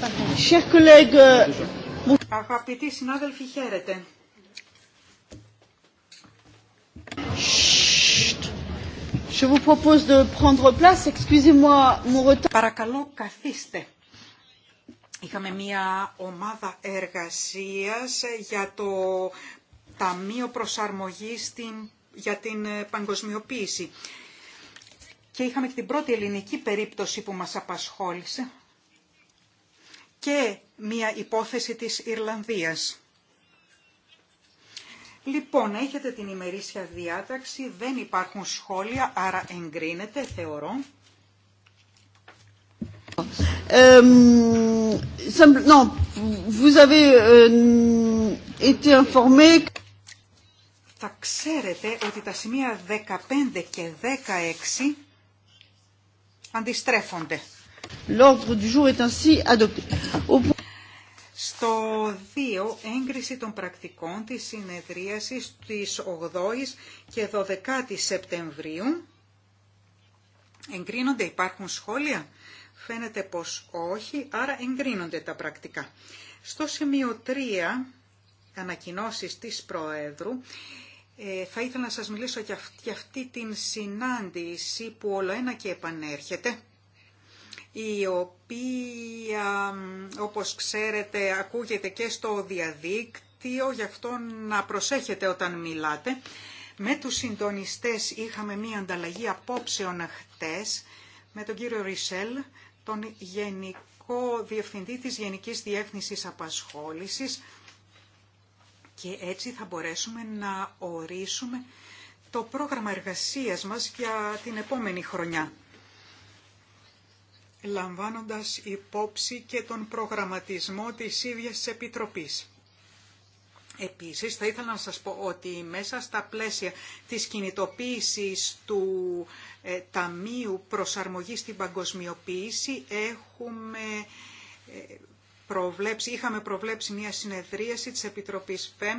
Euh, Αγαπητοί συνάδελφοι, χαίρετε. Παρακαλώ καθίστε. Είχαμε μια ομάδα εργασίας για το Ταμείο Προσαρμογής στην... για την ε, παγκοσμιοποίηση. Και είχαμε και την πρώτη ελληνική περίπτωση που μας απασχόλησε και μία υπόθεση της Ιρλανδίας. Λοιπόν, έχετε την ημερήσια διάταξη, δεν υπάρχουν σχόλια, άρα εγκρίνεται, θεωρώ. Ε, Θα ξέρετε ότι τα σημεία 15 και 16 αντιστρέφονται. Στο 2, έγκριση των πρακτικών της συνεδρίασης της 8ης και 12ης Σεπτεμβρίου. Εγκρίνονται, υπάρχουν σχόλια. Φαίνεται πως όχι, άρα εγκρίνονται τα πρακτικά. Στο σημείο 3, ανακοινώσεις της Προέδρου, ε, θα ήθελα να σας μιλήσω για αυτή την συνάντηση που όλο ένα και επανέρχεται η οποία, όπως ξέρετε, ακούγεται και στο διαδίκτυο, γι' αυτό να προσέχετε όταν μιλάτε. Με τους συντονιστές είχαμε μία ανταλλαγή απόψεων χτες με τον κύριο Ρισελ, τον Γενικό Διευθυντή της Γενικής Διεύθυνσης Απασχόλησης και έτσι θα μπορέσουμε να ορίσουμε το πρόγραμμα εργασίας μας για την επόμενη χρονιά λαμβάνοντας υπόψη και τον προγραμματισμό της ίδιας της Επιτροπής. Επίσης, θα ήθελα να σας πω ότι μέσα στα πλαίσια της κινητοποίησης του ε, Ταμείου Προσαρμογής στην Παγκοσμιοποίηση έχουμε ε, προβλέψει, είχαμε προβλέψει μια συνεδρίαση της Επιτροπής ΠΕΜ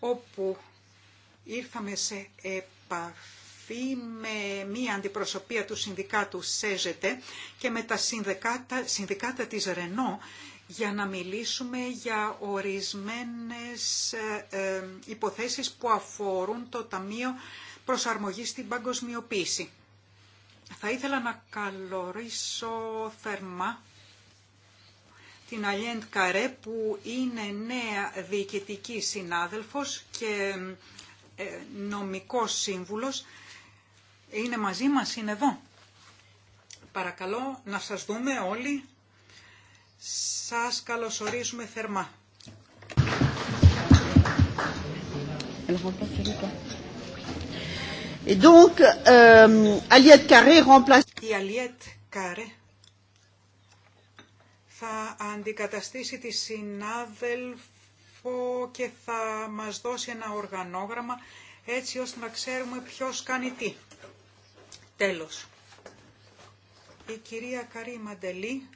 όπου ήρθαμε σε επαφή με μία αντιπροσωπεία του συνδικάτου ΣΕΖΕΤΕ και με τα συνδικάτα, συνδικάτα της ΡΕΝΟ για να μιλήσουμε για ορισμένες ε, ε, υποθέσεις που αφορούν το Ταμείο Προσαρμογής στην Παγκοσμιοποίηση. Θα ήθελα να καλωρίσω θερμά την Αλιέντ Καρέ που είναι νέα διοικητική συνάδελφος και ε, νομικός σύμβουλος είναι μαζί μας, είναι εδώ. Παρακαλώ να σας δούμε όλοι. Σας καλωσορίζουμε θερμά. Euh, Η Αλιέτ Κάρε θα αντικαταστήσει τη συνάδελφο και θα μας δώσει ένα οργανόγραμμα έτσι ώστε να ξέρουμε ποιος κάνει τι. Τέλος. Η κυρία Καρή Μαντελή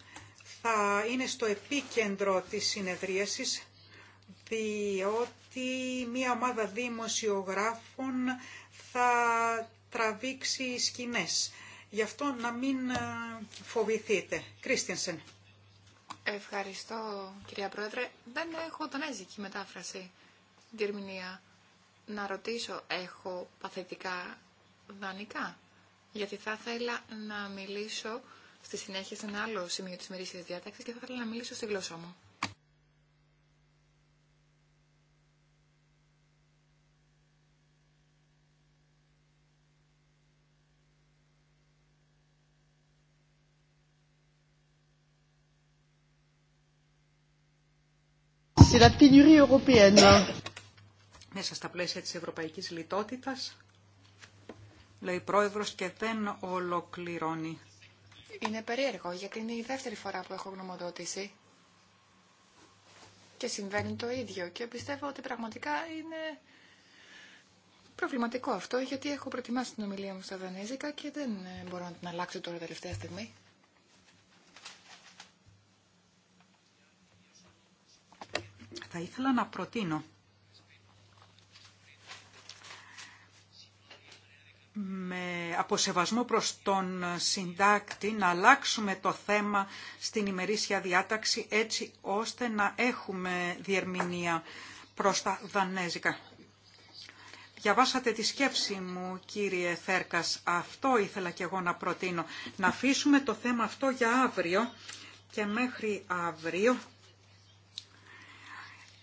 θα είναι στο επίκεντρο της συνεδρίασης, διότι μία ομάδα δημοσιογράφων θα τραβήξει σκηνές. Γι' αυτό να μην ε, φοβηθείτε. Κρίστινσεν. Ευχαριστώ κυρία Πρόεδρε. Δεν έχω τονέζικη μετάφραση, διερμηνία. Να ρωτήσω, έχω παθητικά δανεικά γιατί θα ήθελα να μιλήσω στη συνέχεια σε ένα άλλο σημείο της μερίσιας διάταξης και θα ήθελα να μιλήσω στη γλώσσα μου. Μέσα στα πλαίσια της ευρωπαϊκής λιτότητας, λέει πρόεδρος και δεν ολοκληρώνει. Είναι περίεργο γιατί είναι η δεύτερη φορά που έχω γνωμοδότηση και συμβαίνει το ίδιο και πιστεύω ότι πραγματικά είναι προβληματικό αυτό γιατί έχω προτιμάσει την ομιλία μου στα Δανέζικα και δεν ε, μπορώ να την αλλάξω τώρα τελευταία στιγμή. Θα ήθελα να προτείνω με αποσεβασμό προς τον συντάκτη να αλλάξουμε το θέμα στην ημερήσια διάταξη έτσι ώστε να έχουμε διερμηνία προς τα δανέζικα. Διαβάσατε τη σκέψη μου, κύριε Θέρκας. Αυτό ήθελα και εγώ να προτείνω. Να αφήσουμε το θέμα αυτό για αύριο και μέχρι αύριο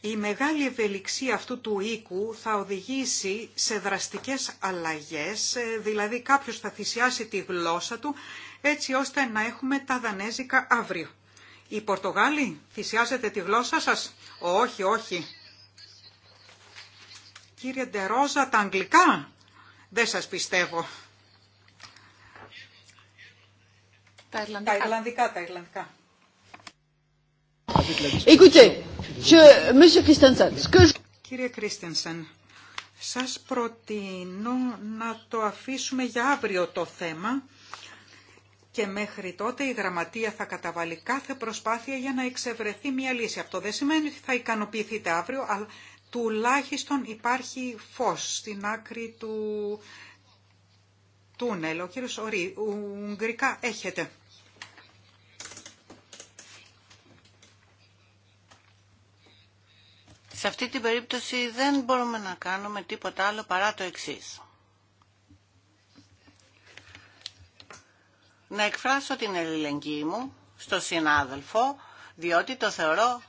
η μεγάλη ευελιξία αυτού του οίκου θα οδηγήσει σε δραστικές αλλαγές, ε, δηλαδή κάποιος θα θυσιάσει τη γλώσσα του έτσι ώστε να έχουμε τα δανέζικα αύριο. Οι Πορτογάλοι θυσιάζετε τη γλώσσα σας. Όχι, όχι. Κύριε Ντερόζα, τα αγγλικά. Δεν σας πιστεύω. Τα Ιρλανδικά, τα Ιρλανδικά. Κύριε Κρίστενσεν, σας προτείνω να το αφήσουμε για αύριο το θέμα και μέχρι τότε η γραμματεία θα καταβάλει κάθε προσπάθεια για να εξευρεθεί μια λύση. Αυτό δεν σημαίνει ότι θα ικανοποιηθείτε αύριο, αλλά τουλάχιστον υπάρχει φως στην άκρη του τούνελ. Ο κύριος Ορή, ουγγρικά έχετε. Σε αυτή την περίπτωση δεν μπορούμε να κάνουμε τίποτα άλλο παρά το εξής. Να εκφράσω την ελληνική μου στο συνάδελφο, διότι το θεωρώ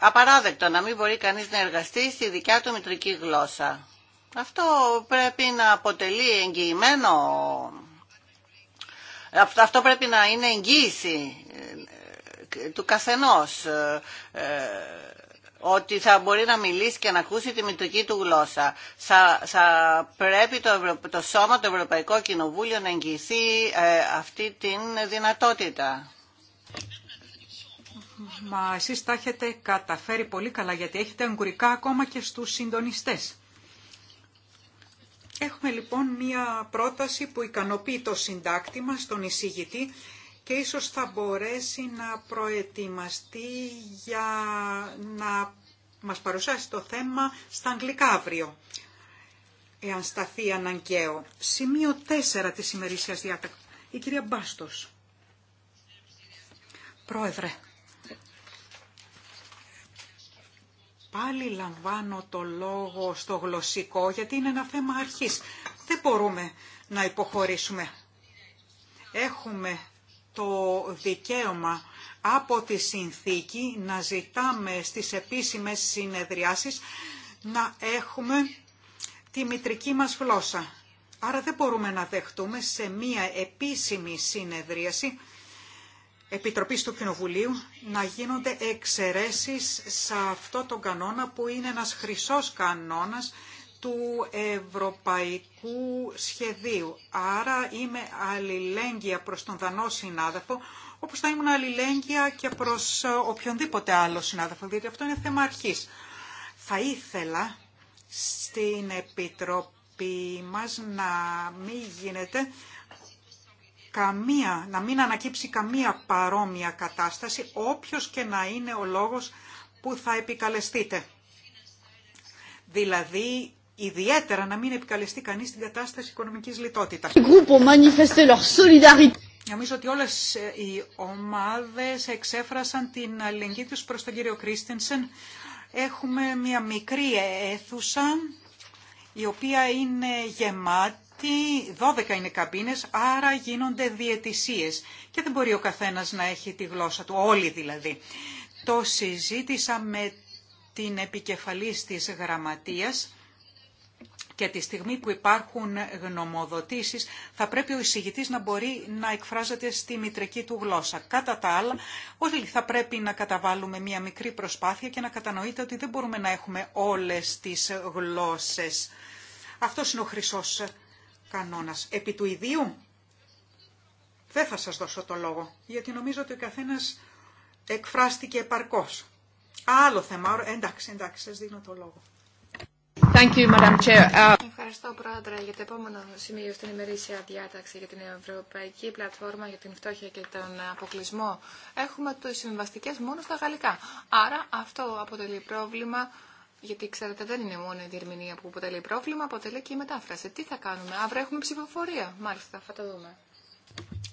απαράδεκτο να μην μπορεί κανείς να εργαστεί στη δικιά του μητρική γλώσσα. Αυτό πρέπει να αποτελεί εγγυημένο αυτό πρέπει να είναι εγγύηση ε, του καθενός ε, ε, ότι θα μπορεί να μιλήσει και να ακούσει τη μητρική του γλώσσα. Θα, πρέπει το, το Σώμα, το Ευρωπαϊκό Κοινοβούλιο να εγγυηθεί αυτή την δυνατότητα. Μα εσείς τα έχετε καταφέρει πολύ καλά γιατί έχετε εγκουρικά ακόμα και στους συντονιστές. Έχουμε λοιπόν μία πρόταση που ικανοποιεί το συντάκτη μας, τον εισηγητή, και ίσως θα μπορέσει να προετοιμαστεί για να μας παρουσιάσει το θέμα στα αγγλικά αύριο, εάν σταθεί αναγκαίο. Σημείο 4 της ημερήσιας διάταξης. Η κυρία Μπάστος. Πρόεδρε, πάλι λαμβάνω το λόγο στο γλωσσικό γιατί είναι ένα θέμα αρχής. Δεν μπορούμε να υποχωρήσουμε. Έχουμε το δικαίωμα από τη συνθήκη να ζητάμε στις επίσημες συνεδριάσεις να έχουμε τη μητρική μας γλώσσα. Άρα δεν μπορούμε να δεχτούμε σε μία επίσημη συνεδρίαση Επιτροπής του Κοινοβουλίου να γίνονται εξαιρέσεις σε αυτό τον κανόνα που είναι ένας χρυσός κανόνας του Ευρωπαϊκού Σχεδίου. Άρα είμαι αλληλέγγυα προς τον δανό συνάδελφο, όπως θα ήμουν αλληλέγγυα και προς οποιονδήποτε άλλο συνάδελφο, διότι αυτό είναι θέμα αρχής. Θα ήθελα στην Επιτροπή μας να μην γίνεται καμία, να μην ανακύψει καμία παρόμοια κατάσταση, όποιος και να είναι ο λόγος που θα επικαλεστείτε. Δηλαδή, ιδιαίτερα να μην επικαλεστεί κανείς την κατάσταση οικονομικής λιτότητας. Νομίζω ότι όλες ε, οι ομάδες εξέφρασαν την αλληλεγγύη τους προς τον κύριο Κρίστενσεν. Έχουμε μια μικρή αίθουσα η οποία είναι γεμάτη 12 είναι καμπίνες, άρα γίνονται διαιτησίες και δεν μπορεί ο καθένας να έχει τη γλώσσα του, όλοι δηλαδή. Το συζήτησα με την επικεφαλής της γραμματείας και τη στιγμή που υπάρχουν γνωμοδοτήσεις θα πρέπει ο εισηγητής να μπορεί να εκφράζεται στη μητρική του γλώσσα. Κατά τα άλλα, όλοι θα πρέπει να καταβάλουμε μία μικρή προσπάθεια και να κατανοείτε ότι δεν μπορούμε να έχουμε όλες τις γλώσσες. Αυτός είναι ο χρυσός κανόνας. Επί του ιδίου δεν θα σας δώσω το λόγο, γιατί νομίζω ότι ο καθένας εκφράστηκε επαρκώς. Άλλο θέμα, εντάξει, εντάξει, σας δίνω το λόγο. Thank you, Madam Chair. Uh, Ευχαριστώ, Πρόεδρε, για το επόμενο σημείο στην ημερήσια διάταξη για την Ευρωπαϊκή Πλατφόρμα για την Φτώχεια και τον Αποκλεισμό. Έχουμε τις συμβαστικέ μόνο στα γαλλικά. Άρα αυτό αποτελεί πρόβλημα γιατί ξέρετε δεν είναι μόνο η διερμηνία που αποτελεί πρόβλημα, αποτελεί και η μετάφραση. Τι θα κάνουμε, αύριο έχουμε ψηφοφορία. Μάλιστα, θα το δούμε.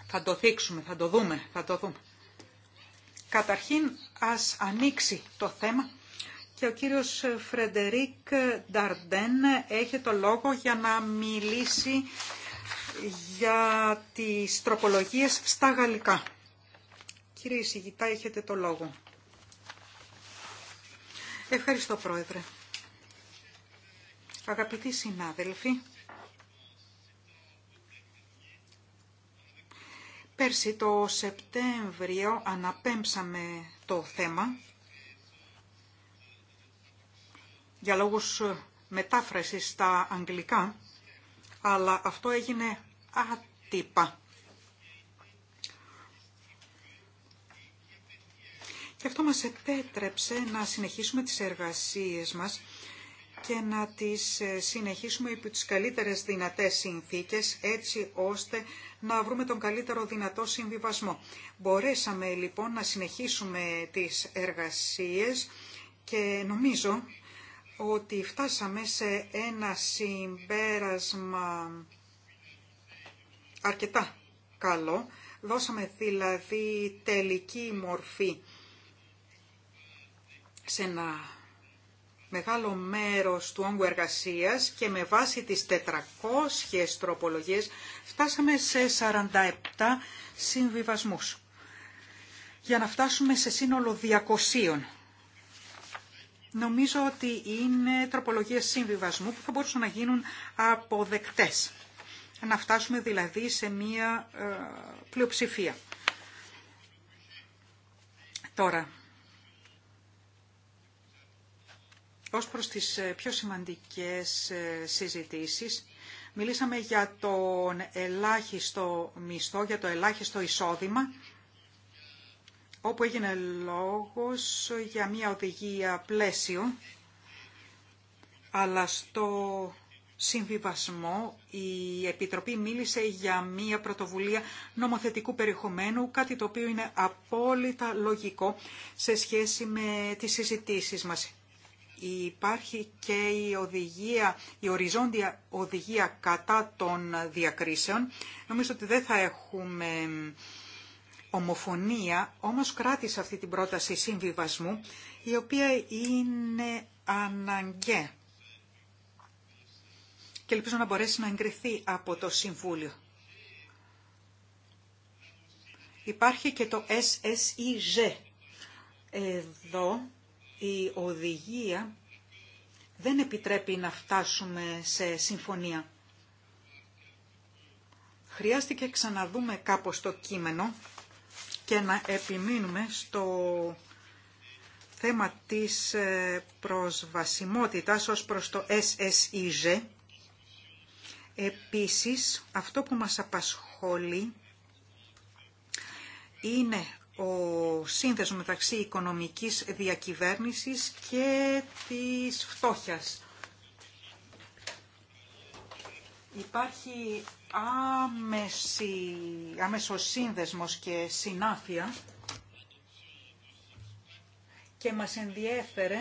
Θα το δείξουμε, θα το δούμε, θα το δούμε. Καταρχήν ας ανοίξει το θέμα και ο κύριος Φρεντερίκ Νταρντέν έχει το λόγο για να μιλήσει για τις τροπολογίες στα γαλλικά. Κύριε Σιγητά, έχετε το λόγο. Ευχαριστώ Πρόεδρε. Αγαπητοί συνάδελφοι, πέρσι το Σεπτέμβριο αναπέμψαμε το θέμα για λόγους μετάφρασης στα αγγλικά, αλλά αυτό έγινε άτυπα Και αυτό μας επέτρεψε να συνεχίσουμε τις εργασίες μας και να τις ε, συνεχίσουμε υπό τις καλύτερες δυνατές συνθήκες, έτσι ώστε να βρούμε τον καλύτερο δυνατό συμβιβασμό. Μπορέσαμε λοιπόν να συνεχίσουμε τις εργασίες και νομίζω ότι φτάσαμε σε ένα συμπέρασμα αρκετά καλό. Δώσαμε δηλαδή τελική μορφή σε ένα μεγάλο μέρος του όγκου εργασίας και με βάση τις 400 τροπολογίες φτάσαμε σε 47 συμβιβασμούς για να φτάσουμε σε σύνολο 200. Νομίζω ότι είναι τροπολογίες συμβιβασμού που θα μπορούσαν να γίνουν αποδεκτές. Να φτάσουμε δηλαδή σε μία ε, πλειοψηφία. Τώρα, Ως προς τις ε, πιο σημαντικές ε, συζητήσεις, μιλήσαμε για τον ελάχιστο μισθό, για το ελάχιστο εισόδημα, όπου έγινε λόγος για μια οδηγία πλαίσιο, αλλά στο συμβιβασμό η Επιτροπή μίλησε για μια πρωτοβουλία νομοθετικού περιεχομένου, κάτι το οποίο είναι απόλυτα λογικό σε σχέση με τις συζητήσεις μας. Υπάρχει και η οδηγία, η οριζόντια οδηγία κατά των διακρίσεων. Νομίζω ότι δεν θα έχουμε ομοφωνία, όμως κράτησε αυτή την πρόταση συμβιβασμού, η οποία είναι αναγκαία. Και ελπίζω να μπορέσει να εγκριθεί από το Συμβούλιο. Υπάρχει και το SSIG. Εδώ η οδηγία δεν επιτρέπει να φτάσουμε σε συμφωνία. Χρειάστηκε ξαναδούμε κάπως το κείμενο και να επιμείνουμε στο θέμα της ε, προσβασιμότητας ως προς το SSIG. Επίσης, αυτό που μας απασχολεί είναι ο σύνδεσμο μεταξύ οικονομικής διακυβέρνησης και της φτώχειας. Υπάρχει άμεση, άμεσος σύνδεσμος και συνάφεια και μας ενδιέφερε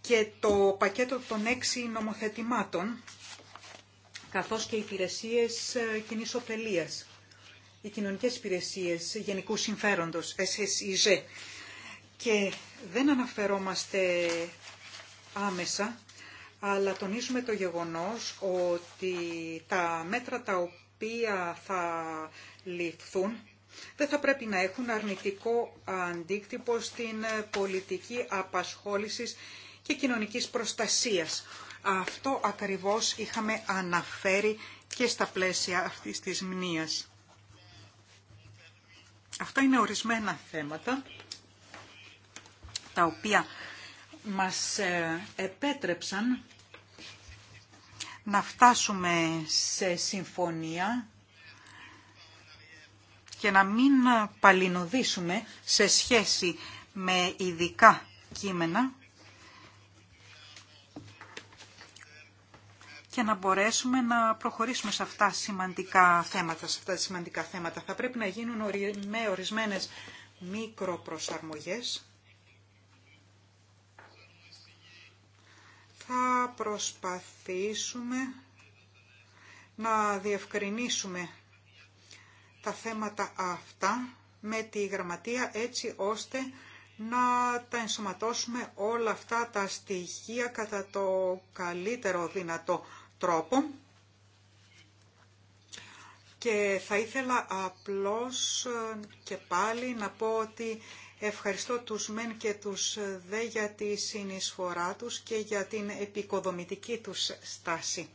και το πακέτο των έξι νομοθετημάτων καθώς και υπηρεσίες ε, κοινής ωφελίας οι κοινωνικές υπηρεσίες γενικού συμφέροντος, SSIG. E και δεν αναφερόμαστε άμεσα, αλλά τονίζουμε το γεγονός ότι τα μέτρα τα οποία θα ληφθούν δεν θα πρέπει να έχουν αρνητικό αντίκτυπο στην πολιτική απασχόλησης και κοινωνικής προστασίας. Αυτό ακριβώς είχαμε αναφέρει και στα πλαίσια αυτής της μνήας. Αυτά είναι ορισμένα θέματα τα οποία μας ε, επέτρεψαν να φτάσουμε σε συμφωνία και να μην παλινοδίσουμε σε σχέση με ειδικά κείμενα και να μπορέσουμε να προχωρήσουμε σε αυτά σημαντικά θέματα, αυτά τα σημαντικά θέματα. Θα πρέπει να γίνουν με ορισμένες μικροπροσαρμογές. Θα προσπαθήσουμε να διευκρινίσουμε τα θέματα αυτά με τη γραμματεία έτσι ώστε να τα ενσωματώσουμε όλα αυτά τα στοιχεία κατά το καλύτερο δυνατό τρόπο και θα ήθελα απλώς ε, και πάλι να πω ότι ευχαριστώ τους μεν και τους δε για τη συνεισφορά τους και για την επικοδομητική τους στάση.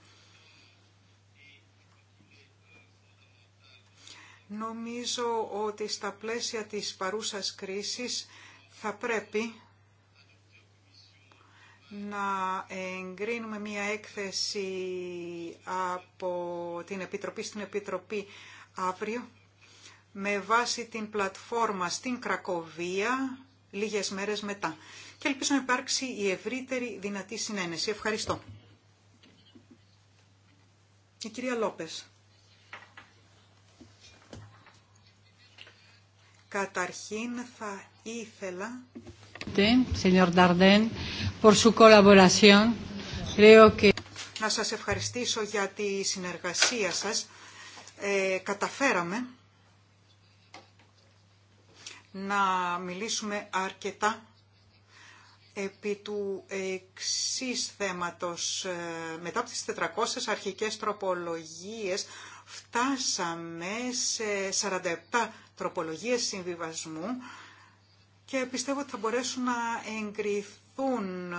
Νομίζω ότι στα πλαίσια της παρούσας κρίσης θα πρέπει να εγκρίνουμε μία έκθεση από την Επιτροπή στην Επιτροπή αύριο με βάση την πλατφόρμα στην Κρακοβία λίγες μέρες μετά. Και ελπίζω να υπάρξει η ευρύτερη δυνατή συνένεση. Ευχαριστώ. Η κυρία Λόπες. Καταρχήν θα ήθελα να σας ευχαριστήσω για τη συνεργασία σας. Ε, καταφέραμε να μιλήσουμε αρκετά επί του εξή θέματος. Ε, μετά από τις 400 αρχικές τροπολογίες φτάσαμε σε 47 τροπολογίες συμβιβασμού και πιστεύω ότι θα μπορέσουν να εγκριθούν,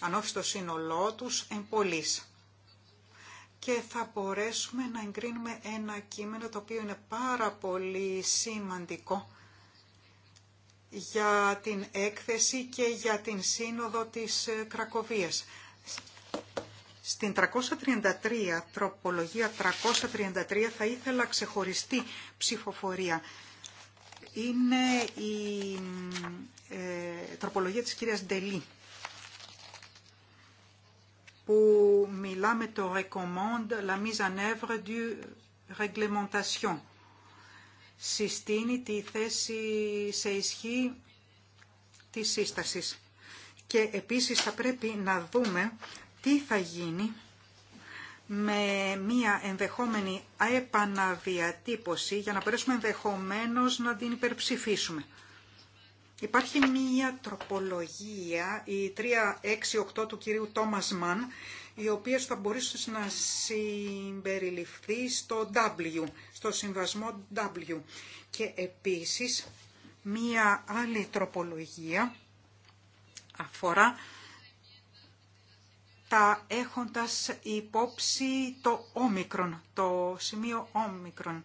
ανώφιστο στο σύνολό τους, εν Και θα μπορέσουμε να εγκρίνουμε ένα κείμενο το οποίο είναι πάρα πολύ σημαντικό για την έκθεση και για την σύνοδο της ε, Κρακοβίας. Στην 333, τροπολογία 333, θα ήθελα ξεχωριστή ψηφοφορία είναι η ε, τροπολογία της κυρίας Ντελή που μιλά με το «recommande la mise en œuvre du réglementation». Συστήνει τη θέση σε ισχύ της σύστασης. Και επίσης θα πρέπει να δούμε τι θα γίνει με μία ενδεχόμενη επαναδιατύπωση για να μπορέσουμε ενδεχομένως να την υπερψηφίσουμε. Υπάρχει μία τροπολογία, η 368 του κυρίου Τόμας Μαν, η οποία θα μπορούσε να συμπεριληφθεί στο W, στο συμβασμό W. Και επίσης μία άλλη τροπολογία αφορά τα έχοντας υπόψη το όμικρον, το σημείο όμικρον.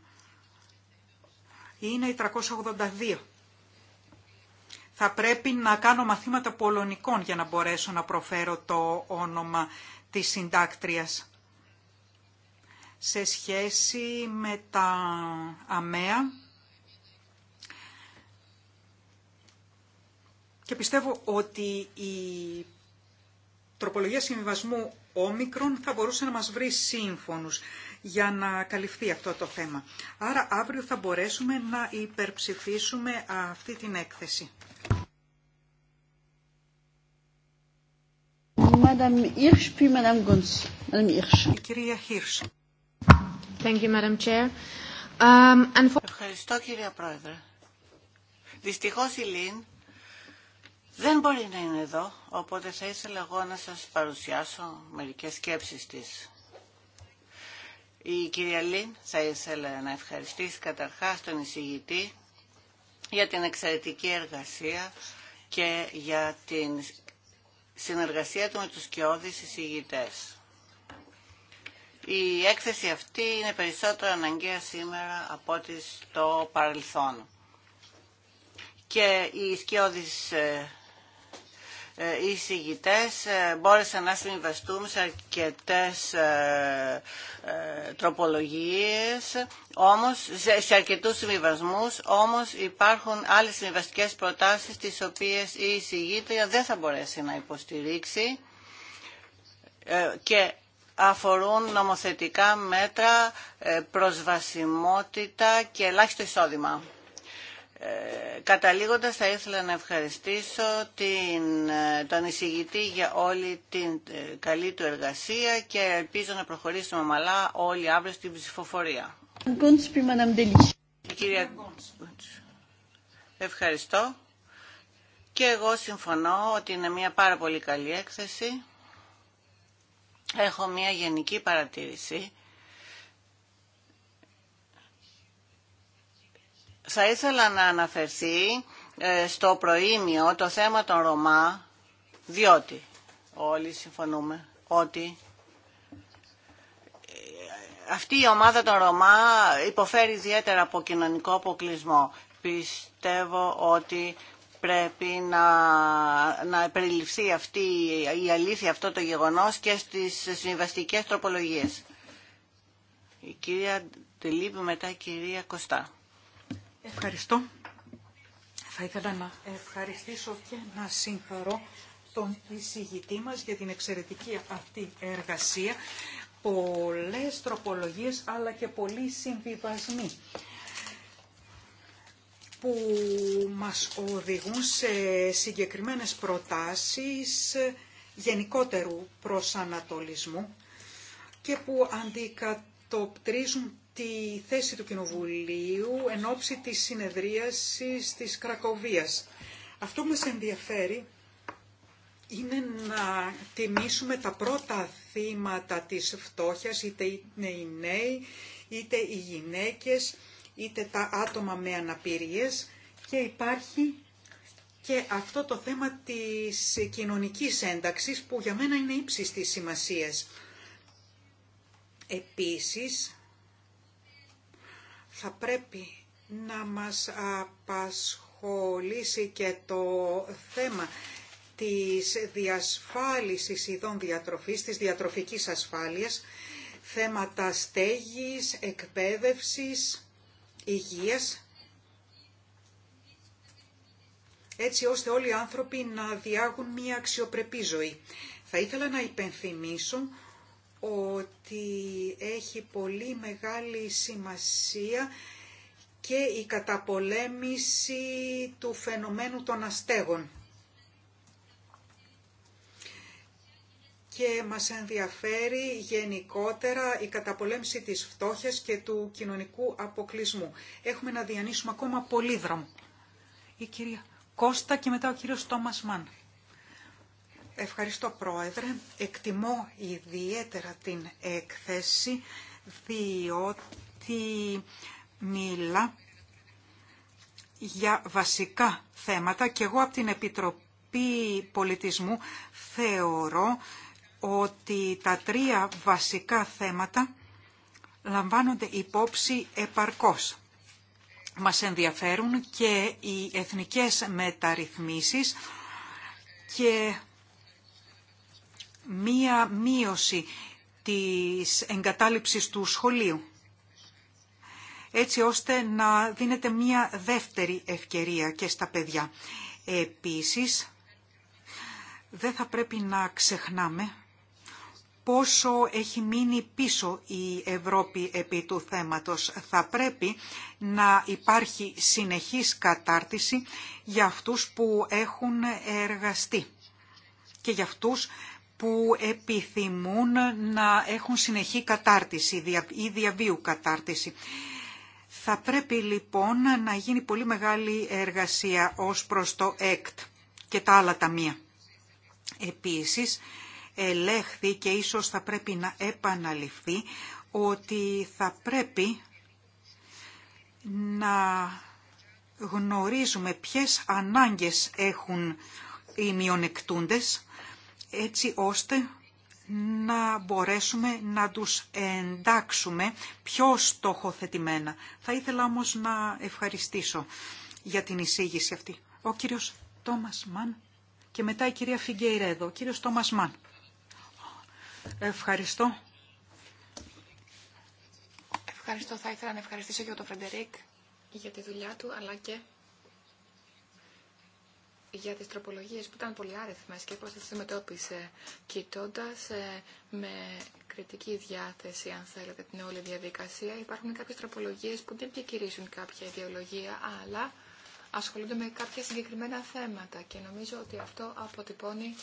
Είναι η 382. Θα πρέπει να κάνω μαθήματα πολωνικών για να μπορέσω να προφέρω το όνομα της συντάκτριας. Σε σχέση με τα αμαία και πιστεύω ότι η τροπολογία συμβιβασμού όμικρον θα μπορούσε να μας βρει σύμφωνους για να καλυφθεί αυτό το θέμα. Άρα αύριο θα μπορέσουμε να υπερψηφίσουμε αυτή την έκθεση. Ευχαριστώ κυρία Πρόεδρε. Δυστυχώς η Λίν δεν μπορεί να είναι εδώ, οπότε θα ήθελα εγώ να σας παρουσιάσω μερικές σκέψεις της. Η κυρία Λίν θα ήθελα να ευχαριστήσει καταρχάς τον εισηγητή για την εξαιρετική εργασία και για την συνεργασία του με τους κοιόδης εισηγητές. Η έκθεση αυτή είναι περισσότερο αναγκαία σήμερα από ό,τι στο παρελθόν. Και οι σκιώδεις ε, ε, οι συγητές ε, μπόρεσαν να συμβαστούν σε αρκετέ ε, τροπολογίες, όμως, σε αρκετού συμβιβασμού, όμως υπάρχουν άλλε συμβιβαστικές προτάσεις τις οποίες η εισηγήτρια δεν θα μπορέσει να υποστηρίξει και αφορούν νομοθετικά μέτρα προσβασιμότητα και ελάχιστο εισόδημα. Ε, καταλήγοντας θα ήθελα να ευχαριστήσω την, ε, τον εισηγητή για όλη την ε, καλή του εργασία και ελπίζω να προχωρήσουμε μαλά όλοι αύριο στην ψηφοφορία. Κυρία... Ευχαριστώ. Και εγώ συμφωνώ ότι είναι μια πάρα πολύ καλή έκθεση. Έχω μια γενική παρατήρηση Θα ήθελα να αναφερθεί ε, στο προήμιο το θέμα των Ρωμά, διότι όλοι συμφωνούμε ότι ε, αυτή η ομάδα των Ρωμά υποφέρει ιδιαίτερα από κοινωνικό αποκλεισμό. Πιστεύω ότι πρέπει να, να περιληφθεί αυτή η αλήθεια, αυτό το γεγονός και στις συμβαστικές τροπολογίες. Η κυρία Τελίπη μετά η κυρία Κωστά. Ευχαριστώ. Θα ήθελα να ευχαριστήσω και να συγχαρώ τον εισηγητή μας για την εξαιρετική αυτή εργασία. Πολλές τροπολογίες αλλά και πολλοί συμβιβασμοί που μας οδηγούν σε συγκεκριμένες προτάσεις γενικότερου προσανατολισμού και που αντικατοπτρίζουν τη θέση του Κοινοβουλίου εν ώψη της συνεδρίασης της Κρακοβίας. Αυτό που μας ενδιαφέρει είναι να τιμήσουμε τα πρώτα θύματα της φτώχειας, είτε είναι οι νέοι, είτε οι γυναίκες, είτε τα άτομα με αναπηρίες και υπάρχει και αυτό το θέμα της κοινωνικής ένταξης που για μένα είναι ύψης της σημασίας. Επίσης, θα πρέπει να μας απασχολήσει και το θέμα της διασφάλισης ειδών διατροφής, της διατροφικής ασφάλειας, θέματα στέγης, εκπαίδευσης, υγείας, έτσι ώστε όλοι οι άνθρωποι να διάγουν μία αξιοπρεπή ζωή. Θα ήθελα να υπενθυμίσω ότι έχει πολύ μεγάλη σημασία και η καταπολέμηση του φαινομένου των αστέγων. και μας ενδιαφέρει γενικότερα η καταπολέμηση της φτώχειας και του κοινωνικού αποκλεισμού. Έχουμε να διανύσουμε ακόμα πολύ δρόμο. Η κυρία Κώστα και μετά ο κύριος Τόμας Μάν. Ευχαριστώ Πρόεδρε. Εκτιμώ ιδιαίτερα την έκθεση διότι μιλά για βασικά θέματα και εγώ από την Επιτροπή Πολιτισμού θεωρώ ότι τα τρία βασικά θέματα λαμβάνονται υπόψη επαρκώς. Μας ενδιαφέρουν και οι εθνικές μεταρρυθμίσεις και μία μείωση της εγκατάλειψης του σχολείου, έτσι ώστε να δίνεται μία δεύτερη ευκαιρία και στα παιδιά. Επίσης, δεν θα πρέπει να ξεχνάμε πόσο έχει μείνει πίσω η Ευρώπη επί του θέματος. Θα πρέπει να υπάρχει συνεχής κατάρτιση για αυτούς που έχουν εργαστεί και για αυτούς που επιθυμούν να έχουν συνεχή κατάρτιση ή διαβίου κατάρτιση. Θα πρέπει λοιπόν να γίνει πολύ μεγάλη εργασία ως προς το ΕΚΤ και τα άλλα ταμεία. Επίσης, ελέγχθη και ίσως θα πρέπει να επαναληφθεί ότι θα πρέπει να γνωρίζουμε ποιες ανάγκες έχουν οι μειονεκτούντες έτσι ώστε να μπορέσουμε να τους εντάξουμε πιο στοχοθετημένα. Θα ήθελα όμως να ευχαριστήσω για την εισήγηση αυτή. Ο κύριος Τόμας Μαν και μετά η κυρία εδώ. Ο κύριος Τόμας Μαν. Ευχαριστώ. Ευχαριστώ. Θα ήθελα να ευχαριστήσω και τον Φρεντερίκ για τη δουλειά του, αλλά και για τις τροπολογίες που ήταν πολύ άριθμες και πώς τις αντιμετώπισε, κοιτώντα ε, με κριτική διάθεση, αν θέλετε, την όλη διαδικασία. Υπάρχουν κάποιες τροπολογίες που δεν διακηρύσουν κάποια ιδεολογία, αλλά ασχολούνται με κάποια συγκεκριμένα θέματα και νομίζω ότι αυτό αποτυπώνει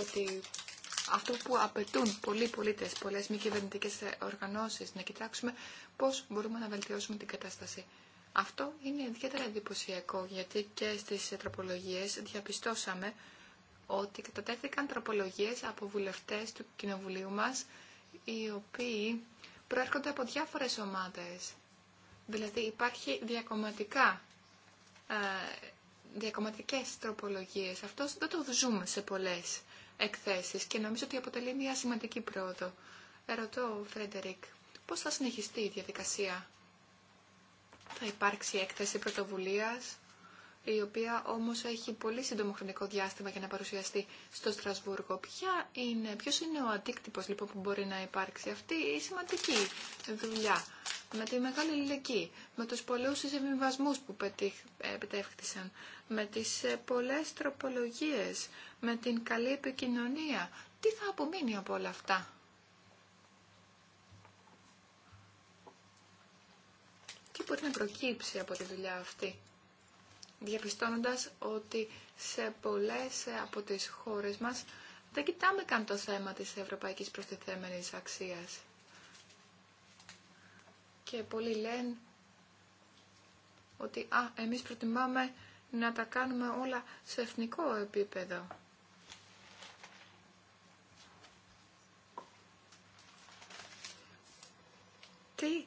ότι αυτό που απαιτούν πολλοί πολίτες, πολλές μη κυβερνητικέ οργανώσεις, να κοιτάξουμε πώς μπορούμε να βελτιώσουμε την κατάσταση αυτό είναι ιδιαίτερα εντυπωσιακό γιατί και στις τροπολογίες διαπιστώσαμε ότι κατατέθηκαν τροπολογίες από βουλευτές του Κοινοβουλίου μας οι οποίοι προέρχονται από διάφορες ομάδες. Δηλαδή υπάρχει διακομματικά, ε, διακομματικές τροπολογίες. Αυτό δεν το ζούμε σε πολλές εκθέσεις και νομίζω ότι αποτελεί μια σημαντική πρόοδο. Ερωτώ, Φρεντερικ, πώς θα συνεχιστεί η διαδικασία θα υπάρξει έκθεση πρωτοβουλίας, η οποία όμως έχει πολύ σύντομο χρονικό διάστημα για να παρουσιαστεί στο Στρασβούργο. Ποια είναι, ποιος είναι ο αντίκτυπος λοιπόν που μπορεί να υπάρξει αυτή η σημαντική δουλειά με τη μεγάλη ηλικία, με τους πολλούς συμβιβασμού που επιτεύχθησαν, με τις ε, πολλές τροπολογίες, με την καλή επικοινωνία. Τι θα απομείνει από όλα αυτά. τι μπορεί να προκύψει από τη δουλειά αυτή. Διαπιστώνοντας ότι σε πολλές από τις χώρες μας δεν κοιτάμε καν το θέμα της ευρωπαϊκής προστιθέμενης αξίας. Και πολλοί λένε ότι α, εμείς προτιμάμε να τα κάνουμε όλα σε εθνικό επίπεδο. Τι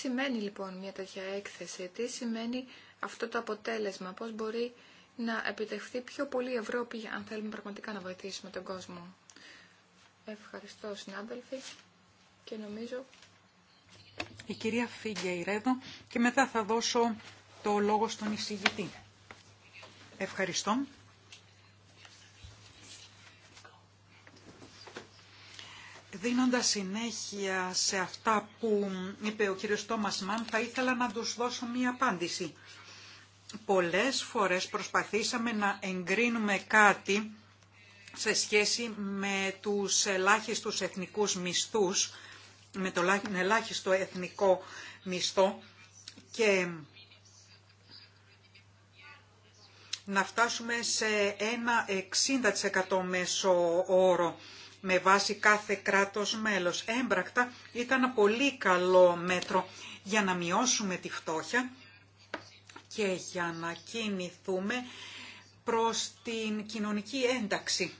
σημαίνει λοιπόν μια τέτοια έκθεση, τι σημαίνει αυτό το αποτέλεσμα, πώς μπορεί να επιτευχθεί πιο πολύ η Ευρώπη αν θέλουμε πραγματικά να βοηθήσουμε τον κόσμο. Ευχαριστώ συνάδελφοι και νομίζω... Η κυρία Ιρέδο και μετά θα δώσω το λόγο στον εισηγητή. Ευχαριστώ. Δίνοντας συνέχεια σε αυτά που είπε ο κύριος Τόμας Μαν, θα ήθελα να τους δώσω μία απάντηση. Πολλές φορές προσπαθήσαμε να εγκρίνουμε κάτι σε σχέση με τους ελάχιστους εθνικούς μισθούς, με το ελάχιστο εθνικό μισθό και να φτάσουμε σε ένα 60% μέσο όρο με βάση κάθε κράτος μέλος. Έμπρακτα ήταν πολύ καλό μέτρο για να μειώσουμε τη φτώχεια και για να κινηθούμε προς την κοινωνική ένταξη.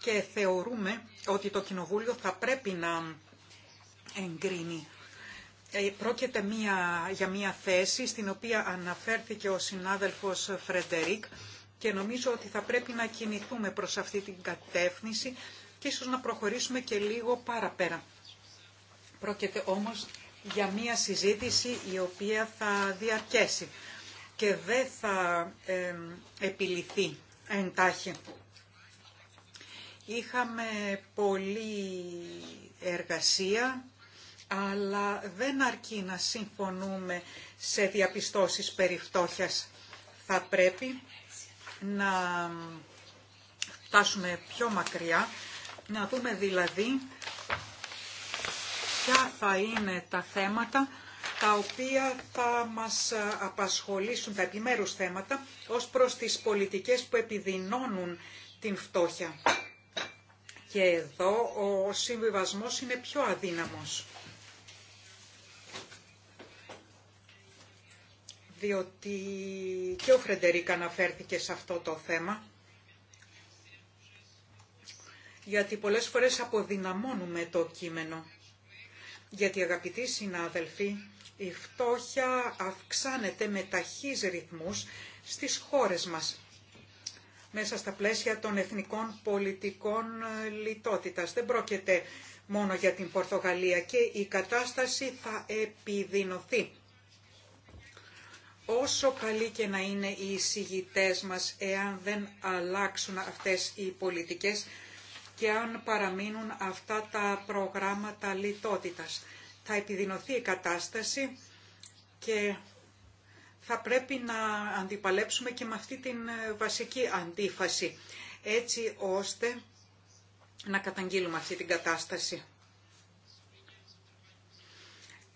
Και θεωρούμε ότι το Κοινοβούλιο θα πρέπει να εγκρίνει. Ε, πρόκειται για μία θέση στην οποία αναφέρθηκε ο συνάδελφος Φρεντερίκ και νομίζω ότι θα πρέπει να κινηθούμε προς αυτή την κατεύθυνση και ίσως να προχωρήσουμε και λίγο παραπέρα. Πρόκειται όμως για μία συζήτηση η οποία θα διαρκέσει και δεν θα ε, επιληθεί εντάχει. Είχαμε πολλή εργασία, αλλά δεν αρκεί να συμφωνούμε σε διαπιστώσεις περιφτώχειας. Θα πρέπει να φτάσουμε πιο μακριά, να δούμε δηλαδή ποια θα είναι τα θέματα τα οποία θα μας απασχολήσουν, τα επιμέρους θέματα, ως προς τις πολιτικές που επιδεινώνουν την φτώχεια. Και εδώ ο συμβιβασμός είναι πιο αδύναμος. διότι και ο Φρεντερίκ αναφέρθηκε σε αυτό το θέμα, γιατί πολλές φορές αποδυναμώνουμε το κείμενο. Γιατί αγαπητοί συνάδελφοι, η φτώχεια αυξάνεται με ταχύς ρυθμούς στις χώρες μας μέσα στα πλαίσια των εθνικών πολιτικών ε, λιτότητας. Δεν πρόκειται μόνο για την Πορτογαλία και η κατάσταση θα επιδεινωθεί όσο καλοί και να είναι οι εισηγητέ μας, εάν δεν αλλάξουν αυτές οι πολιτικές και αν παραμείνουν αυτά τα προγράμματα λιτότητας. Θα επιδεινωθεί η κατάσταση και θα πρέπει να αντιπαλέψουμε και με αυτή την ε, βασική αντίφαση, έτσι ώστε να καταγγείλουμε αυτή την κατάσταση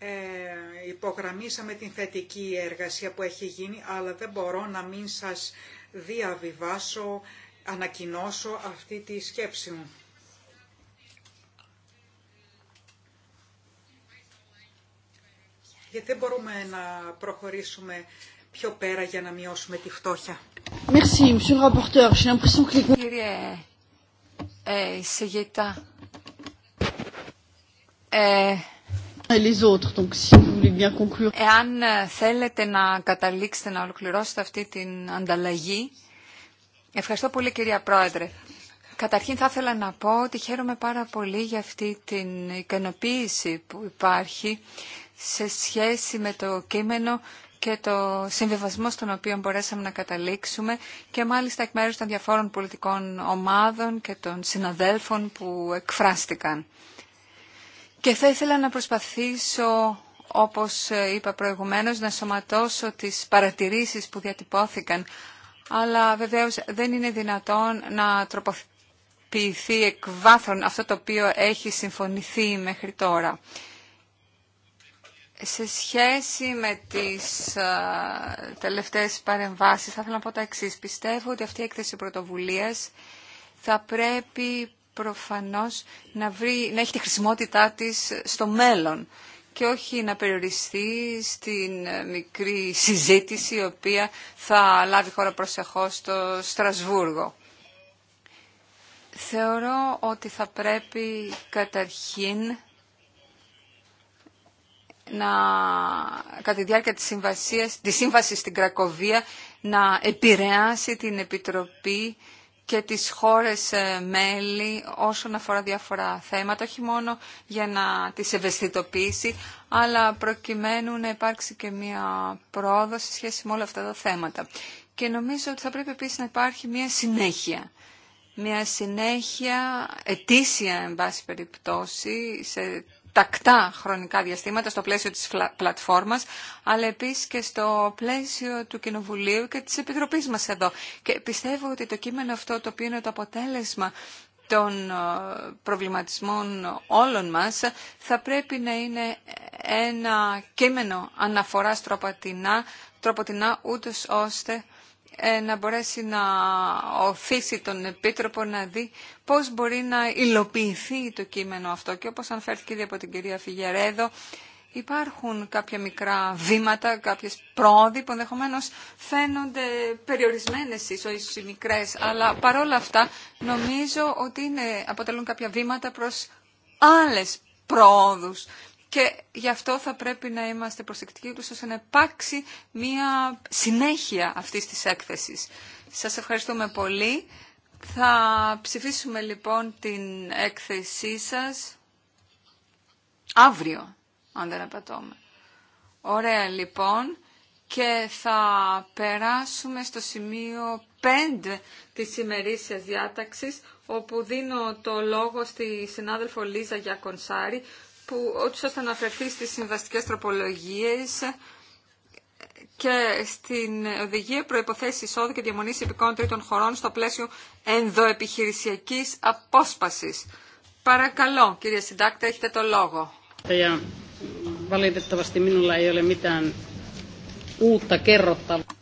ε, υπογραμμίσαμε την θετική εργασία που έχει γίνει, αλλά δεν μπορώ να μην σας διαβιβάσω, ανακοινώσω αυτή τη σκέψη μου. Γιατί δεν μπορούμε να προχωρήσουμε πιο πέρα για να μειώσουμε τη φτώχεια. Κύριε Εάν ε, θέλετε να καταλήξετε να ολοκληρώσετε αυτή την ανταλλαγή. Ευχαριστώ πολύ κυρία Πρόεδρε. Καταρχήν θα ήθελα να πω ότι χαίρομαι πάρα πολύ για αυτή την ικανοποίηση που υπάρχει σε σχέση με το κείμενο και το συμβιβασμό στον οποίο μπορέσαμε να καταλήξουμε και μάλιστα εκ μέρους των διαφόρων πολιτικών ομάδων και των συναδέλφων που εκφράστηκαν. Και θα ήθελα να προσπαθήσω, όπως ε, είπα προηγουμένως, να σωματώσω τις παρατηρήσεις που διατυπώθηκαν. Αλλά βεβαίως δεν είναι δυνατόν να τροποποιηθεί εκ βάθρων αυτό το οποίο έχει συμφωνηθεί μέχρι τώρα. Σε σχέση με τις ε, τελευταίες παρεμβάσεις, θα ήθελα να πω τα εξής. Πιστεύω ότι αυτή η έκθεση πρωτοβουλίας θα πρέπει προφανώς να, να έχει τη χρησιμότητά της στο μέλλον και όχι να περιοριστεί στην ε, μικρή συζήτηση η οποία θα λάβει χώρα προσεχώς στο Στρασβούργο. Θεωρώ ότι θα πρέπει καταρχήν να, κατά τη διάρκεια της, συμβασίας, της σύμβασης στην Κρακοβία να επηρεάσει την Επιτροπή και τις χώρες ε, μέλη όσον αφορά διάφορα θέματα, όχι μόνο για να τις ευαισθητοποιήσει, αλλά προκειμένου να υπάρξει και μία πρόοδο σε σχέση με όλα αυτά τα θέματα. Και νομίζω ότι θα πρέπει επίσης να υπάρχει μία συνέχεια. Μία συνέχεια ετήσια, εν πάση περιπτώσει, σε τακτά χρονικά διαστήματα στο πλαίσιο της πλατφόρμας, αλλά επίσης και στο πλαίσιο του Κοινοβουλίου και της Επιτροπής μας εδώ. Και πιστεύω ότι το κείμενο αυτό το οποίο είναι το αποτέλεσμα των ε, προβληματισμών όλων μας θα πρέπει να είναι ένα κείμενο αναφοράς τροποτινά, τροποτινά ούτως ώστε ε, να μπορέσει να οφήσει τον Επίτροπο να δει πώς μπορεί να υλοποιηθεί το κείμενο αυτό. Και όπως αναφέρθηκε ήδη από την κυρία Φιγερέδο, υπάρχουν κάποια μικρά βήματα, κάποιες πρόοδοι που ενδεχομένω φαίνονται περιορισμένες ίσως οι μικρές, αλλά παρόλα αυτά νομίζω ότι είναι, αποτελούν κάποια βήματα προς άλλες πρόοδους και γι' αυτό θα πρέπει να είμαστε προσεκτικοί ώστε να υπάρξει μια συνέχεια αυτή της έκθεσης. Σας ευχαριστούμε πολύ. Θα ψηφίσουμε λοιπόν την έκθεσή σας αύριο, αν δεν απατώμε. Ωραία λοιπόν και θα περάσουμε στο σημείο 5 της ημερήσιας διάταξης όπου δίνω το λόγο στη συνάδελφο Λίζα Γιακονσάρη που ούτως ώστε αναφερθεί στις συμβαστικές τροπολογίες και στην οδηγία προποθέσει εισόδου και διαμονής υπηκών τρίτων χωρών στο πλαίσιο ενδοεπιχειρησιακής απόσπασης. Παρακαλώ, κύριε συντάκτη, έχετε το λόγο.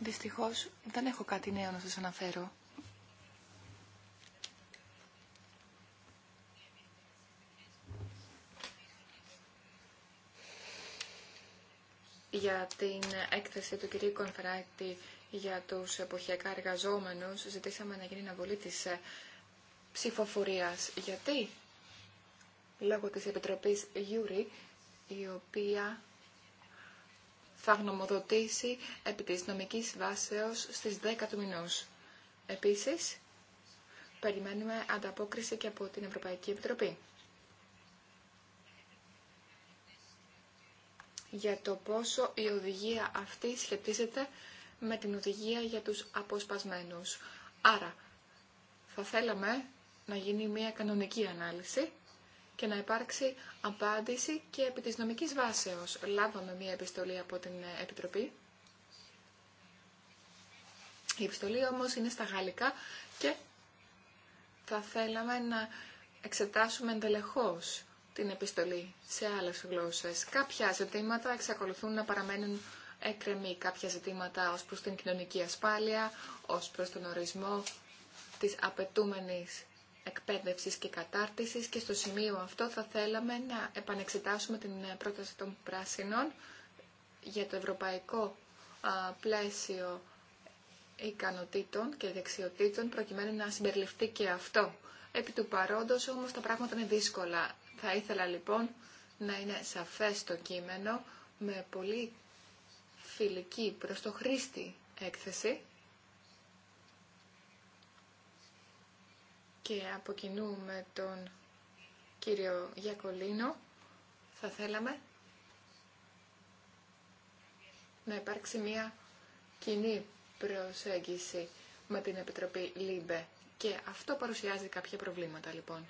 Δυστυχώ δεν έχω κάτι νέο να σα αναφέρω. για την έκθεση του κυρίου Κονφεράτη για τους εποχιακά εργαζόμενους ζητήσαμε να γίνει αναβολή της ε, ψηφοφορίας. Γιατί? Λόγω της Επιτροπής Γιούρη, η οποία θα γνωμοδοτήσει επί της νομικής βάσεως στις 10 του μηνός. Επίσης, περιμένουμε ανταπόκριση και από την Ευρωπαϊκή Επιτροπή. για το πόσο η οδηγία αυτή σχετίζεται με την οδηγία για τους αποσπασμένους. Άρα, θα θέλαμε να γίνει μια κανονική ανάλυση και να υπάρξει απάντηση και επί της νομικής βάσεως. Λάβαμε μια επιστολή από την Επιτροπή. Η επιστολή όμως είναι στα γαλλικά και θα θέλαμε να εξετάσουμε εντελεχώς την επιστολή σε άλλες γλώσσες. Κάποια ζητήματα εξακολουθούν να παραμένουν εκκρεμή κάποια ζητήματα ως προς την κοινωνική ασφάλεια, ως προς τον ορισμό της απαιτούμενης εκπαίδευσης και κατάρτισης και στο σημείο αυτό θα θέλαμε να επανεξετάσουμε την πρόταση των πράσινων για το ευρωπαϊκό πλαίσιο ικανοτήτων και δεξιοτήτων προκειμένου να συμπεριληφθεί και αυτό. Επί του παρόντος όμως τα πράγματα είναι δύσκολα. Θα ήθελα λοιπόν να είναι σαφές το κείμενο με πολύ φιλική προς το χρήστη έκθεση και από κοινού με τον κύριο Γιακολίνο θα θέλαμε να υπάρξει μια κοινή προσέγγιση με την Επιτροπή ΛΥΜΠΕ και αυτό παρουσιάζει κάποια προβλήματα λοιπόν.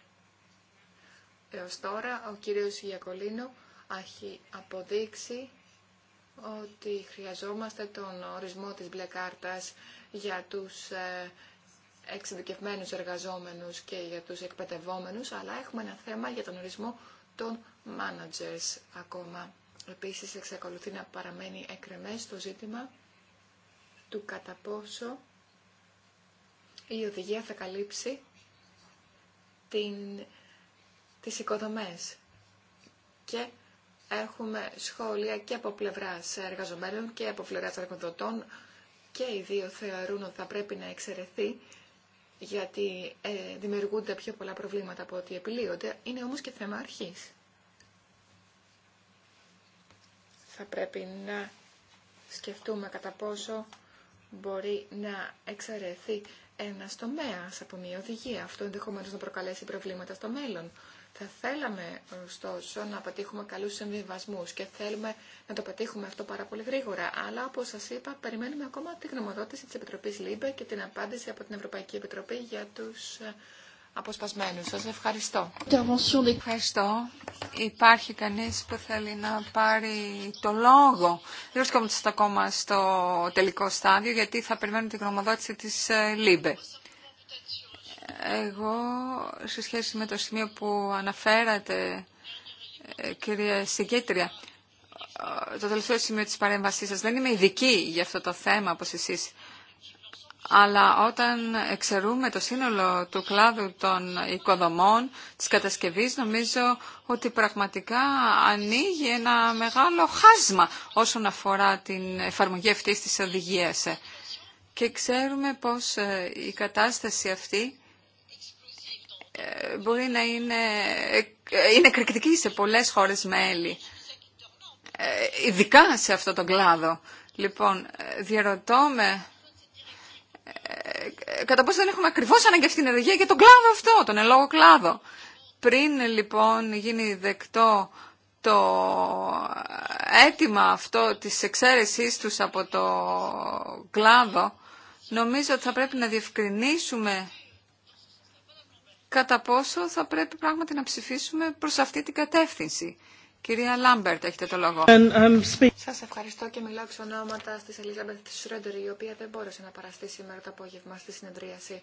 Έως τώρα ο κύριος Γιακολίνο έχει αποδείξει ότι χρειαζόμαστε τον ορισμό της μπλε κάρτας για τους ε, εξειδικευμένους εργαζόμενους και για τους εκπαιδευόμενους, αλλά έχουμε ένα θέμα για τον ορισμό των managers ακόμα. Επίσης, εξακολουθεί να παραμένει εκρεμές το ζήτημα του κατά πόσο η οδηγία θα καλύψει την τις οικοδομές. Και έχουμε σχόλια και από πλευράς εργαζομένων και από πλευράς εργοδοτών και οι δύο θεωρούν ότι θα πρέπει να εξαιρεθεί γιατί ε, δημιουργούνται πιο πολλά προβλήματα από ό,τι επιλύονται. Είναι όμως και θέμα αρχής. Θα πρέπει να σκεφτούμε κατά πόσο μπορεί να εξαιρεθεί ένα τομέα από μια οδηγία. Αυτό ενδεχομένω να προκαλέσει προβλήματα στο μέλλον. Θα θέλαμε ε, ωστόσο να πετύχουμε καλούς συμβιβασμούς και θέλουμε να το πετύχουμε αυτό πάρα πολύ γρήγορα. Αλλά όπως σας είπα περιμένουμε ακόμα τη γνωμοδότηση της Επιτροπής ΛΥΜΠΕ και την απάντηση από την Ευρωπαϊκή Επιτροπή για τους ε, αποσπασμένους. Σας ευχαριστώ. Ευχαριστώ. Υπάρχει κανείς που θέλει να πάρει το λόγο. Δεν βρισκόμαστε ακόμα στο τελικό στάδιο γιατί θα περιμένουμε τη γνωμοδότηση της ε, ΛΥΜΠΕ. Εγώ, σε σχέση με το σημείο που αναφέρατε, ε, κυρία Συγκέτρια, ε, το τελευταίο σημείο της παρέμβασής σας, δεν είμαι ειδική για αυτό το θέμα όπως εσείς, αλλά όταν εξαιρούμε το σύνολο του κλάδου των οικοδομών, της κατασκευής, νομίζω ότι πραγματικά ανοίγει ένα μεγάλο χάσμα όσον αφορά την εφαρμογή αυτής της οδηγίας. Και ξέρουμε πως ε, η κατάσταση αυτή μπορεί να είναι, είναι εκρηκτική σε πολλές χώρες μέλη, ε, ειδικά σε αυτό τον κλάδο. Λοιπόν, διαρωτώ με ε, κατά πόσο δεν έχουμε ακριβώς αναγκαστεί την ενεργεία για τον κλάδο αυτό, τον ελόγο κλάδο. Πριν λοιπόν γίνει δεκτό το αίτημα αυτό της εξαίρεσής τους από το κλάδο, νομίζω ότι θα πρέπει να διευκρινίσουμε κατά πόσο θα πρέπει πράγματι να ψηφίσουμε προς αυτή την κατεύθυνση. Κυρία Λάμπερτ, έχετε το λόγο. Um, Σας ευχαριστώ και μιλάω εξ ονόματα της Ελίζαμπεθ Σρέντερ, η οποία δεν μπόρεσε να παραστεί σήμερα το απόγευμα στη συνεδρίαση.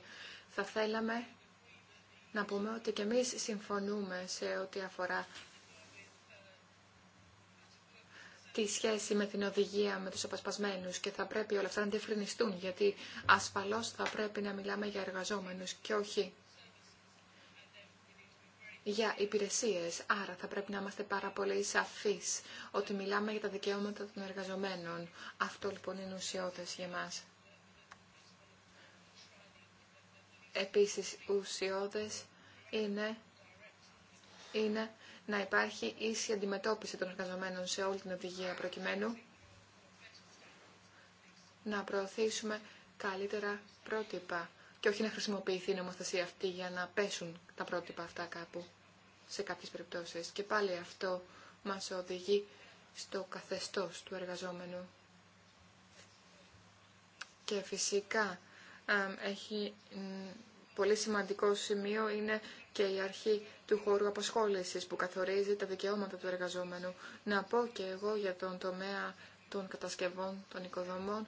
Θα θέλαμε να πούμε ότι και εμείς συμφωνούμε σε ό,τι αφορά τη σχέση με την οδηγία με τους απασπασμένους και θα πρέπει όλα αυτά να διευκρινιστούν γιατί ασφαλώς θα πρέπει να μιλάμε για εργαζόμενους και όχι για υπηρεσίες. Άρα θα πρέπει να είμαστε πάρα πολύ σαφείς ότι μιλάμε για τα δικαιώματα των εργαζομένων. Αυτό λοιπόν είναι ουσιώδες για μας. Επίσης ουσιώδες είναι, είναι να υπάρχει ίση αντιμετώπιση των εργαζομένων σε όλη την οδηγία προκειμένου να προωθήσουμε καλύτερα πρότυπα και όχι να χρησιμοποιηθεί η νομοθεσία αυτή για να πέσουν τα πρότυπα αυτά κάπου σε κάποιες περιπτώσεις. Και πάλι αυτό μας οδηγεί στο καθεστώς του εργαζόμενου. Και φυσικά έχει πολύ σημαντικό σημείο είναι και η αρχή του χώρου απασχόλησης που καθορίζει τα δικαιώματα του εργαζόμενου. Να πω και εγώ για τον τομέα των κατασκευών, των οικοδομών,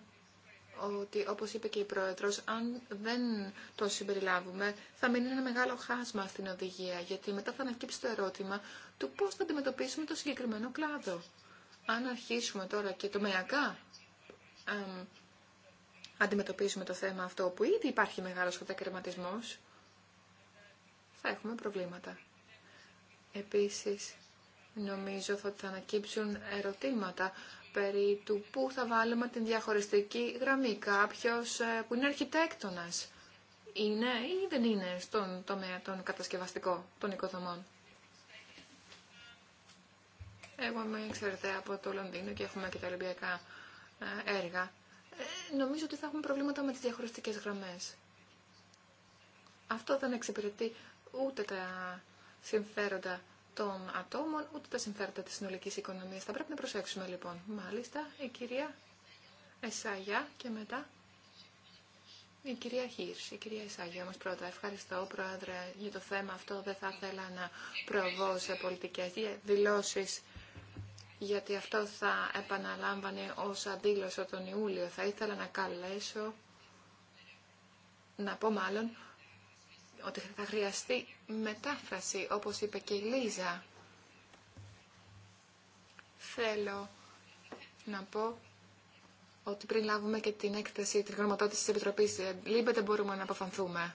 ότι, όπως είπε και η Πρόεδρος, αν δεν το συμπεριλάβουμε, θα μείνει ένα μεγάλο χάσμα στην οδηγία, γιατί μετά θα ανακύψει το ερώτημα του πώς θα αντιμετωπίσουμε το συγκεκριμένο κλάδο. Αν αρχίσουμε τώρα και τομεακά εμ, αντιμετωπίσουμε το θέμα αυτό, που ήδη υπάρχει μεγάλος κατακαιρματισμός, θα έχουμε προβλήματα. Επίσης, Νομίζω θα ανακύψουν ερωτήματα περί του πού θα βάλουμε την διαχωριστική γραμμή. Κάποιος ε, που είναι αρχιτέκτονας είναι ή δεν είναι στον τομέα των κατασκευαστικών των οικοδομών. Εγώ είμαι, ξέρετε, από το Λονδίνο και έχουμε και τα Ολυμπιακά ε, έργα. Ε, νομίζω ότι θα έχουμε προβλήματα με τις διαχωριστικές γραμμές. Αυτό δεν εξυπηρετεί ούτε τα συμφέροντα των ατόμων, ούτε τα συμφέροντα της συνολικής οικονομίας. Θα πρέπει να προσέξουμε λοιπόν. Μάλιστα, η κυρία Εσάγια και μετά η κυρία Χίρς, η κυρία Εσάγια, όμως πρώτα. Ευχαριστώ, Πρόεδρε, για το θέμα αυτό. Δεν θα ήθελα να προβώ σε πολιτικές δηλώσεις, γιατί αυτό θα επαναλάμβανε ως αντίλωσο τον Ιούλιο. Θα ήθελα να καλέσω, να πω μάλλον, ότι θα χρειαστεί μετάφραση, όπως είπε και η Λίζα. Θέλω να πω ότι πριν λάβουμε και την έκθεση της της Επιτροπής ε, Λίμπε μπορούμε να αποφανθούμε.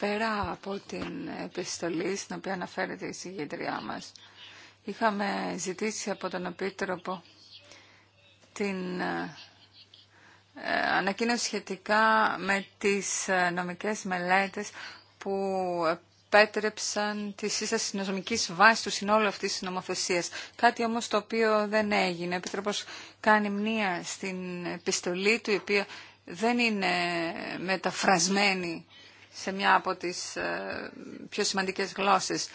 Πέρα από την επιστολή στην οποία αναφέρεται η συγγεντριά μας, είχαμε ζητήσει από τον Επίτροπο την ε, ε, ανακοίνωση σχετικά με τις νομικές μελέτες που επέτρεψαν τη σύσταση της βάσης του συνόλου αυτής της νομοθεσίας. Κάτι όμως το οποίο δεν έγινε. Ο Επίτροπος κάνει μνήα στην επιστολή του, η οποία δεν είναι μεταφρασμένη σε μια από τις ε, πιο σημαντικές γλώσσες.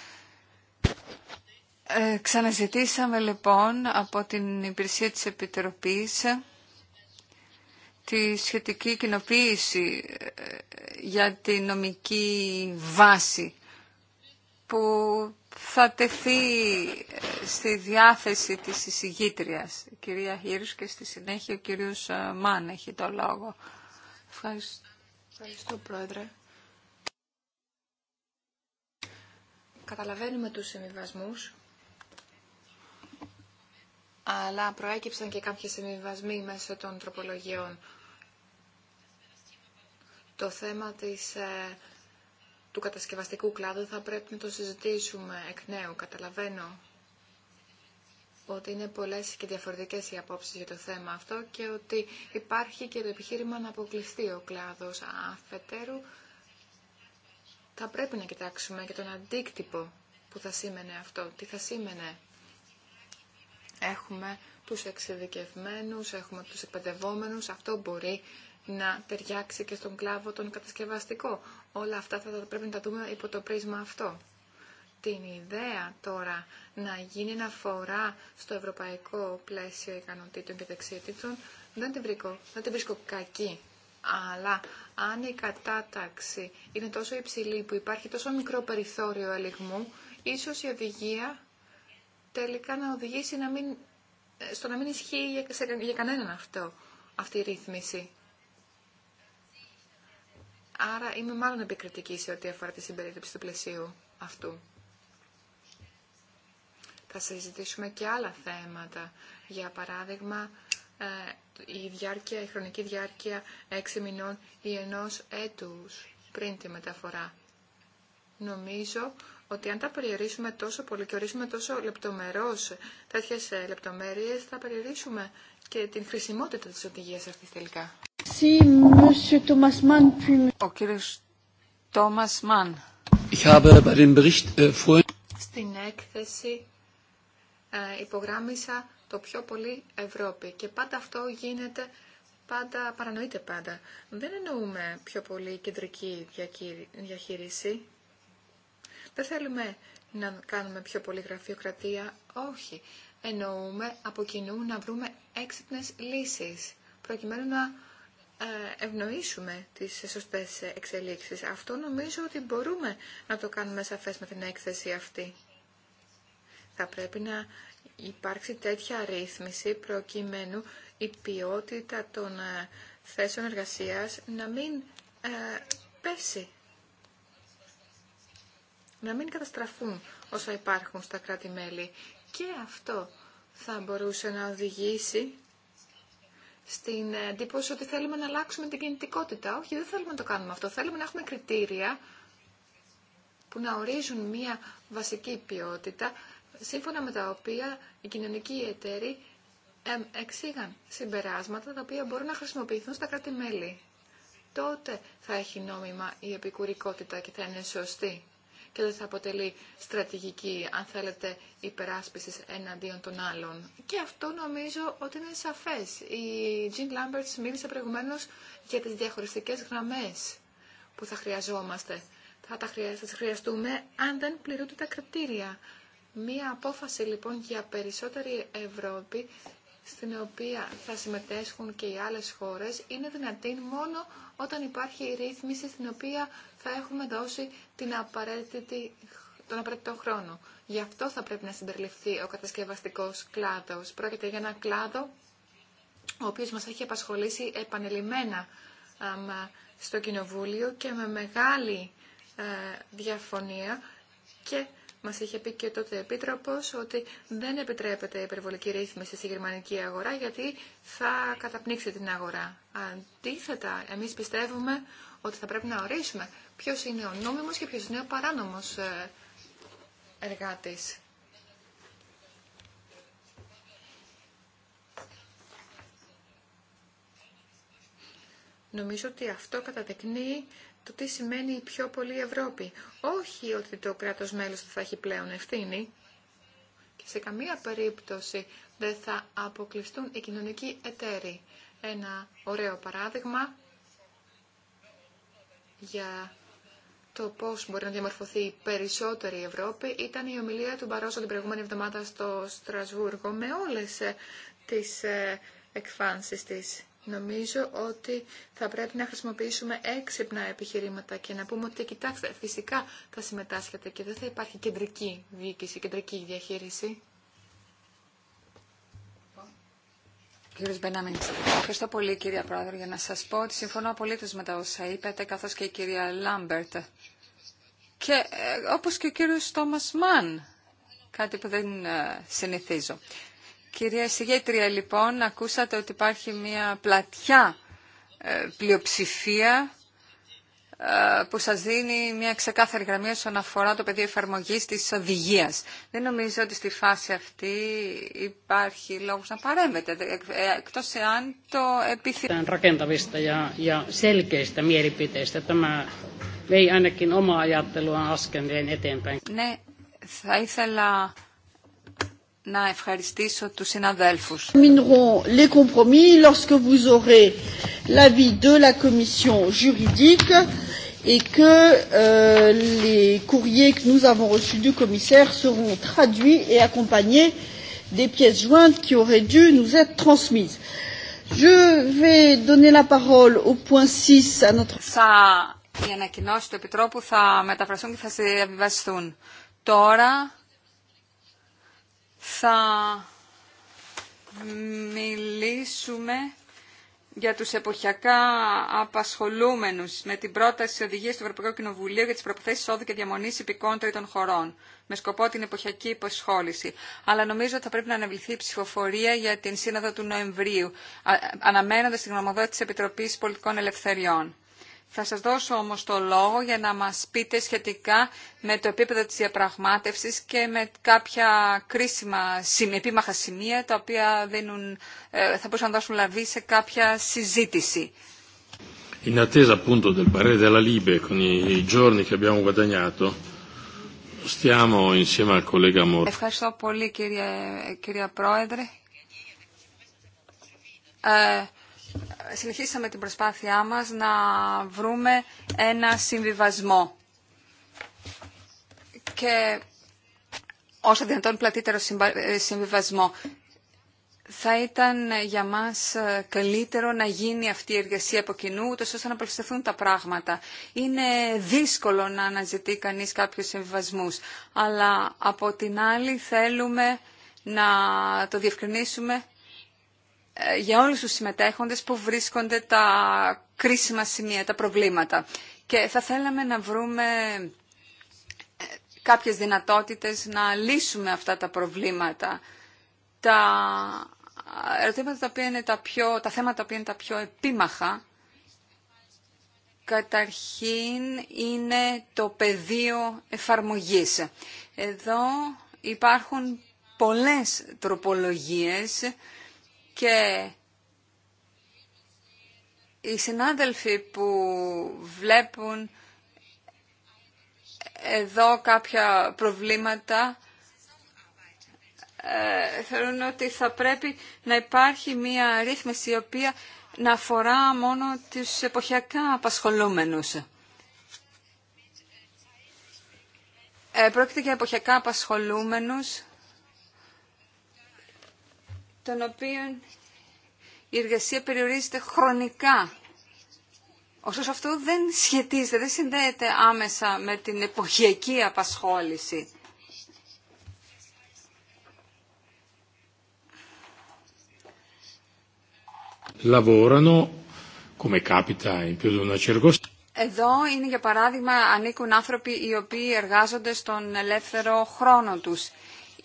Ε, ξαναζητήσαμε λοιπόν από την υπηρεσία της Επιτροπής τη σχετική κοινοποίηση ε, για τη νομική βάση που θα τεθεί ε, στη διάθεση της εισηγήτριας, κυρία Χίρους και στη συνέχεια ο κύριος ε, Μάν έχει το λόγο. Ευχαριστώ, Ευχαριστώ Πρόεδρε. Καταλαβαίνουμε τους συμβιβασμού, αλλά προέκυψαν και κάποιοι συμβιβασμοί μέσω των τροπολογιών. Το θέμα της, ε, του κατασκευαστικού κλάδου θα πρέπει να το συζητήσουμε εκ νέου. Καταλαβαίνω ότι είναι πολλές και διαφορετικές οι απόψεις για το θέμα αυτό και ότι υπάρχει και το επιχείρημα να αποκλειστεί ο κλάδος αφετέρου. Θα πρέπει να κοιτάξουμε και τον αντίκτυπο που θα σήμαινε αυτό. Τι θα σήμαινε. Έχουμε τους εξειδικευμένους, έχουμε τους εκπαιδευόμενους. Αυτό μπορεί να ταιριάξει και στον κλάβο τον κατασκευαστικό. Όλα αυτά θα πρέπει να τα δούμε υπό το πρίσμα αυτό. Την ιδέα τώρα να γίνει να φορά στο ευρωπαϊκό πλαίσιο ικανοτήτων και δεξιότητων δεν την, δεν την βρίσκω κακή. Αλλά αν η κατάταξη είναι τόσο υψηλή που υπάρχει τόσο μικρό περιθώριο ελιγμού, ίσως η οδηγία τελικά να οδηγήσει μην, στο να μην ισχύει για, κανέναν αυτό, αυτή η ρύθμιση άρα είμαι μάλλον επικριτική σε ό,τι αφορά τη συμπερίληψη του πλαισίου αυτού. Θα συζητήσουμε και άλλα θέματα, για παράδειγμα ε, η, διάρκεια, η χρονική διάρκεια έξι μηνών ή ενός έτους πριν τη μεταφορά. Νομίζω ότι αν τα περιορίσουμε τόσο πολύ και ορίσουμε τόσο λεπτομερώς τέτοιες ε, λεπτομέρειες, θα περιορίσουμε και την χρησιμότητα της οδηγίας αυτής τελικά. Στην έκθεση ε, υπογράμμισα το πιο πολύ Ευρώπη και πάντα αυτό γίνεται πάντα, παρανοείται πάντα. Δεν εννοούμε πιο πολύ κεντρική διαχείριση. Δεν θέλουμε να κάνουμε πιο πολύ γραφειοκρατία, όχι. Εννοούμε από κοινού να βρούμε έξυπνες λύσεις, προκειμένου να ε, ευνοήσουμε τις σωστές εξελίξεις. Αυτό νομίζω ότι μπορούμε να το κάνουμε σαφές με την έκθεση αυτή. Θα πρέπει να υπάρξει τέτοια ρύθμιση προκειμένου η ποιότητα των ε, θέσεων εργασίας να μην ε, πέσει, να μην καταστραφούν όσα υπάρχουν στα κράτη-μέλη. Και αυτό θα μπορούσε να οδηγήσει στην εντύπωση ότι θέλουμε να αλλάξουμε την κινητικότητα. Όχι, δεν θέλουμε να το κάνουμε αυτό. Θέλουμε να έχουμε κριτήρια που να ορίζουν μία βασική ποιότητα, σύμφωνα με τα οποία οι κοινωνικοί εταίροι εξήγαν συμπεράσματα τα οποία μπορούν να χρησιμοποιηθούν στα κράτη-μέλη. Τότε θα έχει νόμιμα η επικουρικότητα και θα είναι σωστή και δεν θα αποτελεί στρατηγική, αν θέλετε, υπεράσπιση εναντίον των άλλων. Και αυτό νομίζω ότι είναι σαφές. Η Jean Lambert μίλησε προηγουμένως για τις διαχωριστικέ γραμμές που θα χρειαζόμαστε. Θα τα χρειαστούμε αν δεν πληρούνται τα κριτήρια. Μία απόφαση λοιπόν για περισσότερη Ευρώπη στην οποία θα συμμετέσχουν και οι άλλες χώρες είναι δυνατή μόνο όταν υπάρχει η ρύθμιση στην οποία θα έχουμε δώσει την απαραίτητη, τον απαραίτητο χρόνο. Γι' αυτό θα πρέπει να συμπεριληφθεί ο κατασκευαστικός κλάδος. Πρόκειται για ένα κλάδο ο οποίος μας έχει απασχολήσει επανελειμμένα στο Κοινοβούλιο και με μεγάλη ε, διαφωνία και Μα είχε πει και τότε ο Επίτροπο ότι δεν επιτρέπεται η υπερβολική ρύθμιση στη γερμανική αγορά γιατί θα καταπνίξει την αγορά. Αντίθετα, εμεί πιστεύουμε ότι θα πρέπει να ορίσουμε ποιο είναι ο νόμιμο και ποιο είναι ο παράνομος ε, εργάτη. Νομίζω ότι αυτό καταδεικνύει το τι σημαίνει η πιο πολύ Ευρώπη. Όχι ότι το κράτος μέλος θα έχει πλέον ευθύνη και σε καμία περίπτωση δεν θα αποκλειστούν οι κοινωνικοί εταίροι. Ένα ωραίο παράδειγμα για το πώς μπορεί να διαμορφωθεί η περισσότερη Ευρώπη ήταν η ομιλία του Μπαρόσο την προηγούμενη εβδομάδα στο Στρασβούργο με όλες ε, τις ε, εκφάνσεις της. Νομίζω ότι θα πρέπει να χρησιμοποιήσουμε έξυπνα επιχειρήματα και να πούμε ότι κοιτάξτε, φυσικά θα συμμετάσχετε και δεν θα υπάρχει κεντρική διοίκηση, κεντρική διαχείριση. Κύριε Μπενάμιν, ευχαριστώ πολύ κυρία Πρόεδρε για να σας πω ότι συμφωνώ απολύτως με τα όσα είπατε καθώς και η κυρία Λάμπερτ και ε, όπω και ο κύριο Τόμας Μαν, κάτι που δεν ε, συνηθίζω. Κυρία συγέτρια, λοιπόν, ακούσατε ότι υπάρχει μια πλατιά ε, πλειοψηφία ε, που σας δίνει μια ξεκάθαρη γραμμή όσον αφορά το πεδίο εφαρμογή της οδηγίας. Δεν νομίζω ότι στη φάση αυτή υπάρχει λόγος να παρέμβετε, ε, εκτός εάν το επιθυμεί. Ναι, θα ήθελα να ευχαριστήσω τους συναδέλφους. les compromis lorsque vous aurez l'avis de la commission juridique et que les courriers que nous avons reçus du commissaire seront traduits et accompagnés des pièces jointes qui auraient dû nous être transmises. Je vais donner la parole au point 6 à notre... Θα, οι ανακοινώσεις του Επιτρόπου θα μεταφραστούν και θα συμβιβαστούν. Τώρα θα μιλήσουμε για τους εποχιακά απασχολούμενους με την πρόταση οδηγίας του Ευρωπαϊκού Κοινοβουλίου για τις προποθέσεις εισόδου και διαμονής υπηκών τρίτων χωρών με σκοπό την εποχιακή υποσχόληση. Αλλά νομίζω ότι θα πρέπει να αναβληθεί η ψηφοφορία για την Σύνοδο του Νοεμβρίου, αναμένοντας την γνωμοδότηση της Επιτροπής Πολιτικών Ελευθεριών. Θα σας δώσω όμως το λόγο για να μας πείτε σχετικά με το επίπεδο της διαπραγμάτευσης και με κάποια κρίσιμα σημεία, επίμαχα σημεία τα οποία δίνουν, ε, θα μπορούσαν να δώσουν λαβή σε κάποια συζήτηση. In attesa appunto del parere della Libe con i giorni che abbiamo guadagnato, stiamo insieme al collega Moro. Ευχαριστώ πολύ κύριε, κυρία Πρόεδρε. Ε, συνεχίσαμε την προσπάθειά μας να βρούμε ένα συμβιβασμό. Και όσο δυνατόν πλατύτερο ε, συμβιβασμό. Θα ήταν ε, για μας ε, καλύτερο να γίνει αυτή η εργασία από κοινού, ούτως ώστε να προσθεθούν τα πράγματα. Είναι δύσκολο να αναζητεί κανείς κάποιους συμβιβασμούς, αλλά από την άλλη θέλουμε να το διευκρινίσουμε ε, για όλους τους συμμετέχοντες που βρίσκονται τα κρίσιμα σημεία, τα προβλήματα. Και θα θέλαμε να βρούμε ε, κάποιες δυνατότητες να λύσουμε αυτά τα προβλήματα. Τα ερωτήματα τα οποία τα πιο, τα θέματα τα είναι τα πιο επίμαχα, καταρχήν είναι το πεδίο εφαρμογής. Εδώ υπάρχουν πολλές τροπολογίες και οι συνάδελφοι που βλέπουν εδώ κάποια προβλήματα ε, θεωρούν ότι θα πρέπει να υπάρχει μία ρύθμιση η οποία να αφορά μόνο τους εποχιακά απασχολούμενους. Ε, πρόκειται για εποχιακά απασχολούμενους τον οποίο η εργασία περιορίζεται χρονικά. Ωστόσο αυτό δεν σχετίζεται, δεν συνδέεται άμεσα με την εποχιακή απασχόληση. come capita in più di una εδώ είναι για παράδειγμα ανήκουν άνθρωποι οι οποίοι εργάζονται στον ελεύθερο χρόνο τους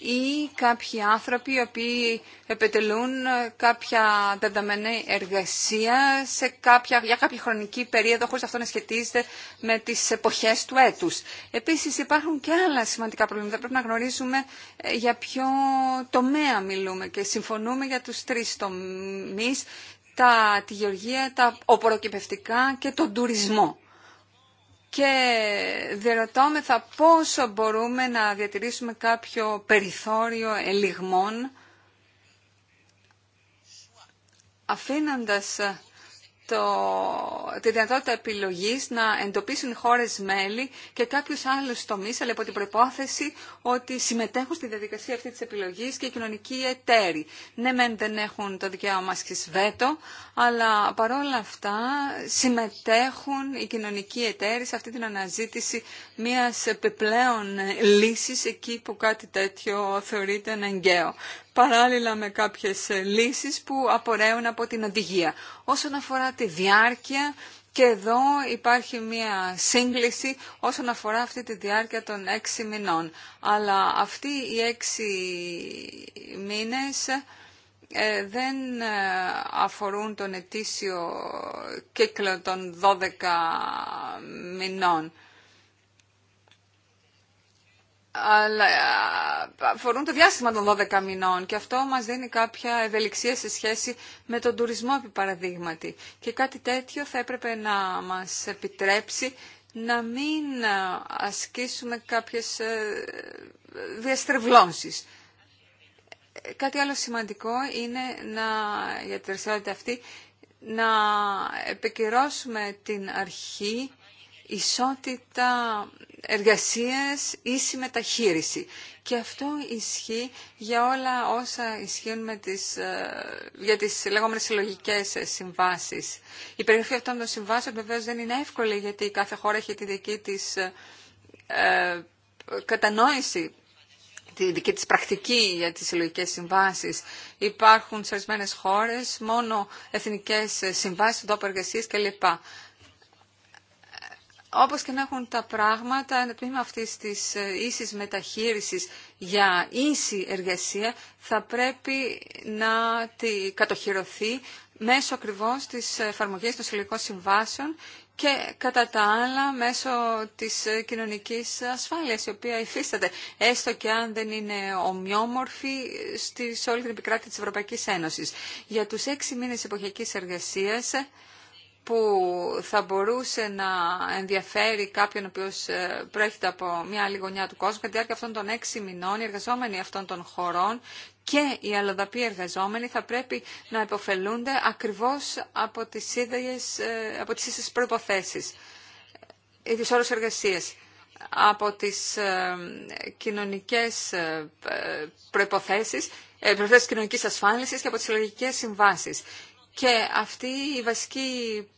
ή κάποιοι άνθρωποι οι οποίοι επετελούν κάποια δεδομένη εργασία σε κάποια, για κάποια χρονική περίοδο χωρίς αυτό να σχετίζεται με τις εποχές του έτους. Επίσης υπάρχουν και άλλα σημαντικά προβλήματα. Πρέπει να γνωρίζουμε ε, για ποιο τομέα μιλούμε και συμφωνούμε για τους τρεις τομείς, τα, τη γεωργία, τα οποροκυπευτικά και τον τουρισμό και διερωτώμεθα πόσο μπορούμε να διατηρήσουμε κάποιο περιθώριο ελιγμών αφήνοντας το, τη δυνατότητα επιλογής να εντοπίσουν χώρες μέλη και κάποιους άλλους τομείς, αλλά υπό την προπόθεση ότι συμμετέχουν στη διαδικασία αυτή της επιλογής και οι κοινωνικοί εταίροι. Ναι, δεν έχουν το δικαίωμα σχης βέτο, αλλά παρόλα αυτά συμμετέχουν οι κοινωνικοί εταίροι σε αυτή την αναζήτηση μιας επιπλέον λύσης εκεί που κάτι τέτοιο θεωρείται αναγκαίο παράλληλα με κάποιες ε, λύσεις που απορρέουν από την οδηγία. Όσον αφορά τη διάρκεια, και εδώ υπάρχει μία σύγκληση όσον αφορά αυτή τη διάρκεια των έξι μηνών. Αλλά αυτοί οι έξι μήνες ε, δεν ε, αφορούν τον ετήσιο κύκλο των 12 μηνών αλλά αφορούν το διάστημα των 12 μηνών και αυτό μας δίνει κάποια ευελιξία σε σχέση με τον τουρισμό επί παραδείγματι. Και κάτι τέτοιο θα έπρεπε να μας επιτρέψει να μην ασκήσουμε κάποιες ε, διαστρεβλώσεις. Κάτι άλλο σημαντικό είναι να, για τη αυτή να επικυρώσουμε την αρχή ισότητα εργασίας, ίση μεταχείριση. Και αυτό ισχύει για όλα όσα ισχύουν με τις, ε, για τις λεγόμενες συλλογικέ ε, συμβάσεις. Η περιγραφή αυτών των συμβάσεων βεβαίω δεν είναι εύκολη γιατί κάθε χώρα έχει τη δική της ε, κατανόηση τη δική της πρακτική για τις συλλογικέ συμβάσεις. Υπάρχουν σε ορισμένε χώρες μόνο εθνικές συμβάσεις, τόπο εργασίε κλπ όπως και να έχουν τα πράγματα, ένα τμήμα αυτής της ε, ίσης μεταχείρισης για ίση εργασία θα πρέπει να τη κατοχυρωθεί μέσω ακριβώ της εφαρμογή των συλλογικών συμβάσεων και κατά τα άλλα μέσω της ε, κοινωνικής ασφάλειας η οποία υφίσταται έστω και αν δεν είναι ομοιόμορφη ε, σε όλη την επικράτηση της Ευρωπαϊκής Ένωσης. Για τους έξι μήνες εποχιακής εργασίας που θα μπορούσε να ενδιαφέρει κάποιον ο οποίο ε, προέρχεται από μια άλλη γωνιά του κόσμου. Κατά τη διάρκεια αυτών των έξι μηνών, οι εργαζόμενοι αυτών των χωρών και οι αλλοδαποί εργαζόμενοι θα πρέπει να υποφελούνται ακριβώς από τις, ίδιες, ε, από τις ίσες προϋποθέσεις, ή ε, εργασίες από τις κοινωνικές προϋποθέσεις, προϋποθέσεις κοινωνικής ασφάλισης και από τις συλλογικές συμβάσεις. Και αυτή η βασική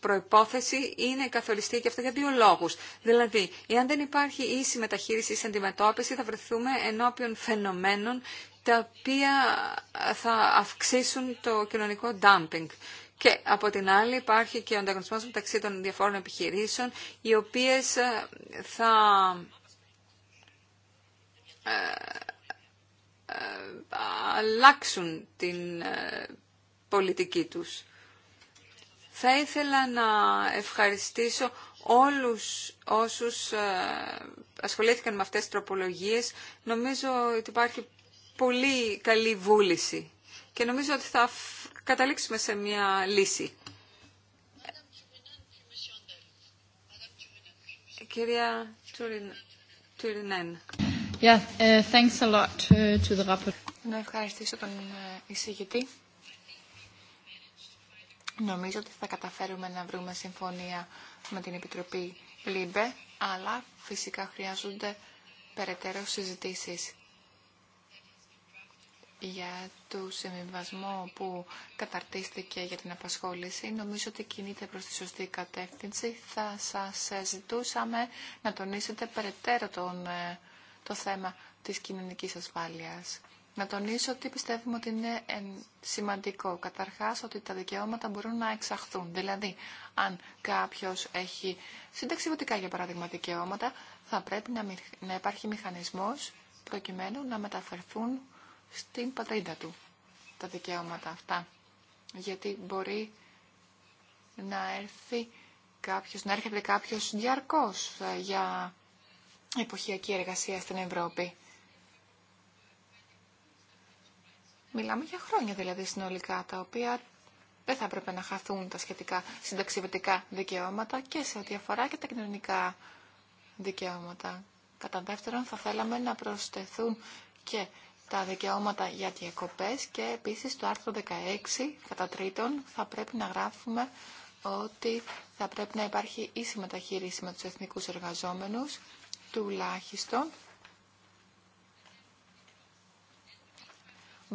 προϋπόθεση είναι καθοριστή και αυτό για δύο λόγους. Δηλαδή, εάν δεν υπάρχει ίση μεταχείριση, ή αντιμετώπιση, θα βρεθούμε ενώπιον φαινομένων τα οποία θα αυξήσουν το κοινωνικό dumping. Και από την άλλη υπάρχει και ο ανταγωνισμός μεταξύ των διαφόρων επιχειρήσεων, οι οποίες ε, θα ε, ε, αλλάξουν την πολιτική Θα ήθελα να ευχαριστήσω όλους όσους ε, ασχολήθηκαν με αυτές τις τροπολογίες. Νομίζω ότι υπάρχει πολύ καλή βούληση και νομίζω ότι θα καταλήξουμε σε μια λύση. Κυρία Τουρινέν. Yeah, uh, thanks a lot to the Να ευχαριστήσω τον ε, εισηγητή. Νομίζω ότι θα καταφέρουμε να βρούμε συμφωνία με την Επιτροπή ΛΥΜΠΕ, αλλά φυσικά χρειάζονται περαιτέρω συζητήσεις για το συμβιβασμό που καταρτίστηκε για την απασχόληση. Νομίζω ότι κινείται προς τη σωστή κατεύθυνση. Θα σας ζητούσαμε να τονίσετε περαιτέρω τον, ε, το θέμα της κοινωνικής ασφάλειας. Να τονίσω ότι πιστεύουμε ότι είναι σημαντικό. Καταρχάς ότι τα δικαιώματα μπορούν να εξαχθούν. Δηλαδή, αν κάποιος έχει συνταξιδοτικά για παράδειγμα δικαιώματα, θα πρέπει να, να υπάρχει μηχανισμός προκειμένου να μεταφερθούν στην πατρίδα του τα δικαιώματα αυτά. Γιατί μπορεί να έρθει κάποιος, να έρχεται κάποιος διαρκώς ε, για εποχιακή εργασία στην Ευρώπη. Μιλάμε για χρόνια δηλαδή συνολικά, τα οποία δεν θα έπρεπε να χαθούν τα σχετικά συνταξιβετικά δικαιώματα και σε ό,τι αφορά και τα κοινωνικά δικαιώματα. Κατά δεύτερον, θα θέλαμε να προσθεθούν και τα δικαιώματα για διακοπές και επίσης το άρθρο 16, κατά τρίτον, θα πρέπει να γράφουμε ότι θα πρέπει να υπάρχει ίση μεταχείριση με τους εθνικούς εργαζόμενους, τουλάχιστον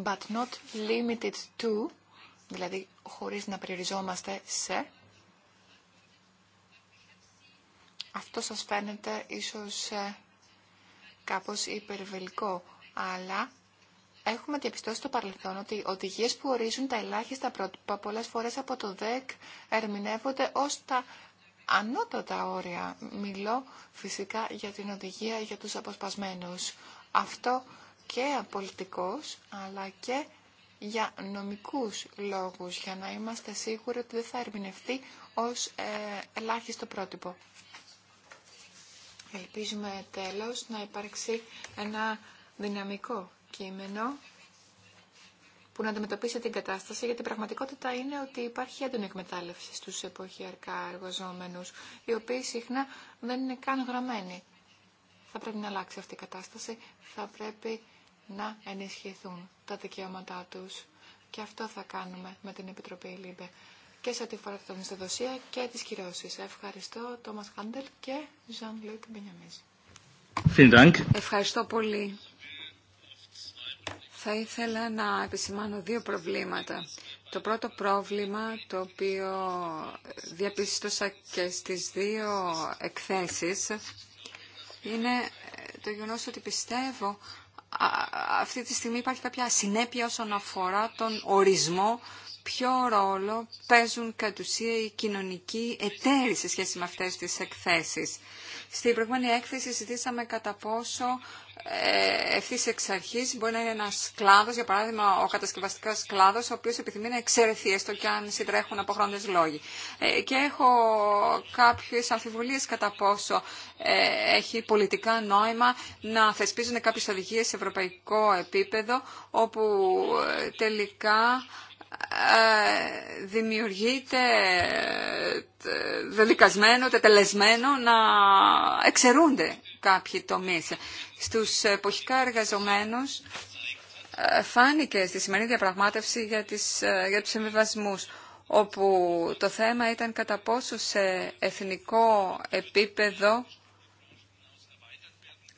but not limited to, δηλαδή χωρίς να περιοριζόμαστε σε. Αυτό σας φαίνεται ίσως ε, κάπως υπερβελικό, αλλά έχουμε διαπιστώσει στο παρελθόν ότι οι οδηγίες που ορίζουν τα ελάχιστα πρότυπα πολλές φορές από το ΔΕΚ ερμηνεύονται ως τα ανώτατα όρια. Μιλώ φυσικά για την οδηγία για τους αποσπασμένους. Αυτό και απολυτικός αλλά και για νομικούς λόγους, για να είμαστε σίγουροι ότι δεν θα ερμηνευτεί ως ε, ελάχιστο πρότυπο. Ελπίζουμε τέλος να υπάρξει ένα δυναμικό κείμενο που να αντιμετωπίσει την κατάσταση, γιατί η πραγματικότητα είναι ότι υπάρχει έντονη εκμετάλλευση στους εποχιαρκά εργοζόμενους, οι οποίοι συχνά δεν είναι καν γραμμένοι. Θα πρέπει να αλλάξει αυτή η κατάσταση, θα πρέπει να ενισχυθούν τα δικαιώματά τους. Και αυτό θα κάνουμε με την Επιτροπή ΛΥΜΠΕ και σε ό,τι αφορά την και τις κυρώσεις. Ευχαριστώ Τόμας Χάντελ και Ζαν Λουίκ Μπενιαμίζη. Ευχαριστώ πολύ. Θα ήθελα να επισημάνω δύο προβλήματα. Το πρώτο πρόβλημα το οποίο διαπίστωσα και στις δύο εκθέσεις είναι το γεγονό ότι πιστεύω αυτή τη στιγμή υπάρχει κάποια συνέπεια όσον αφορά τον ορισμό ποιο ρόλο παίζουν κατ' ουσία οι κοινωνικοί εταίροι σε σχέση με αυτές τις εκθέσεις. Στην προηγούμενη έκθεση συζητήσαμε κατά πόσο ε, ευθύ εξ αρχή μπορεί να είναι ένα κλάδο, για παράδειγμα ο κατασκευαστικό κλάδο, ο οποίο επιθυμεί να εξαιρεθεί, έστω και αν συντρέχουν από χρόνε λόγοι. Ε, και έχω κάποιε αμφιβολίε κατά πόσο ε, έχει πολιτικά νόημα να θεσπίζουν κάποιε οδηγίε σε ευρωπαϊκό επίπεδο, όπου τελικά δημιουργείται δεδικασμένο, τετελεσμένο να εξαιρούνται κάποιοι τομείς στους εποχικά εργαζομένους ε, φάνηκε στη σημερινή διαπραγμάτευση για, τις, ε, για τους εμβιβασμούς, όπου το θέμα ήταν κατά πόσο σε εθνικό επίπεδο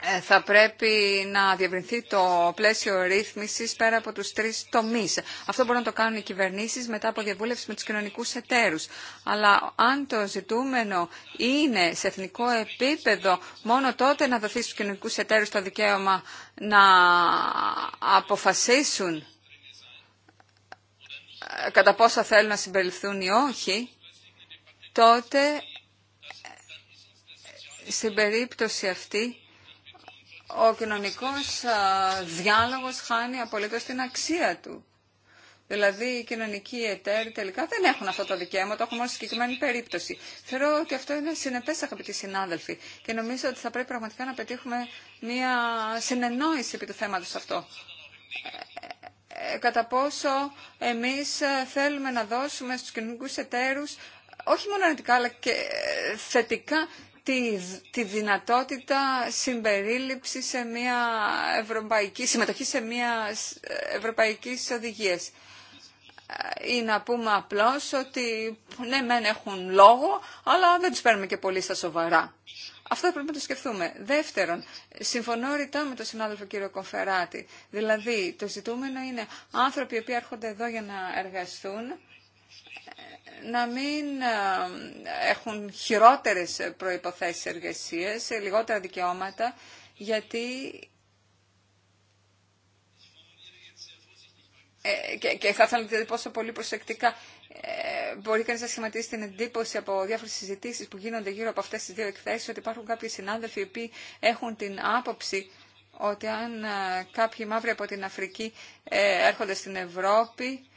ε, θα πρέπει να διευρυνθεί το πλαίσιο ρύθμισης πέρα από του τρει τομείς. Αυτό μπορούν να το κάνουν οι κυβερνήσεις μετά από διαβούλευση με τους κοινωνικού εταίρους. Αλλά αν το ζητούμενο είναι σε εθνικό επίπεδο, μόνο τότε να δοθεί στου κοινωνικού εταίρους το δικαίωμα να αποφασίσουν ε, κατά πόσα θέλουν να συμπεριληφθούν ή όχι, τότε ε, στην περίπτωση αυτή ο κοινωνικός διάλογος χάνει απολύτως την αξία του. Δηλαδή οι κοινωνικοί εταίροι τελικά δεν έχουν αυτό το δικαίωμα, το έχουν μόνο σε συγκεκριμένη περίπτωση. Θεωρώ ότι αυτό είναι συνεπές αγαπητοί συνάδελφοι και νομίζω ότι θα πρέπει πραγματικά να πετύχουμε μια συνεννόηση επί του θέματος αυτό. Ε, ε, κατά πόσο εμείς ε, θέλουμε να δώσουμε στους κοινωνικούς εταίρους όχι μόνο αρνητικά αλλά και θετικά τη, δυνατότητα συμπερίληψη σε μια ευρωπαϊκή, συμμετοχή σε μια ευρωπαϊκή οδηγία. Ε, ή να πούμε απλώς ότι ναι μεν έχουν λόγο, αλλά δεν τους παίρνουμε και πολύ στα σοβαρά. Αυτό πρέπει να το σκεφτούμε. Δεύτερον, συμφωνώ ρητά με τον συνάδελφο κύριο Κοφεράτη. Δηλαδή, το ζητούμενο είναι άνθρωποι οι οποίοι έρχονται εδώ για να εργαστούν, να μην ε, έχουν χειρότερες προϋποθέσεις εργασίας, ε, λιγότερα δικαιώματα, γιατί ε, και θα ήθελα να πόσο πολύ προσεκτικά. Μπορεί κανείς να σχηματίσει την εντύπωση από διάφορες συζητήσεις που γίνονται γύρω από αυτές τις δύο εκθέσεις, ότι υπάρχουν κάποιοι συνάδελφοι που έχουν την άποψη ότι αν κάποιοι μαύροι από την Αφρική έρχονται στην Ευρώπη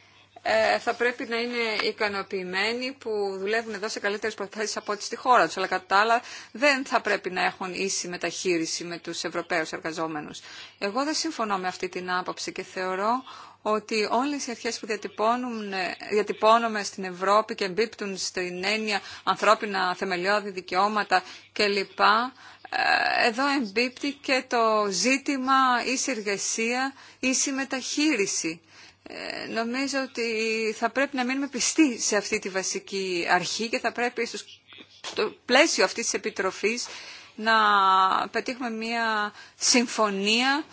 ε, θα πρέπει να είναι ικανοποιημένοι που δουλεύουν εδώ σε καλύτερε προθέσει από ό,τι στη χώρα του. Αλλά κατά τα άλλα δεν θα πρέπει να έχουν ίση μεταχείριση με του Ευρωπαίου εργαζόμενου. Εγώ δεν συμφωνώ με αυτή την άποψη και θεωρώ ότι όλες οι αρχές που διατυπώνουμε στην Ευρώπη και εμπίπτουν στην έννοια ανθρώπινα θεμελιώδη δικαιώματα κλπ. Ε, εδώ εμπίπτει και το ζήτημα ίση εργασία, ίση μεταχείριση. Ε, νομίζω ότι θα πρέπει να μείνουμε πιστοί σε αυτή τη βασική αρχή και θα πρέπει στο πλαίσιο αυτής της επιτροφής να πετύχουμε μια συμφωνία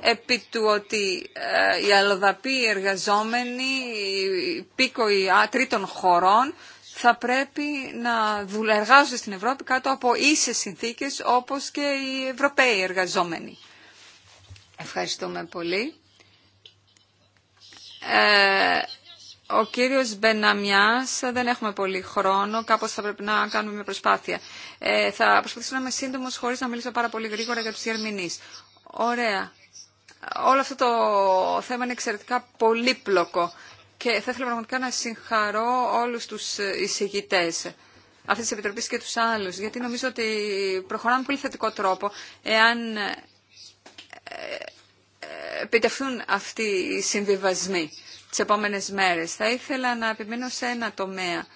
επί του ότι ε, οι αλλοδαποί εργαζόμενοι, οι πήκοοι τρίτων χωρών θα πρέπει να δουλεργάζονται στην Ευρώπη κάτω από ίσες συνθήκες όπως και οι Ευρωπαίοι εργαζόμενοι. Ευχαριστούμε πολύ. Ε, ο κύριος Μπεναμιάς, ε, δεν έχουμε πολύ χρόνο, κάπως θα πρέπει να κάνουμε μια προσπάθεια. Ε, θα προσπαθήσω να είμαι σύντομο χωρίς να μιλήσω πάρα πολύ γρήγορα για τους ερμηνείς Ωραία. Όλο αυτό το θέμα είναι εξαιρετικά πολύπλοκο και θα ήθελα πραγματικά να συγχαρώ όλους τους εισηγητές αυτής της Επιτροπής και τους άλλους, γιατί νομίζω ότι προχωράμε πολύ θετικό τρόπο εάν ε, επιτευχθούν αυτοί οι συμβιβασμοί τις επόμενες μέρες. Θα ήθελα να επιμείνω σε ένα τομέα.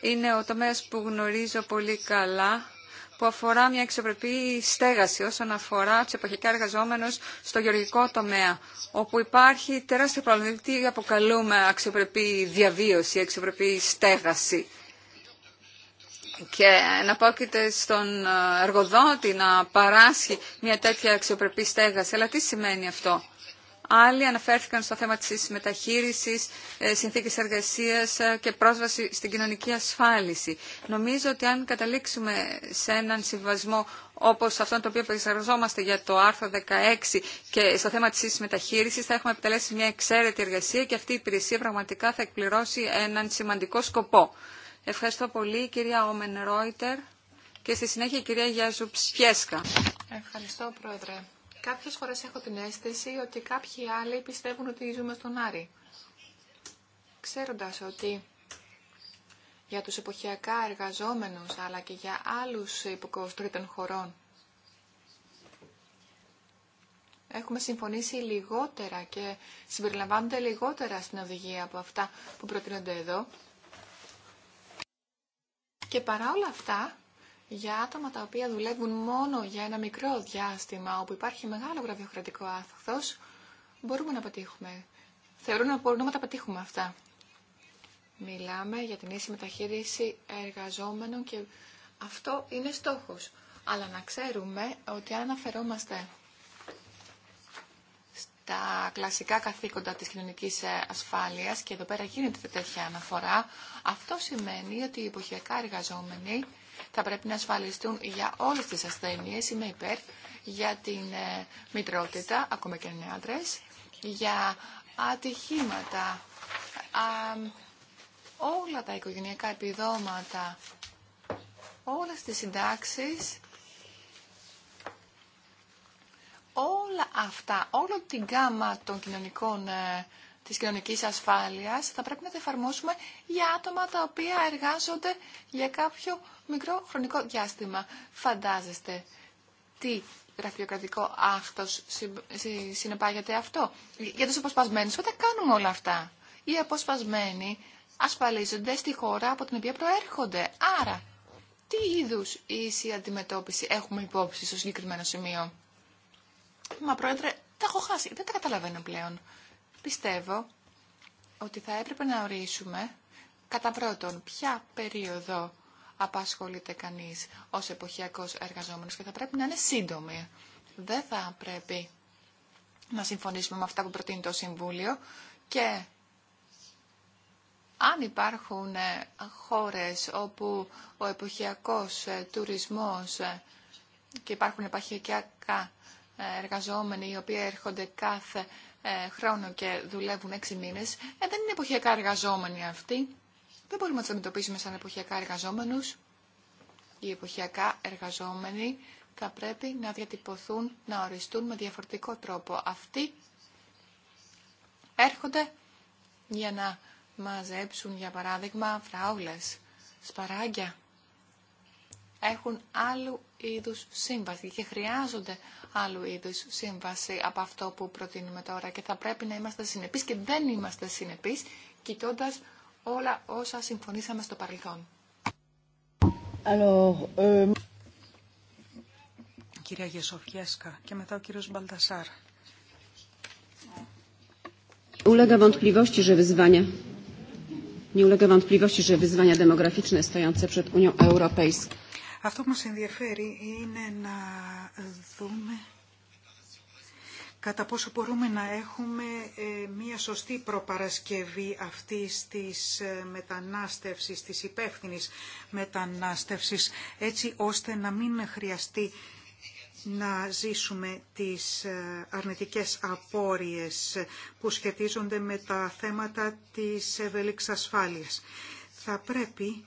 Είναι ο τομέας που γνωρίζω πολύ καλά, που αφορά μια εξωπρεπή στέγαση όσον αφορά του εποχικά εργαζόμενου στο γεωργικό τομέα, όπου υπάρχει τεράστιο πρόβλημα, τι αποκαλούμε αξιοπρεπή διαβίωση, αξιοπρεπή στέγαση και εναπόκειται στον ε, εργοδότη να παράσχει μια τέτοια αξιοπρεπή στέγαση. Αλλά τι σημαίνει αυτό. Άλλοι αναφέρθηκαν στο θέμα της μεταχείρισης, ε, συνθήκες εργασίας ε, και πρόσβαση στην κοινωνική ασφάλιση. Νομίζω ότι αν καταλήξουμε σε έναν συμβασμό όπως αυτόν το οποίο επεξεργαζόμαστε για το άρθρο 16 και στο θέμα της μεταχείρισης θα έχουμε επιτελέσει μια εξαίρετη εργασία και αυτή η υπηρεσία πραγματικά θα εκπληρώσει έναν σημαντικό σκοπό. Ευχαριστώ πολύ κυρία Όμεν Ρόιτερ και στη συνέχεια κυρία Γιάζου Ψιέσκα. Ευχαριστώ πρόεδρε. Κάποιες φορές έχω την αίσθηση ότι κάποιοι άλλοι πιστεύουν ότι ζούμε στον Άρη. Ξέροντας ότι για τους εποχιακά εργαζόμενους αλλά και για άλλους υποκόους χωρών έχουμε συμφωνήσει λιγότερα και συμπεριλαμβάνονται λιγότερα στην οδηγία από αυτά που προτείνονται εδώ. Και παρά όλα αυτά, για άτομα τα οποία δουλεύουν μόνο για ένα μικρό διάστημα, όπου υπάρχει μεγάλο γραφειοκρατικό άθος, μπορούμε να πετύχουμε. Θεωρούμε ότι μπορούμε να τα πετύχουμε αυτά. Μιλάμε για την ίση μεταχείριση εργαζόμενων και αυτό είναι στόχος. Αλλά να ξέρουμε ότι αν τα κλασικά καθήκοντα της κοινωνικής ε, ασφάλειας και εδώ πέρα γίνεται τέτοια αναφορά, αυτό σημαίνει ότι οι εποχιακά εργαζόμενοι θα πρέπει να ασφαλιστούν για όλες τις ασθένειες, είμαι υπέρ, για την ε, μητρότητα, ακόμα και είναι για ατυχήματα, όλα τα οικογενειακά επιδόματα, όλες τις συντάξεις όλα αυτά, όλο την γάμα των κοινωνικών, ε, της κοινωνικής ασφάλειας θα πρέπει να τα εφαρμόσουμε για άτομα τα οποία εργάζονται για κάποιο μικρό χρονικό διάστημα. Φαντάζεστε τι γραφειοκρατικό άχτος συνεπάγεται αυτό. Για τους αποσπασμένους δεν κάνουμε όλα αυτά. Οι αποσπασμένοι ασφαλίζονται στη χώρα από την οποία προέρχονται. Άρα, τι είδους ίση αντιμετώπιση έχουμε υπόψη στο συγκεκριμένο σημείο. Μα πρόεδρε, τα έχω χάσει. Δεν τα καταλαβαίνω πλέον. Πιστεύω ότι θα έπρεπε να ορίσουμε κατά πρώτον ποια περίοδο απασχολείται κανείς ως εποχιακός εργαζόμενος και θα πρέπει να είναι σύντομη. Δεν θα πρέπει να συμφωνήσουμε με αυτά που προτείνει το Συμβούλιο και αν υπάρχουν ε, χώρες όπου ο εποχιακός ε, τουρισμός ε, και υπάρχουν επαχιακά εργαζόμενοι οι οποίοι έρχονται κάθε ε, χρόνο και δουλεύουν έξι μήνες, ε, δεν είναι εποχιακά εργαζόμενοι αυτοί. Δεν μπορούμε να τους αντιμετωπίσουμε σαν εποχιακά εργαζόμενους. Οι εποχιακά εργαζόμενοι θα πρέπει να διατυπωθούν, να οριστούν με διαφορετικό τρόπο. Αυτοί έρχονται για να μαζέψουν, για παράδειγμα, φράουλες, σπαράγγια. Έχουν άλλου είδους σύμβαση και χρειάζονται άλλου είδους σύμβαση από αυτό που προτείνουμε τώρα και θα πρέπει να είμαστε συνεπείς και δεν είμαστε συνεπείς κοιτώντας όλα όσα συμφωνήσαμε στο παρελθόν. Alors, euh... Κυρία Γεσοφιέσκα και μετά ο κύριος Μπαλτασάρ. Ulega wątpliwości, że wyzwania nie ulega wątpliwości, że wyzwania demograficzne stojące przed Unią Europejską αυτό που μας ενδιαφέρει είναι να δούμε κατά πόσο μπορούμε να έχουμε ε, μία σωστή προπαρασκευή αυτής της ε, μετανάστευσης, της υπεύθυνης μετανάστευσης, έτσι ώστε να μην χρειαστεί να ζήσουμε τις ε, αρνητικές απόρριες που σχετίζονται με τα θέματα της ευελίξης ασφάλειας. Θα πρέπει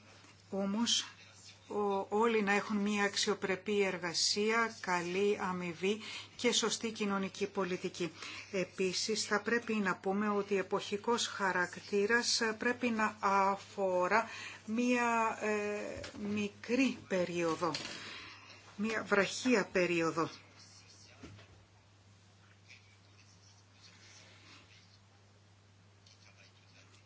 όμως όλοι να έχουν μία αξιοπρεπή εργασία, καλή αμοιβή και σωστή κοινωνική πολιτική. Επίσης, θα πρέπει να πούμε ότι εποχικός χαρακτήρας πρέπει να αφορά μία ε, μικρή περίοδο, μία βραχία περίοδο.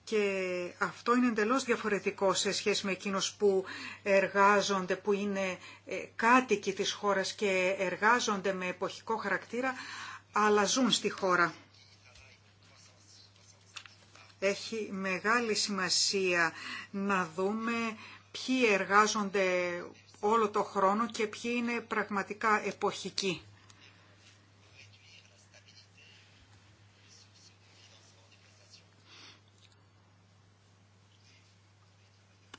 Και αυτό είναι εντελώς διαφορετικό σε σχέση με εκείνους που εργάζονται, που είναι ε, κάτοικοι της χώρας και εργάζονται με εποχικό χαρακτήρα, αλλά ζουν στη χώρα. Έχει μεγάλη σημασία να δούμε ποιοι εργάζονται όλο το χρόνο και ποιοι είναι πραγματικά εποχικοί.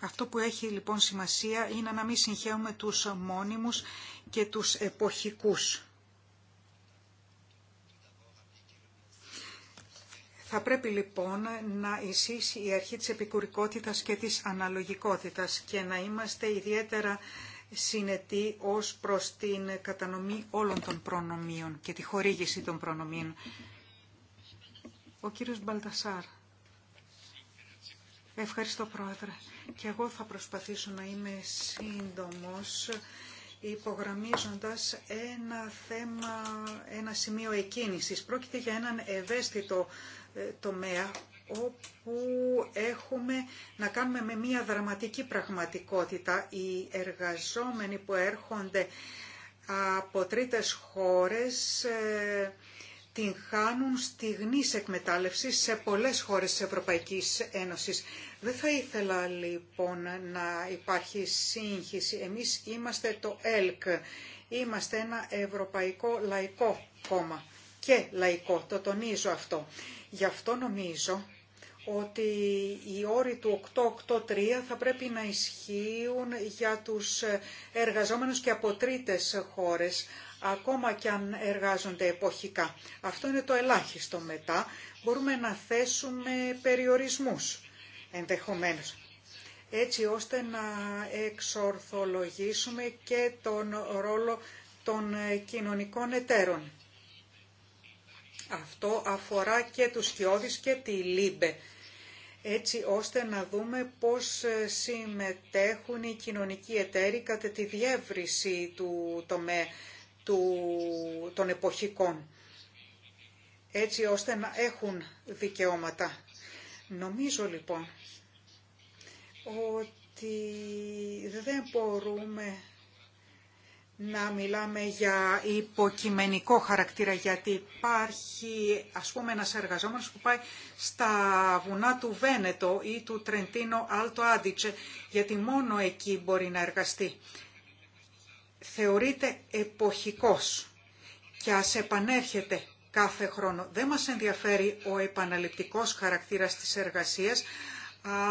Αυτό που έχει λοιπόν σημασία είναι να μην συγχαίουμε τους μόνιμους και τους εποχικούς. Θα πρέπει λοιπόν να εισήσει η αρχή της επικουρικότητας και της αναλογικότητας και να είμαστε ιδιαίτερα συνετοί ως προς την κατανομή όλων των προνομίων και τη χορήγηση των προνομίων. Ο κύριος Μπαλτασάρ. Ευχαριστώ Πρόεδρε. Και εγώ θα προσπαθήσω να είμαι σύντομος υπογραμμίζοντας ένα θέμα, ένα σημείο εκκίνησης. Πρόκειται για έναν ευαίσθητο ε, τομέα όπου έχουμε να κάνουμε με μια δραματική πραγματικότητα. Οι εργαζόμενοι που έρχονται από τρίτες χώρες ε, την χάνουν στιγνής εκμετάλλευσης σε πολλές χώρες της Ευρωπαϊκής Ένωσης. Δεν θα ήθελα λοιπόν να υπάρχει σύγχυση. Εμείς είμαστε το ΕΛΚ, είμαστε ένα ευρωπαϊκό λαϊκό κόμμα και λαϊκό, το τονίζω αυτό. Γι' αυτό νομίζω ότι οι όροι του 883 θα πρέπει να ισχύουν για τους εργαζόμενους και από χώρες, ακόμα και αν εργάζονται εποχικά. Αυτό είναι το ελάχιστο μετά. Μπορούμε να θέσουμε περιορισμούς ενδεχομένως έτσι ώστε να εξορθολογήσουμε και τον ρόλο των κοινωνικών εταίρων. Αυτό αφορά και τους Χιώδης και τη Λίμπε, έτσι ώστε να δούμε πώς συμμετέχουν οι κοινωνικοί εταίροι κατά τη διεύρυνση του τομέα του, των εποχικών, έτσι ώστε να έχουν δικαιώματα. Νομίζω λοιπόν ότι δεν μπορούμε να μιλάμε για υποκειμενικό χαρακτήρα, γιατί υπάρχει ας πούμε ένας εργαζόμενος που πάει στα βουνά του Βένετο ή του Τρεντίνο Άλτο γιατί μόνο εκεί μπορεί να εργαστεί θεωρείται εποχικός και ας επανέρχεται κάθε χρόνο. Δεν μας ενδιαφέρει ο επαναληπτικός χαρακτήρας της εργασίας,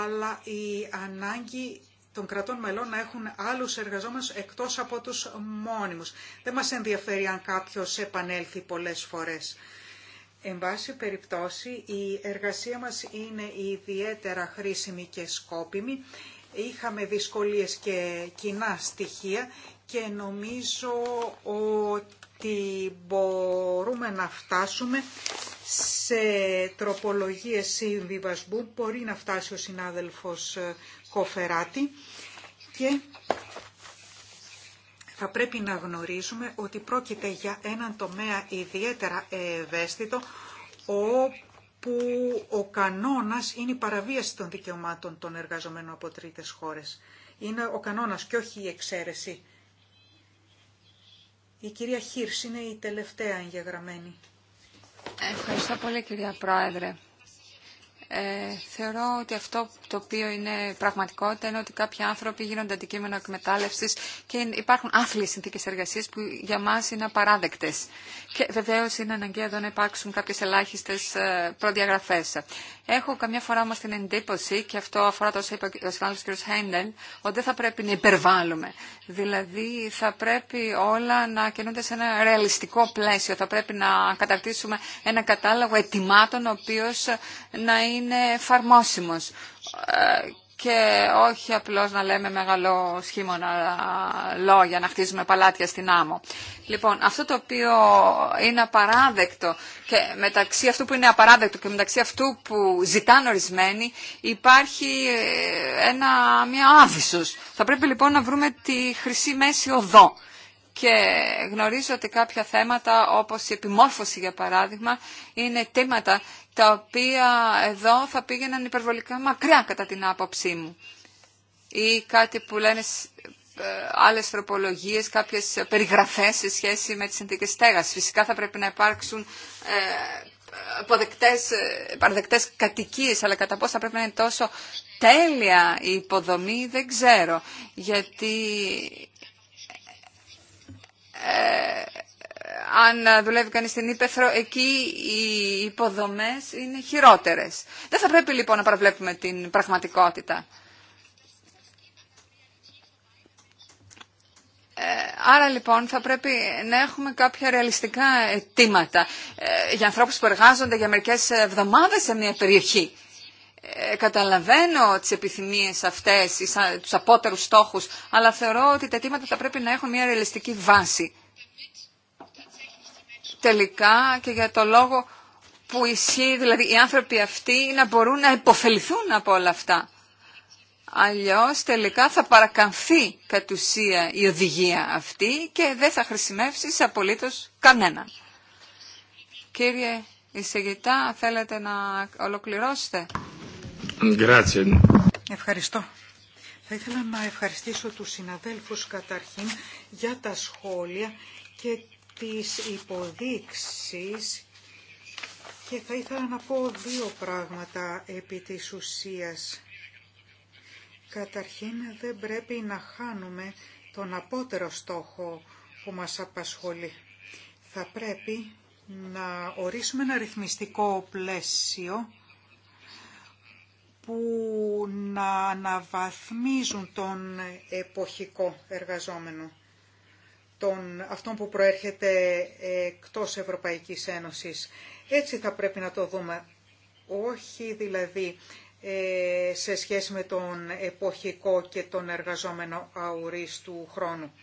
αλλά η ανάγκη των κρατών μελών να έχουν άλλους εργαζόμενους εκτός από τους μόνιμους. Δεν μας ενδιαφέρει αν κάποιος επανέλθει πολλές φορές. Εν πάση περιπτώσει, η εργασία μας είναι ιδιαίτερα χρήσιμη και σκόπιμη. Είχαμε δυσκολίες και κοινά στοιχεία και νομίζω ότι μπορούμε να φτάσουμε σε τροπολογίες συμβιβασμού. Μπορεί να φτάσει ο συνάδελφος ε, Κοφεράτη και θα πρέπει να γνωρίζουμε ότι πρόκειται για έναν τομέα ιδιαίτερα ευαίσθητο όπου ο κανόνας είναι η παραβίαση των δικαιωμάτων των εργαζομένων από τρίτες χώρες. Είναι ο κανόνας και όχι η εξαίρεση. Η κυρία Χίρς είναι η τελευταία εγγεγραμμένη. Ευχαριστώ πολύ κυρία Πρόεδρε. Ε, θεωρώ ότι αυτό το οποίο είναι πραγματικότητα είναι ότι κάποιοι άνθρωποι γίνονται αντικείμενο εκμετάλλευση και υπάρχουν άθλιε συνθήκε εργασία που για μα είναι απαράδεκτε. Και βεβαίω είναι αναγκαίο εδώ να υπάρξουν κάποιε ελάχιστε προδιαγραφέ. Έχω καμιά φορά όμω την εντύπωση, και αυτό αφορά το όσο είπε ο συνάδελφο κ. Χέντελ, ότι δεν θα πρέπει να υπερβάλλουμε. Δηλαδή θα πρέπει όλα να κινούνται σε ένα ρεαλιστικό πλαίσιο. Θα πρέπει να καταρτήσουμε ένα κατάλογο ετοιμάτων, ο οποίο να είναι είναι εφαρμόσιμος ε, και όχι απλώς να λέμε μεγαλό σχήμωνα λόγια, να χτίζουμε παλάτια στην άμμο. Λοιπόν, αυτό το οποίο είναι απαράδεκτο και μεταξύ αυτού που είναι απαράδεκτο και μεταξύ αυτού που ζητάνε ορισμένοι υπάρχει ε, ένα, μια άβυσος. Θα πρέπει λοιπόν να βρούμε τη χρυσή μέση οδό και γνωρίζω ότι κάποια θέματα όπως η επιμόρφωση για παράδειγμα είναι θέματα τα οποία εδώ θα πήγαιναν υπερβολικά μακριά κατά την άποψή μου ή κάτι που λένε ε, άλλες τροπολογίες, κάποιες περιγραφές σε σχέση με τις συνθήκες στέγασης. Φυσικά θα πρέπει να υπάρξουν ε, αποδεκτές, ε, παραδεκτές κατοικίες, αλλά κατά πώς θα πρέπει να είναι τόσο τέλεια η υποδομή, δεν ξέρω. Γιατί ε, αν ε, δουλεύει κανείς στην Ήπεθρο, εκεί οι υποδομές είναι χειρότερες. Δεν θα πρέπει λοιπόν να παραβλέπουμε την πραγματικότητα. Ε, άρα λοιπόν θα πρέπει να έχουμε κάποια ρεαλιστικά αιτήματα για ανθρώπους που εργάζονται για μερικές εβδομάδες σε μια περιοχή. Ε, καταλαβαίνω τις επιθυμίες αυτές, τους απότερους στόχους, αλλά θεωρώ ότι τα αιτήματα θα πρέπει να έχουν μια ρεαλιστική βάση. Τελικά και για το λόγο που ισχύει, δηλαδή οι άνθρωποι αυτοί να μπορούν να υποφεληθούν από όλα αυτά. Αλλιώς τελικά θα παρακαμφθεί κατ' ουσία η οδηγία αυτή και δεν θα χρησιμεύσει σε απολύτως κανέναν. Κύριε Ισηγητά, θέλετε να ολοκληρώσετε. Ευχαριστώ. Θα ήθελα να ευχαριστήσω τους συναδέλφους καταρχήν για τα σχόλια και τις υποδείξεις και θα ήθελα να πω δύο πράγματα επί της ουσίας. Καταρχήν δεν πρέπει να χάνουμε τον απότερο στόχο που μας απασχολεί. Θα πρέπει να ορίσουμε ένα ρυθμιστικό πλαίσιο που να αναβαθμίζουν τον εποχικό εργαζόμενο, τον, αυτόν που προέρχεται εκτός Ευρωπαϊκής Ένωσης. Έτσι θα πρέπει να το δούμε. Όχι δηλαδή ε, σε σχέση με τον εποχικό και τον εργαζόμενο του χρόνου.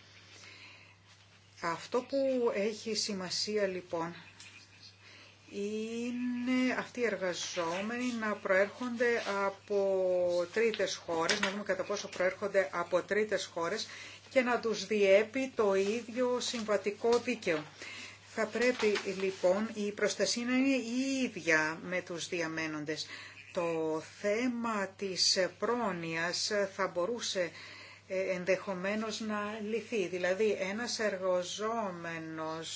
Αυτό που έχει σημασία λοιπόν είναι αυτοί οι εργαζόμενοι να προέρχονται από τρίτες χώρες, να δούμε κατά πόσο προέρχονται από τρίτες χώρες και να τους διέπει το ίδιο συμβατικό δίκαιο. Θα πρέπει λοιπόν η προστασία να είναι η ίδια με τους διαμένοντες. Το θέμα της πρόνοιας θα μπορούσε ε, ενδεχομένως να λυθεί. Δηλαδή ένας εργοζόμενος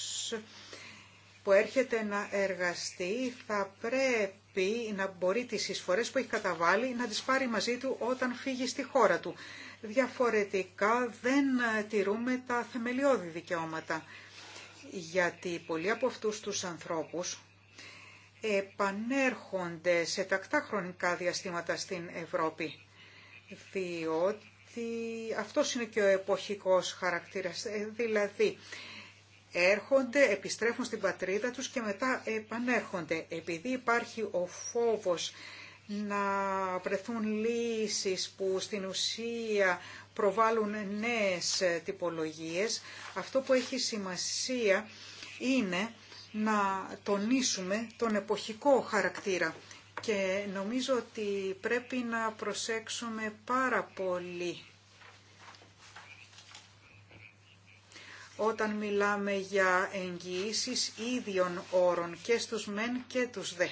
που έρχεται να εργαστεί θα πρέπει να μπορεί τις εισφορές που έχει καταβάλει να τις πάρει μαζί του όταν φύγει στη χώρα του. Διαφορετικά δεν τηρούμε τα θεμελιώδη δικαιώματα, γιατί πολλοί από αυτούς τους ανθρώπους επανέρχονται σε τακτά χρονικά διαστήματα στην Ευρώπη, διότι αυτό είναι και ο εποχικός χαρακτήρας, ε, δηλαδή έρχονται, επιστρέφουν στην πατρίδα τους και μετά επανέρχονται. Επειδή υπάρχει ο φόβος να βρεθούν λύσεις που στην ουσία προβάλλουν νέες τυπολογίες, αυτό που έχει σημασία είναι να τονίσουμε τον εποχικό χαρακτήρα. Και νομίζω ότι πρέπει να προσέξουμε πάρα πολύ όταν μιλάμε για εγγυήσεις ίδιων όρων και στους μεν και τους δε.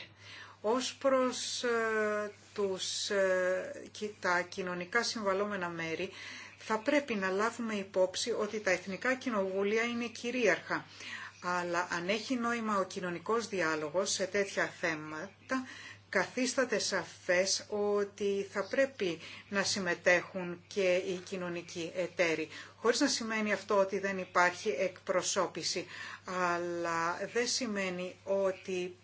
Ως προς ε, τους, ε, τα κοινωνικά συμβαλόμενα μέρη, θα πρέπει να λάβουμε υπόψη ότι τα εθνικά κοινοβούλια είναι κυρίαρχα. Αλλά αν έχει νόημα ο κοινωνικός διάλογος σε τέτοια θέματα, καθίσταται σαφές ότι θα πρέπει να συμμετέχουν και οι κοινωνικοί εταίροι. Χωρίς να σημαίνει αυτό ότι δεν υπάρχει εκπροσώπηση, αλλά δεν σημαίνει ότι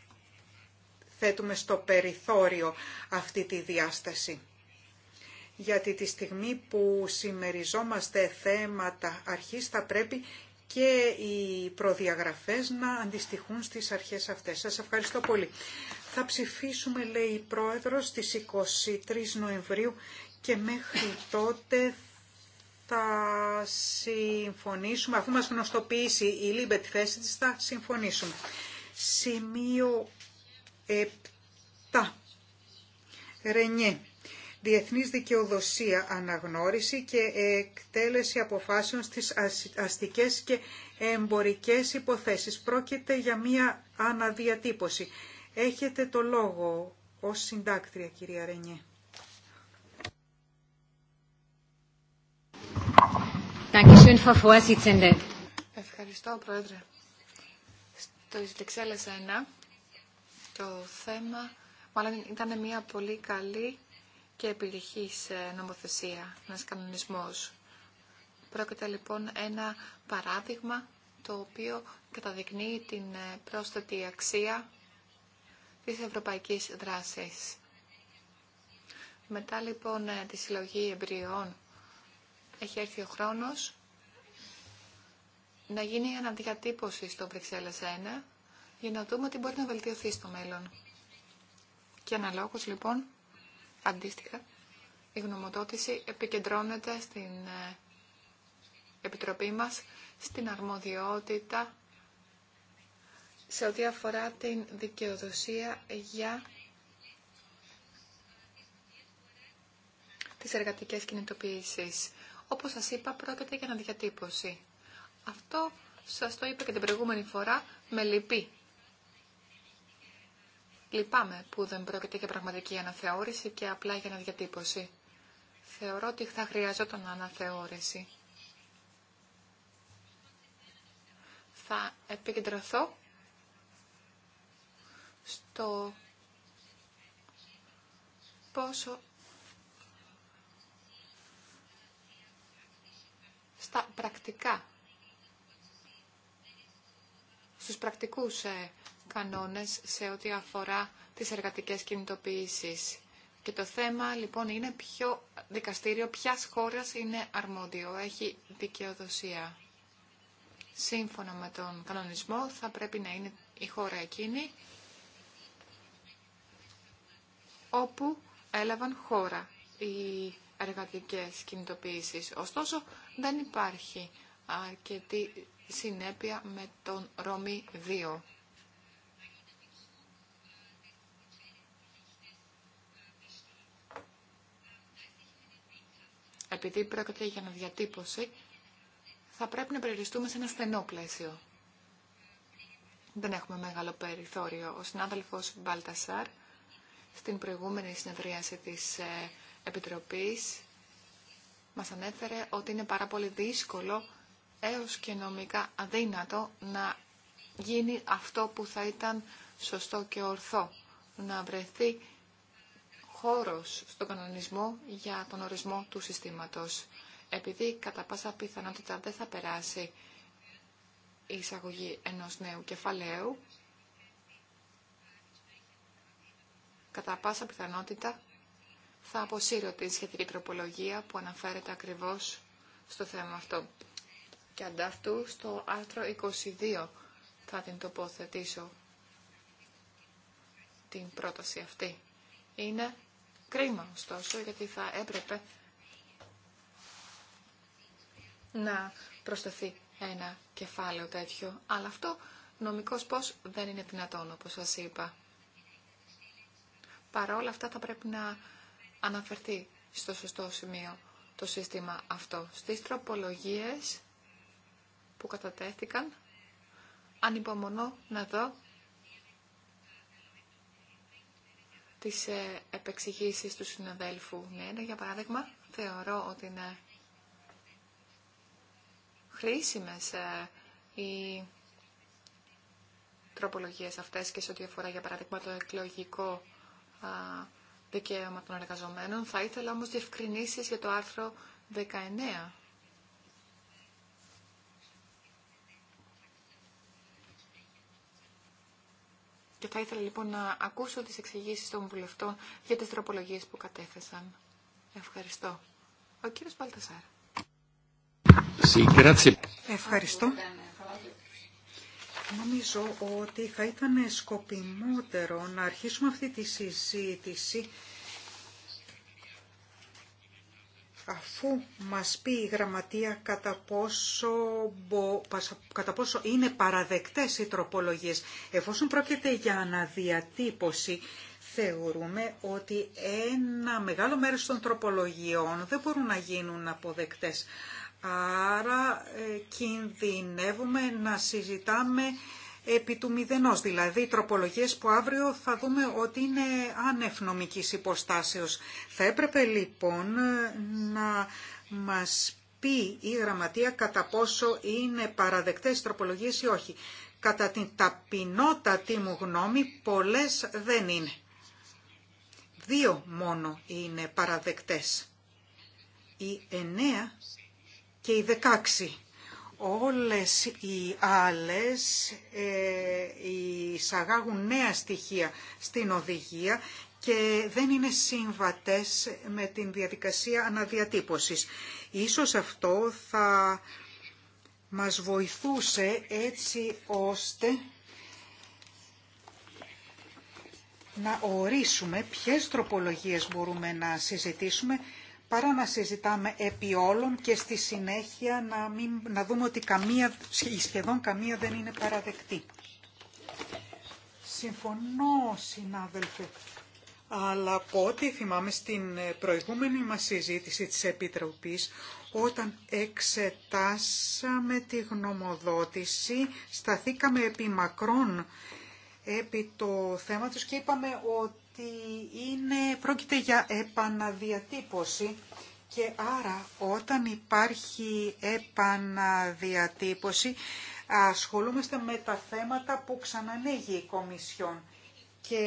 θέτουμε στο περιθώριο αυτή τη διάσταση. Γιατί τη στιγμή που συμμεριζόμαστε θέματα αρχής θα πρέπει και οι προδιαγραφές να αντιστοιχούν στις αρχές αυτές. Σας ευχαριστώ πολύ. Θα ψηφίσουμε, λέει η Πρόεδρος, στις 23 Νοεμβρίου και μέχρι τότε θα συμφωνήσουμε, αφού μας γνωστοποιήσει η Λίμπε τη θέση της, θα συμφωνήσουμε. Σημείο 7. Ρενιέ. Διεθνής δικαιοδοσία, αναγνώριση και εκτέλεση αποφάσεων στις αστικές και εμπορικές υποθέσεις. Πρόκειται για μία αναδιατύπωση. Έχετε το λόγο ως συντάκτρια, κυρία Ρενιέ. Ευχαριστώ, Πρόεδρε. Στο Βρυξέλλες 1 το θέμα μάλλον ήταν μια πολύ καλή και επιτυχής ε, νομοθεσία, ένας κανονισμός. Πρόκειται λοιπόν ένα παράδειγμα το οποίο καταδεικνύει την ε, πρόσθετη αξία της ευρωπαϊκής δράσης. Μετά λοιπόν ε, τη συλλογή εμπειριών έχει έρθει ο χρόνος να γίνει η αναδιατύπωση στο Βρυξέλλες 1 για να δούμε τι μπορεί να βελτιωθεί στο μέλλον. Και αναλόγως λοιπόν, αντίστοιχα, η γνωμοτότηση επικεντρώνεται στην ε, Επιτροπή μας στην αρμοδιότητα σε ό,τι αφορά την δικαιοδοσία για τις εργατικές κινητοποιήσεις. Όπως σας είπα, πρόκειται για αναδιατύπωση. Αυτό σας το είπα και την προηγούμενη φορά με λυπή. Λυπάμαι που δεν πρόκειται για πραγματική αναθεώρηση και απλά για αναδιατύπωση. Θεωρώ ότι θα χρειαζόταν αναθεώρηση. Θα επικεντρωθώ στο πόσο στα πρακτικά, στους πρακτικούς ε, κανόνες σε ό,τι αφορά τις εργατικές κινητοποιήσεις. Και το θέμα λοιπόν είναι ποιο δικαστήριο ποια χώρα είναι αρμόδιο, έχει δικαιοδοσία. Σύμφωνα με τον κανονισμό θα πρέπει να είναι η χώρα εκείνη όπου έλαβαν χώρα εργατικές κινητοποιήσεις. Ωστόσο, δεν υπάρχει αρκετή συνέπεια με τον Ρωμή 2. Επειδή πρόκειται για διατύπωση, θα πρέπει να περιοριστούμε σε ένα στενό πλαίσιο. Δεν έχουμε μεγάλο περιθώριο. Ο συνάδελφος Μπαλτασάρ στην προηγούμενη συνεδρίαση της ε, Επιτροπής μας ανέφερε ότι είναι πάρα πολύ δύσκολο έως και νομικά αδύνατο να γίνει αυτό που θα ήταν σωστό και ορθό. Να βρεθεί χώρος στον κανονισμό για τον ορισμό του συστήματος. Επειδή κατά πάσα πιθανότητα δεν θα περάσει η εισαγωγή ενός νέου κεφαλαίου, κατά πάσα πιθανότητα θα αποσύρω την σχετική τροπολογία που αναφέρεται ακριβώς στο θέμα αυτό. Και ανταυτού στο άρθρο 22 θα την τοποθετήσω την πρόταση αυτή. Είναι κρίμα ωστόσο γιατί θα έπρεπε να προσθεθεί ένα κεφάλαιο τέτοιο. Αλλά αυτό νομικός πώς δεν είναι δυνατόν όπως σας είπα. Παρόλα αυτά θα πρέπει να αναφερθεί στο σωστό σημείο το σύστημα αυτό. Στις τροπολογίες που κατατέθηκαν, ανυπομονώ να δω τις ε, επεξηγήσεις του συναδέλφου Για παράδειγμα, θεωρώ ότι είναι χρήσιμες ε, οι τροπολογίες αυτές και σε ό,τι αφορά, για παράδειγμα, το εκλογικό δικαίωμα των εργαζομένων. Θα ήθελα όμως διευκρινήσεις για το άρθρο 19. Και θα ήθελα λοιπόν να ακούσω τις εξηγήσεις των βουλευτών για τις τροπολογίες που κατέθεσαν. Ευχαριστώ. Ο κύριος Παλτασάρ. Ευχαριστώ. Νομίζω ότι θα ήταν σκοπιμότερο να αρχίσουμε αυτή τη συζήτηση αφού μας πει η γραμματεία κατά πόσο, κατά πόσο είναι παραδεκτές οι τροπολογίες. Εφόσον πρόκειται για αναδιατύπωση, θεωρούμε ότι ένα μεγάλο μέρος των τροπολογιών δεν μπορούν να γίνουν αποδεκτές. Άρα ε, κινδυνεύουμε να συζητάμε επί του μηδενός, δηλαδή τροπολογίες που αύριο θα δούμε ότι είναι ανεφνομικής υποστάσεως. Θα έπρεπε λοιπόν να μας πει η γραμματεία κατά πόσο είναι παραδεκτές τροπολογίες ή όχι. Κατά την ταπεινότατη μου γνώμη πολλές δεν είναι. Δύο μόνο είναι παραδεκτές. Οι εννέα και οι 16. Όλες οι άλλες ε, εισαγάγουν νέα στοιχεία στην οδηγία και δεν είναι σύμβατες με την διαδικασία αναδιατύπωσης. Ίσως αυτό θα μας βοηθούσε έτσι ώστε να ορίσουμε ποιες τροπολογίες μπορούμε να συζητήσουμε παρά να συζητάμε επί όλων και στη συνέχεια να, να δούμε ότι καμία, σχεδόν καμία δεν είναι παραδεκτή. Συμφωνώ, συνάδελφε, αλλά από ό,τι θυμάμαι στην ε, προηγούμενη μας συζήτηση της Επιτροπής, όταν εξετάσαμε τη γνωμοδότηση, σταθήκαμε επί μακρόν επί το θέμα τους και είπαμε ότι είναι, πρόκειται για επαναδιατύπωση και άρα όταν υπάρχει επαναδιατύπωση ασχολούμαστε με τα θέματα που ξανανοίγει η Κομισιόν και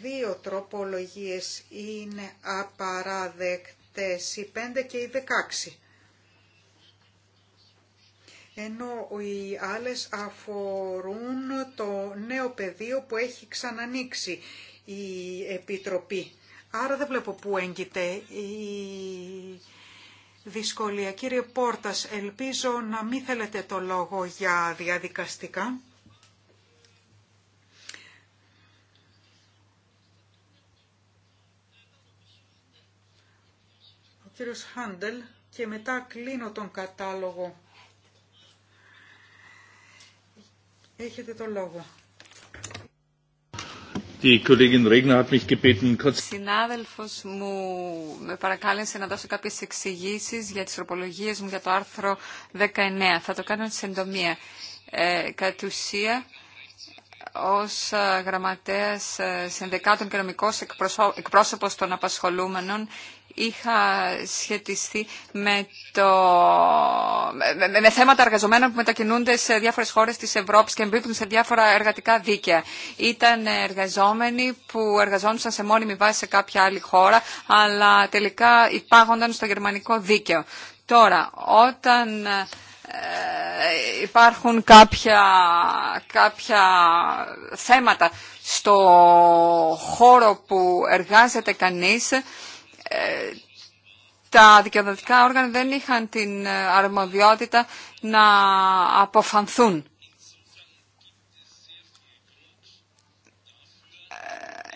δύο τροπολογίες είναι απαράδεκτες, η 5 και η 16 ενώ οι άλλες αφορούν το νέο πεδίο που έχει ξανανοίξει η Επιτροπή. Άρα δεν βλέπω πού έγκυται η δυσκολία. Κύριε Πόρτας, ελπίζω να μην θέλετε το λόγο για διαδικαστικά. Ο κύριος Χάντελ και μετά κλείνω τον κατάλογο. Έχετε το λόγο. Die Συνάδελφος μου με παρακάλεσε να δώσω κάποιες εξηγήσεις για τις τροπολογίες μου για το άρθρο 19. Θα το κάνω σε εντομία. Ε, κατ' ουσία, ως ε, γραμματέας ε, συνδεκάτων και νομικός εκπρόσωπος των απασχολούμενων είχα σχετιστεί με, το... με θέματα εργαζομένων που μετακινούνται σε διάφορες χώρες της Ευρώπης και εμπίπτουν σε διάφορα εργατικά δίκαια. Ήταν εργαζόμενοι που εργαζόντουσαν σε μόνιμη βάση σε κάποια άλλη χώρα, αλλά τελικά υπάγονταν στο γερμανικό δίκαιο. Τώρα, όταν ε, υπάρχουν κάποια, θέματα στο χώρο που εργάζεται κανείς ε, τα δικαιοδοτικά όργανα δεν είχαν την ε, αρμοδιότητα να αποφανθούν.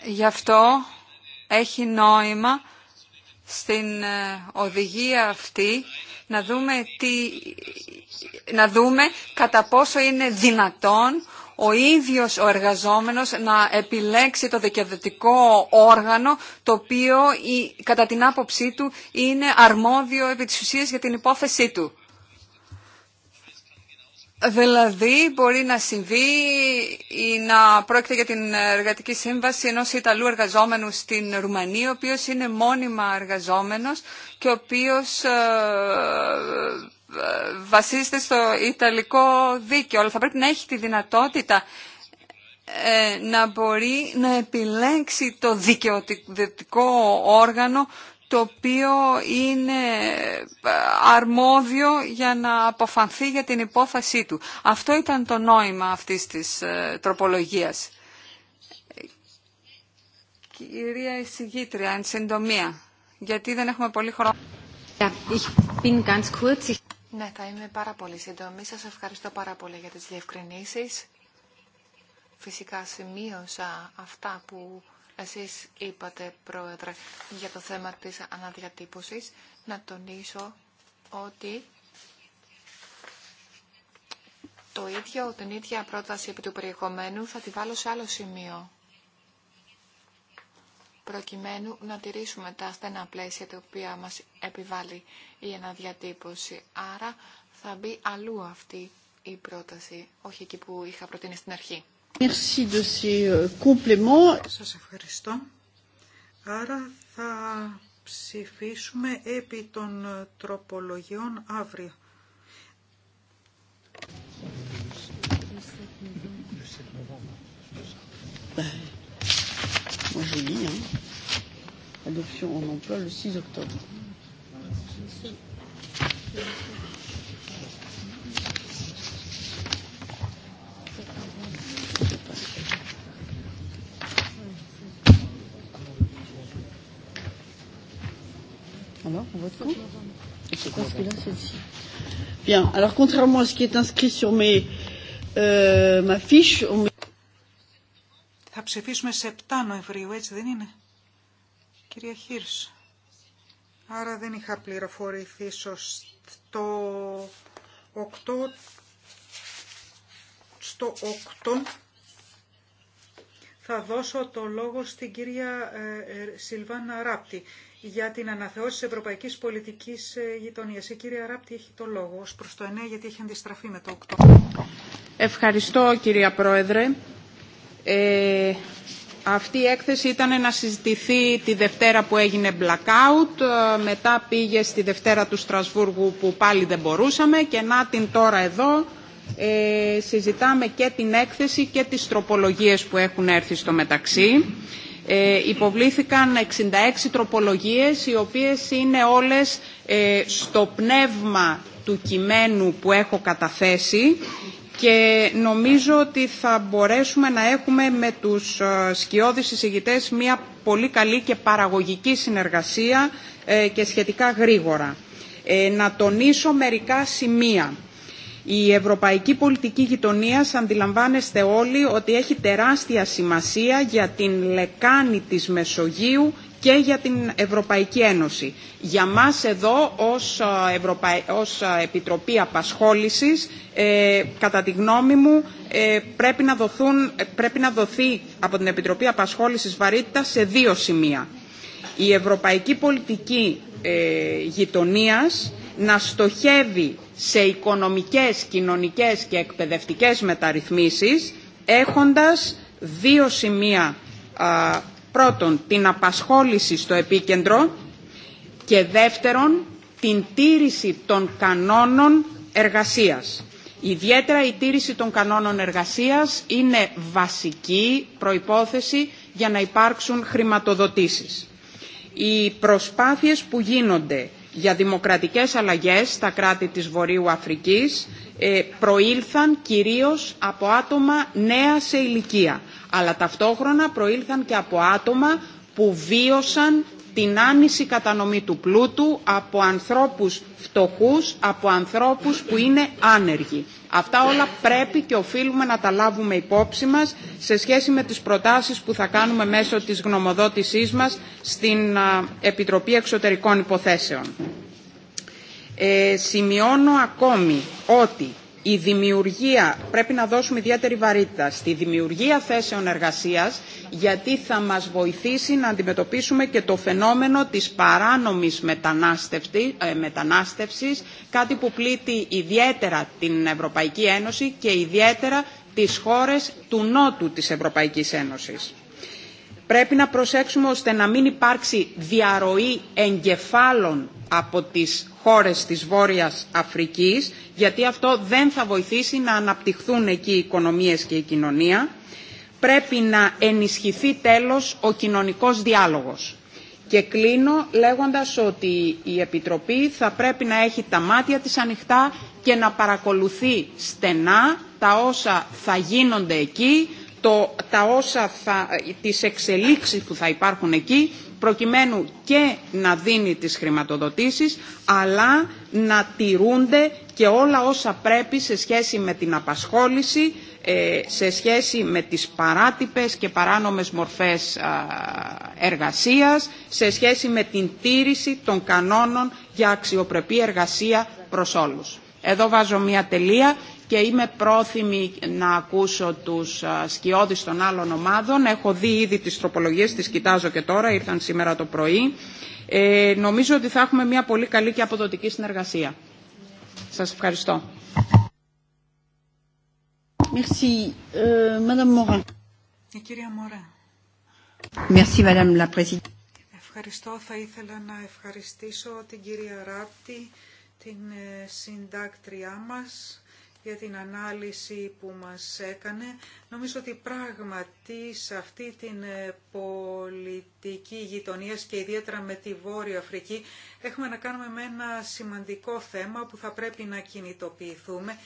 Γι' αυτό έχει νόημα στην ε, οδηγία αυτή να δούμε, τι, να δούμε κατά πόσο είναι δυνατόν ο ίδιος ο εργαζόμενος να επιλέξει το δικαιοδοτικό όργανο το οποίο κατά την άποψή του είναι αρμόδιο επί της ουσίας για την υπόθεσή του. Δηλαδή μπορεί να συμβεί ή να πρόκειται για την εργατική σύμβαση ενός Ιταλού εργαζόμενου στην Ρουμανία, ο οποίος είναι μόνιμα εργαζόμενος και ο οποίος ε, ε, βασίζεται στο Ιταλικό δίκαιο. Αλλά θα πρέπει να έχει τη δυνατότητα ε, να μπορεί να επιλέξει το δικαιωτικό όργανο το οποίο είναι ε, αρμόδιο για να αποφανθεί για την υπόθεσή του. Αυτό ήταν το νόημα αυτής της ε, τροπολογίας. Κυρία Εισηγήτρια, εν συντομία, γιατί δεν έχουμε πολύ χρόνο. Ναι, θα είμαι πάρα πολύ σύντομη. Σας ευχαριστώ πάρα πολύ για τις διευκρινήσεις. Φυσικά σημείωσα αυτά που εσείς είπατε, Πρόεδρε, για το θέμα της αναδιατύπωσης, να τονίσω ότι το ίδιο, την ίδια πρόταση επί του περιεχομένου θα τη βάλω σε άλλο σημείο προκειμένου να τηρήσουμε τα στενά πλαίσια τα οποία μας επιβάλλει η αναδιατύπωση. Άρα θα μπει αλλού αυτή η πρόταση, όχι εκεί που είχα προτείνει στην αρχή. Merci euh, Σας ευχαριστώ. Άρα θα ψηφίσουμε επί των ε, τροπολογιών αύριο. adoption en le 6 octobre. Alors, on vote contre Parce que là, celle-ci. Bien, alors contrairement à ce qui est inscrit sur mes, euh, ma fiche, on... Θα ψηφίσουμε σε 7 Νοεμβρίου, έτσι δεν είναι. Κυρία Χίρς. Άρα δεν είχα πληροφορηθεί σωστό Το 8, στο 8 θα δώσω το λόγο στην κυρία ε, ε, Σιλβάνα Ράπτη για την αναθεώρηση της ευρωπαϊκής πολιτικής ε, γειτονίας. Η κυρία Ράπτη έχει το λόγο ως προς το 9 γιατί έχει αντιστραφεί με το 8. Ευχαριστώ κυρία Πρόεδρε. Ε, αυτή η έκθεση ήταν να συζητηθεί τη Δευτέρα που έγινε blackout, ε, μετά πήγε στη Δευτέρα του Στρασβούργου που πάλι δεν μπορούσαμε και να την τώρα εδώ ε, συζητάμε και την έκθεση και τις τροπολογίες που έχουν έρθει στο μεταξύ. Ε, υποβλήθηκαν 66 τροπολογίες, οι οποίες είναι όλες ε, στο πνεύμα του κειμένου που έχω καταθέσει και νομίζω ότι θα μπορέσουμε να έχουμε με τους ε, σκιώδεις εισηγητές μια πολύ καλή και παραγωγική συνεργασία και σχετικά γρήγορα. Να τονίσω μερικά σημεία. Η ευρωπαϊκή πολιτική γειτονία αντιλαμβάνεστε όλοι ότι έχει τεράστια σημασία για την λεκάνη της Μεσογείου και για την Ευρωπαϊκή Ένωση. Για μας εδώ ως, ε, ως ε, Επιτροπή Απασχόλησης, ε, κατά τη γνώμη μου, πρέπει, να δοθούν, πρέπει να δοθεί από την Επιτροπή Απασχόλησης βαρύτητα σε δύο σημεία. Η ευρωπαϊκή πολιτική ε, γειτονίας να στοχεύει σε οικονομικές, κοινωνικές και εκπαιδευτικές μεταρρυθμίσεις έχοντας δύο σημεία. Πρώτον, την απασχόληση στο επίκεντρο και δεύτερον, την τήρηση των κανόνων εργασίας. Ιδιαίτερα η τήρηση των κανόνων εργασίας είναι βασική προϋπόθεση για να υπάρξουν χρηματοδοτήσεις. Οι προσπάθειες που γίνονται για δημοκρατικές αλλαγές στα κράτη της Βορείου Αφρικής ε, προήλθαν κυρίως από άτομα νέα σε ηλικία, αλλά ταυτόχρονα προήλθαν και από άτομα που βίωσαν την άμεση κατανομή του πλούτου από ανθρώπους φτωχούς, από ανθρώπους που είναι άνεργοι. Αυτά όλα πρέπει και οφείλουμε να τα λάβουμε υπόψη μας σε σχέση με τις προτάσεις που θα κάνουμε μέσω της γνωμοδότησής μας στην Επιτροπή Εξωτερικών Υποθέσεων. Ε, σημειώνω ακόμη ότι η δημιουργία, πρέπει να δώσουμε ιδιαίτερη βαρύτητα στη δημιουργία θέσεων εργασίας γιατί θα μας βοηθήσει να αντιμετωπίσουμε και το φαινόμενο της παράνομης ε, μετανάστευσης, κάτι που πλήττει ιδιαίτερα την Ευρωπαϊκή Ένωση και ιδιαίτερα τις χώρες του νότου της Ευρωπαϊκής Ένωσης. Πρέπει να προσέξουμε ώστε να μην υπάρξει διαρροή εγκεφάλων από τις χώρες της Βόρειας Αφρικής, γιατί αυτό δεν θα βοηθήσει να αναπτυχθούν εκεί οι οικονομίες και η κοινωνία. Πρέπει να ενισχυθεί τέλος ο κοινωνικός διάλογος. Και κλείνω λέγοντας ότι η Επιτροπή θα πρέπει να έχει τα μάτια της ανοιχτά και να παρακολουθεί στενά τα όσα θα γίνονται εκεί, το, τα όσα τις εξελίξεις που θα υπάρχουν εκεί προκειμένου και να δίνει τις χρηματοδοτήσεις αλλά να τηρούνται και όλα όσα πρέπει σε σχέση με την απασχόληση, ε, σε σχέση με τις παράτυπες και παράνομες μορφές εργασίας, σε σχέση με την τήρηση των κανόνων για αξιοπρεπή εργασία προς όλους. Εδώ βάζω μία τελεία και είμαι πρόθυμη να ακούσω τους σκιώδεις των άλλων ομάδων. Έχω δει ήδη τις τροπολογίες, τις κοιτάζω και τώρα, ήρθαν σήμερα το πρωί. Ε, νομίζω ότι θα έχουμε μια πολύ καλή και αποδοτική συνεργασία. Σας ευχαριστώ. Merci. Euh, Η κυρία Merci, Madame la Ευχαριστώ. Θα ήθελα να ευχαριστήσω την κυρία Ράπτη, την ε, συντάκτριά μας για την ανάλυση που μας έκανε. Νομίζω ότι πράγματι σε αυτή την ε, πολιτική γειτονία και ιδιαίτερα με τη Βόρεια Αφρική έχουμε να κάνουμε με ένα σημαντικό θέμα που θα πρέπει να κινητοποιηθούμε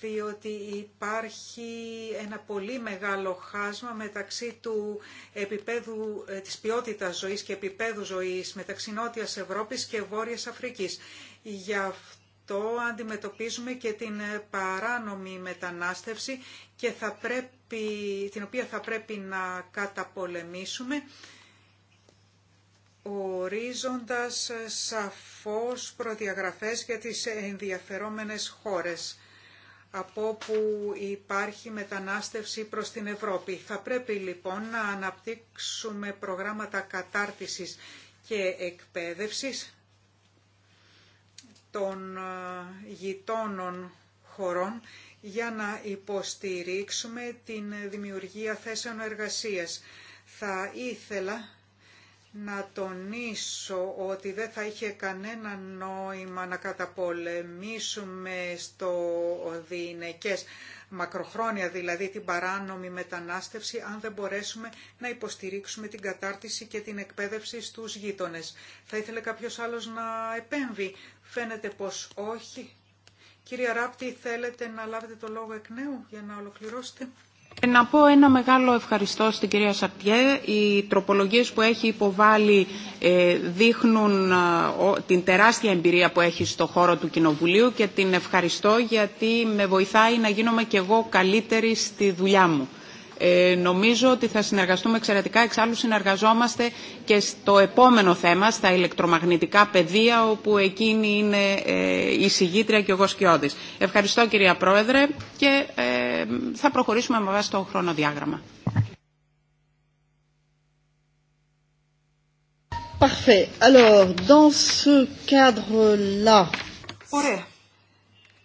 διότι υπάρχει ένα πολύ μεγάλο χάσμα μεταξύ του επίπεδου, ε, της ποιότητας ζωής και επίπεδου ζωής μεταξύ Νότιας Ευρώπης και Βόρειας Αφρικής. Γι' αυτό το αντιμετωπίζουμε και την παράνομη μετανάστευση και θα πρέπει, την οποία θα πρέπει να καταπολεμήσουμε ορίζοντας σαφώς προδιαγραφές για τις ενδιαφερόμενες χώρες από όπου υπάρχει μετανάστευση προς την Ευρώπη. Θα πρέπει λοιπόν να αναπτύξουμε προγράμματα κατάρτισης και εκπαίδευσης των ε, γειτόνων χωρών για να υποστηρίξουμε την δημιουργία θέσεων εργασίας. Θα ήθελα να τονίσω ότι δεν θα είχε κανένα νόημα να καταπολεμήσουμε στο διηνεκές μακροχρόνια, δηλαδή την παράνομη μετανάστευση, αν δεν μπορέσουμε να υποστηρίξουμε την κατάρτιση και την εκπαίδευση στους γείτονες. Θα ήθελε κάποιος άλλος να επέμβει. Φαίνεται πως όχι. Κύριε Ράπτη, θέλετε να λάβετε το λόγο εκ νέου για να ολοκληρώσετε. Ε, να πω ένα μεγάλο ευχαριστώ στην κυρία Σαρτιέ. Οι τροπολογίες που έχει υποβάλει ε, δείχνουν ε, την τεράστια εμπειρία που έχει στο χώρο του Κοινοβουλίου και την ευχαριστώ γιατί με βοηθάει να γίνομαι και εγώ καλύτερη στη δουλειά μου. Ε, νομίζω ότι θα συνεργαστούμε εξαιρετικά. Εξάλλου συνεργαζόμαστε και στο επόμενο θέμα, στα ηλεκτρομαγνητικά πεδία, όπου εκείνη είναι ε, η συγγήτρια και ο Γοσκιώδης. Ευχαριστώ κυρία Πρόεδρε και ε, θα προχωρήσουμε με βάση το χρονοδιάγραμμα. Parfait. Alors, dans ce cadre-là... Ωραία.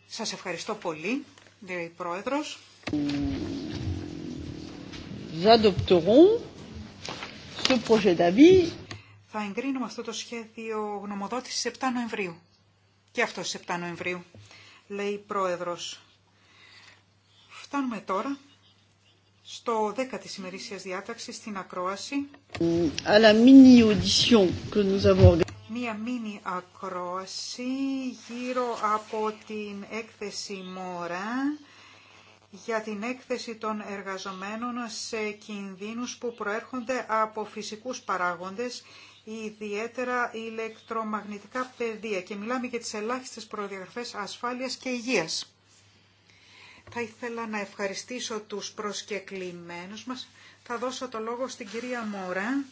Σας ευχαριστώ πολύ, κύριε Πρόεδρος adopterons ce projet d'avis. Θα εγκρίνουμε αυτό το σχέδιο γνωμοδότησης 7 Νοεμβρίου. Και αυτό 7 Νοεμβρίου, λέει η Πρόεδρος. Φτάνουμε τώρα στο 10 της ημερήσιας διάταξης στην ακρόαση. Μία μίνι ακρόαση γύρω από την έκθεση Μόρα για την έκθεση των εργαζομένων σε κινδύνους που προέρχονται από φυσικούς παράγοντες, ιδιαίτερα ηλεκτρομαγνητικά πεδία και μιλάμε για τις ελάχιστες προδιαγραφές ασφάλειας και υγείας. Θα ήθελα να ευχαριστήσω τους προσκεκλημένους μας. Θα δώσω το λόγο στην κυρία Μόρα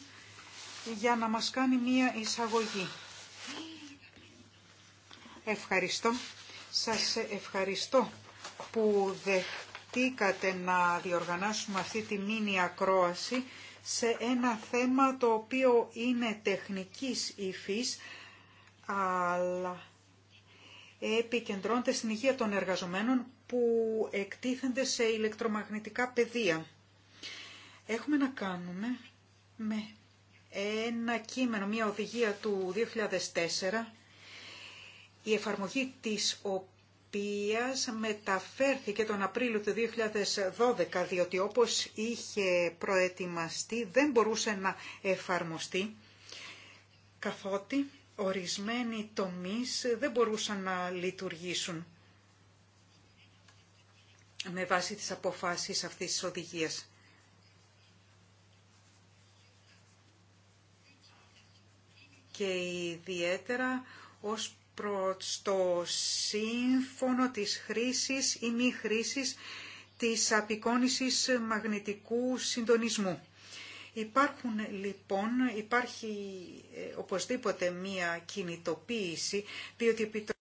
για να μας κάνει μία εισαγωγή. Ευχαριστώ. Σας ευχαριστώ που δεχτήκατε σκεφτήκατε να διοργανώσουμε αυτή τη μίνι ακρόαση σε ένα θέμα το οποίο είναι τεχνικής υφής, αλλά επικεντρώνεται στην υγεία των εργαζομένων που εκτίθενται σε ηλεκτρομαγνητικά πεδία. Έχουμε να κάνουμε με ένα κείμενο, μια οδηγία του 2004, η εφαρμογή της οποίας μεταφέρθηκε τον Απρίλιο του 2012, διότι όπως είχε προετοιμαστεί δεν μπορούσε να εφαρμοστεί, καθότι ορισμένοι τομείς δεν μπορούσαν να λειτουργήσουν με βάση τις αποφάσεις αυτής της οδηγίας. Και ιδιαίτερα ως προς το σύμφωνο της χρήσης ή μη χρήσης της απεικόνησης μαγνητικού συντονισμού. Υπάρχουν λοιπόν, υπάρχει ε, οπωσδήποτε μία κινητοποίηση, διότι η μη χρησης της απεικονησης μαγνητικου συντονισμου υπαρχουν λοιπον υπαρχει οπωσδηποτε μια κινητοποιηση διοτι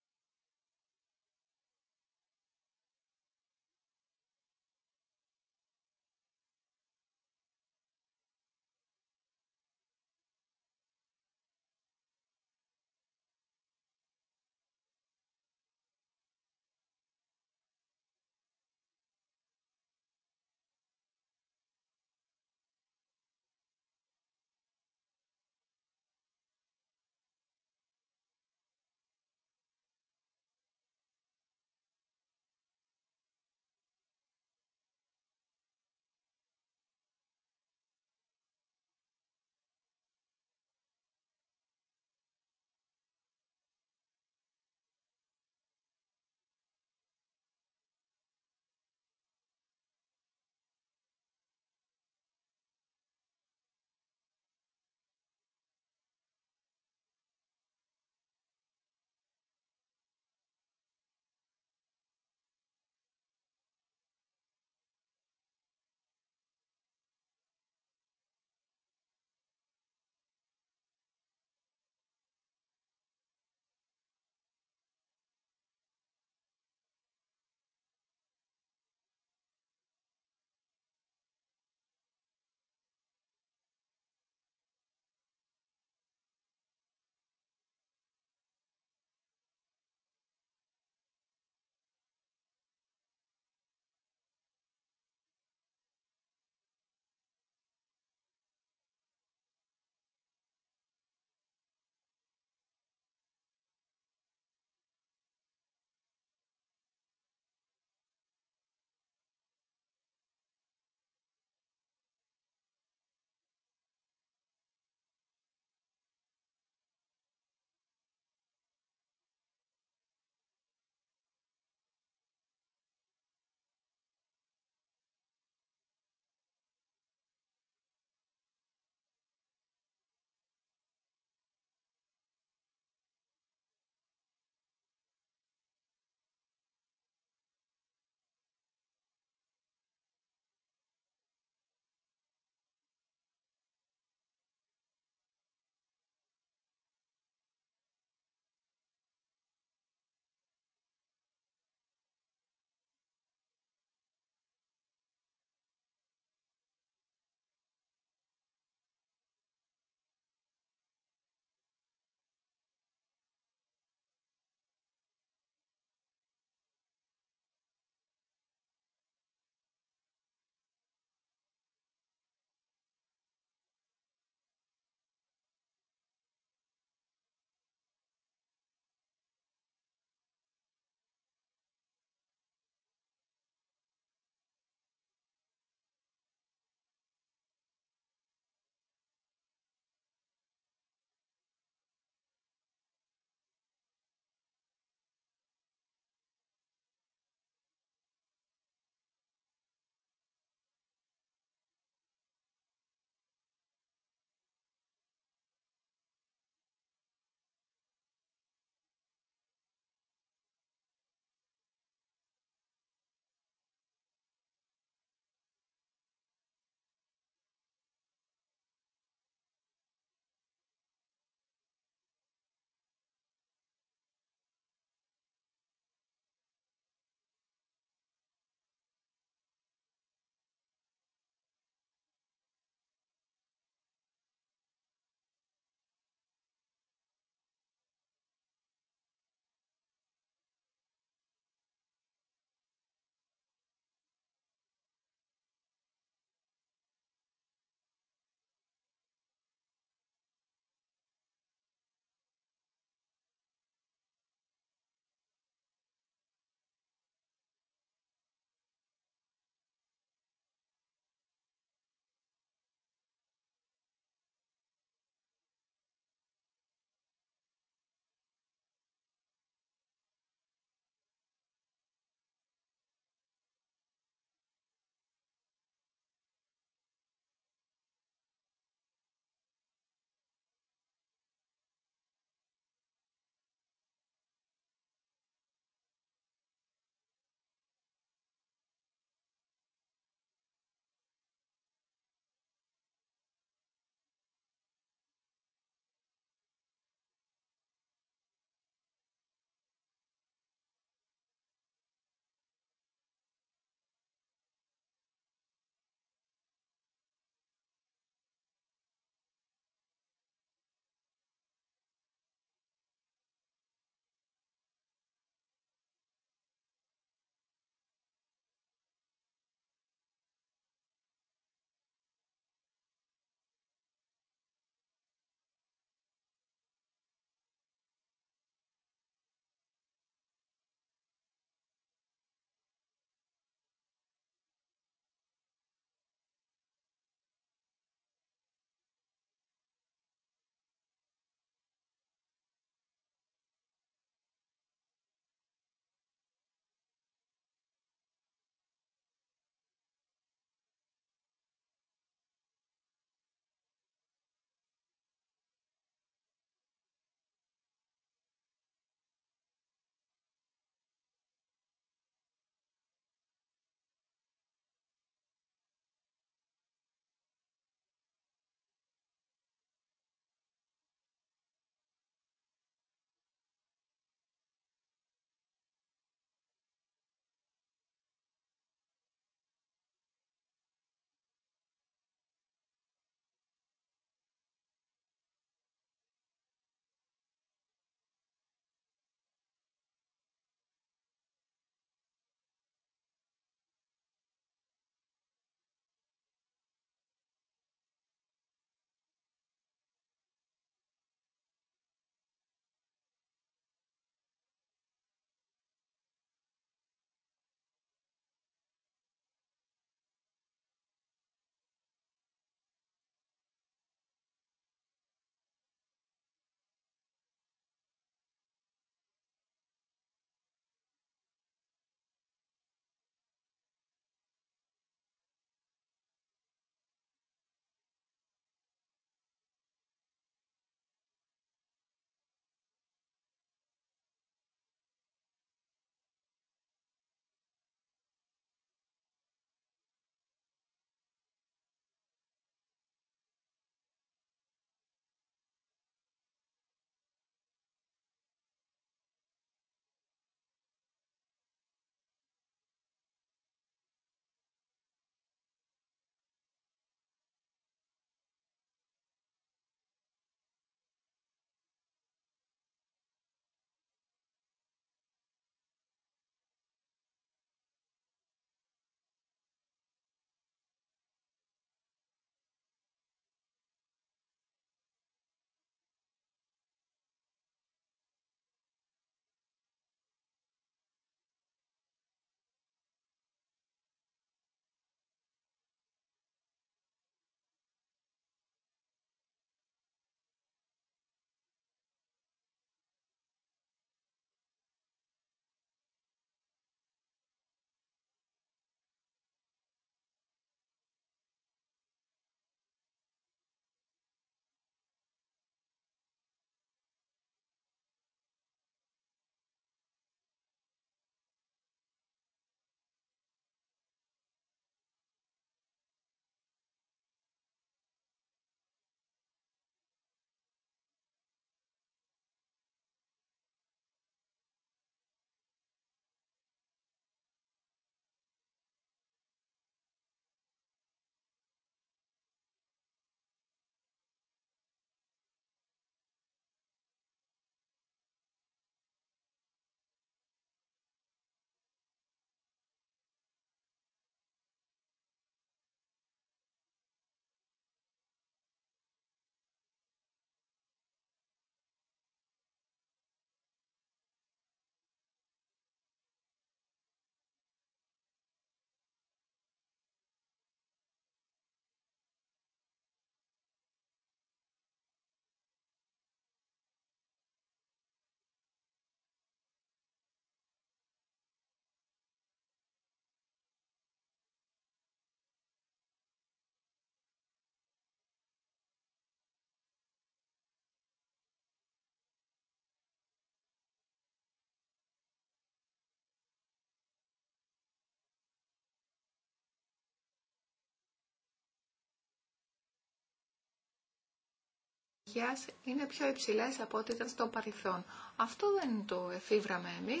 ηλικίας είναι πιο υψηλέ από ό,τι ήταν στο παρελθόν. Αυτό δεν το εφήβραμε εμεί.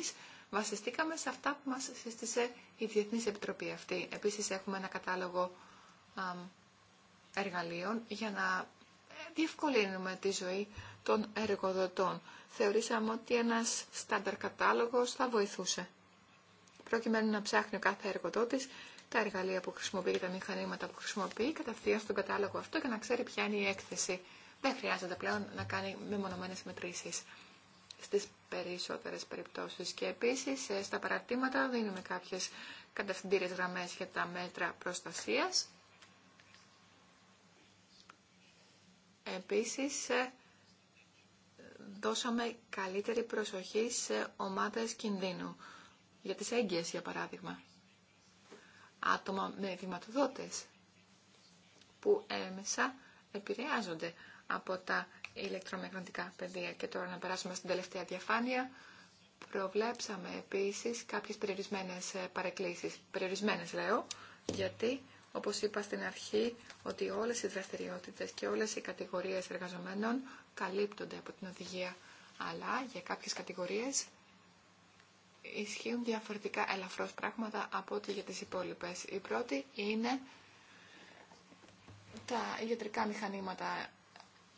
Βασιστήκαμε σε αυτά που μα συστήσε η Διεθνή Επιτροπή αυτή. Επίση, έχουμε ένα κατάλογο εργαλείων για να διευκολύνουμε τη ζωή των εργοδοτών. Θεωρήσαμε ότι ένας στάνταρ κατάλογος θα βοηθούσε. Προκειμένου να ψάχνει ο κάθε εργοδότης τα εργαλεία που χρησιμοποιεί και τα μηχανήματα που χρησιμοποιεί, κατευθείαν στον κατάλογο αυτό και να ξέρει ποια είναι η έκθεση δεν χρειάζεται πλέον να κάνει μεμονωμένε μετρήσεις στις περισσότερες περιπτώσεις. Και επίσης ε, στα παρατήματα δίνουμε κάποιες κατευθυντήριες γραμμές για τα μέτρα προστασίας. Επίσης, ε, δώσαμε καλύτερη προσοχή σε ομάδες κινδύνου, για τις έγκυες για παράδειγμα. Άτομα με βηματοδότες που έμεσα επηρεάζονται από τα ηλεκτρομαγνητικά πεδία. Και τώρα να περάσουμε στην τελευταία διαφάνεια. Προβλέψαμε επίσης κάποιες περιορισμένες ε, παρεκκλήσεις. Περιορισμένες λέω, γιατί όπως είπα στην αρχή, ότι όλες οι δραστηριότητες και όλες οι κατηγορίες εργαζομένων καλύπτονται από την οδηγία. Αλλά για κάποιες κατηγορίες ισχύουν διαφορετικά ελαφρώς πράγματα από ό,τι για τις υπόλοιπες. Η πρώτη είναι τα ιατρικά μηχανήματα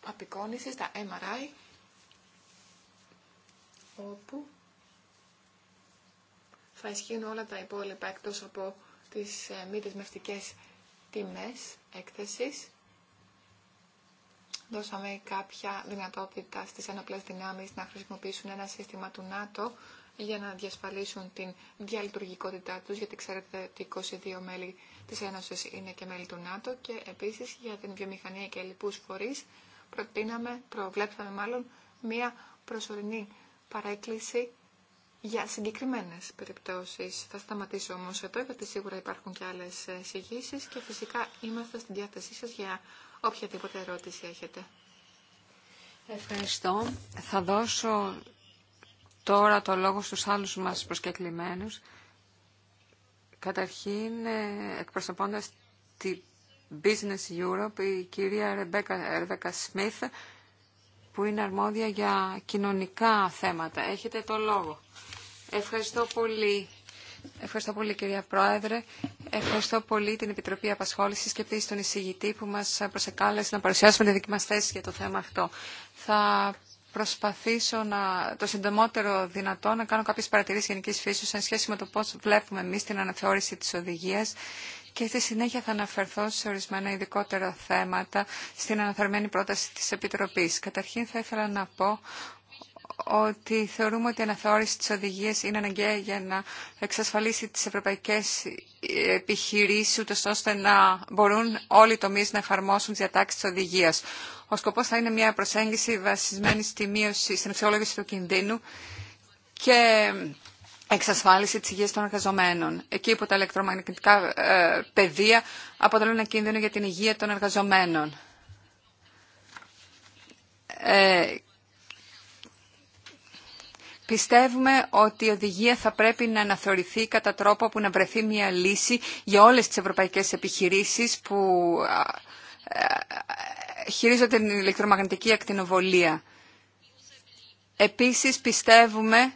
απεικόνιση τα MRI, όπου θα ισχύουν όλα τα υπόλοιπα εκτός από τις ε, μη δεσμευτικές τιμές έκθεσης. Δώσαμε κάποια δυνατότητα στις αναπλές δυνάμεις να χρησιμοποιήσουν ένα σύστημα του ΝΑΤΟ για να διασφαλίσουν την διαλειτουργικότητά τους, γιατί ξέρετε ότι 22 μέλη της Ένωσης είναι και μέλη του ΝΑΤΟ και επίσης για την βιομηχανία και λοιπούς φορείς προτείναμε, προβλέψαμε μάλλον, μία προσωρινή παρέκκληση για συγκεκριμένες περιπτώσεις. Θα σταματήσω όμως εδώ, γιατί σίγουρα υπάρχουν και άλλες εισηγήσει και φυσικά είμαστε στην διάθεσή σας για οποιαδήποτε ερώτηση έχετε. Ευχαριστώ. Θα δώσω τώρα το λόγο στους άλλους μας προσκεκλημένους. Καταρχήν, ε, εκπροσωπώντας την Business Europe η κυρία Ρεμπέκα Σμιθ που είναι αρμόδια για κοινωνικά θέματα. Έχετε το λόγο. Ευχαριστώ πολύ. Ευχαριστώ πολύ κυρία Πρόεδρε. Ευχαριστώ πολύ την Επιτροπή Απασχόλησης και επίση τον εισηγητή που μας προσεκάλεσε να παρουσιάσουμε τη δική μα θέση για το θέμα αυτό. Θα προσπαθήσω να, το συντομότερο δυνατό να κάνω κάποιες παρατηρήσει γενική φύση σε σχέση με το πώ βλέπουμε εμεί την αναθεώρηση τη οδηγία και στη συνέχεια θα αναφερθώ σε ορισμένα ειδικότερα θέματα στην αναφερμένη πρόταση της Επιτροπής. Καταρχήν θα ήθελα να πω ότι θεωρούμε ότι η αναθεώρηση της οδηγίας είναι αναγκαία για να εξασφαλίσει τις ευρωπαϊκές επιχειρήσεις, ούτως ώστε να μπορούν όλοι οι τομείς να εφαρμόσουν τις διατάξεις της οδηγίας. Ο σκοπός θα είναι μια προσέγγιση βασισμένη στη μείωση, στην αξιολόγηση του κινδύνου και εξασφάλιση της υγείας των εργαζομένων. Εκεί που τα ηλεκτρομαγνητικά ε, πεδία αποτελούν ένα κίνδυνο για την υγεία των εργαζομένων. Ε, πιστεύουμε ότι η οδηγία θα πρέπει να αναθεωρηθεί κατά τρόπο που να βρεθεί μια λύση για όλες τις ευρωπαϊκές επιχειρήσεις που ε, χειρίζονται την ηλεκτρομαγνητική ακτινοβολία. Επίσης πιστεύουμε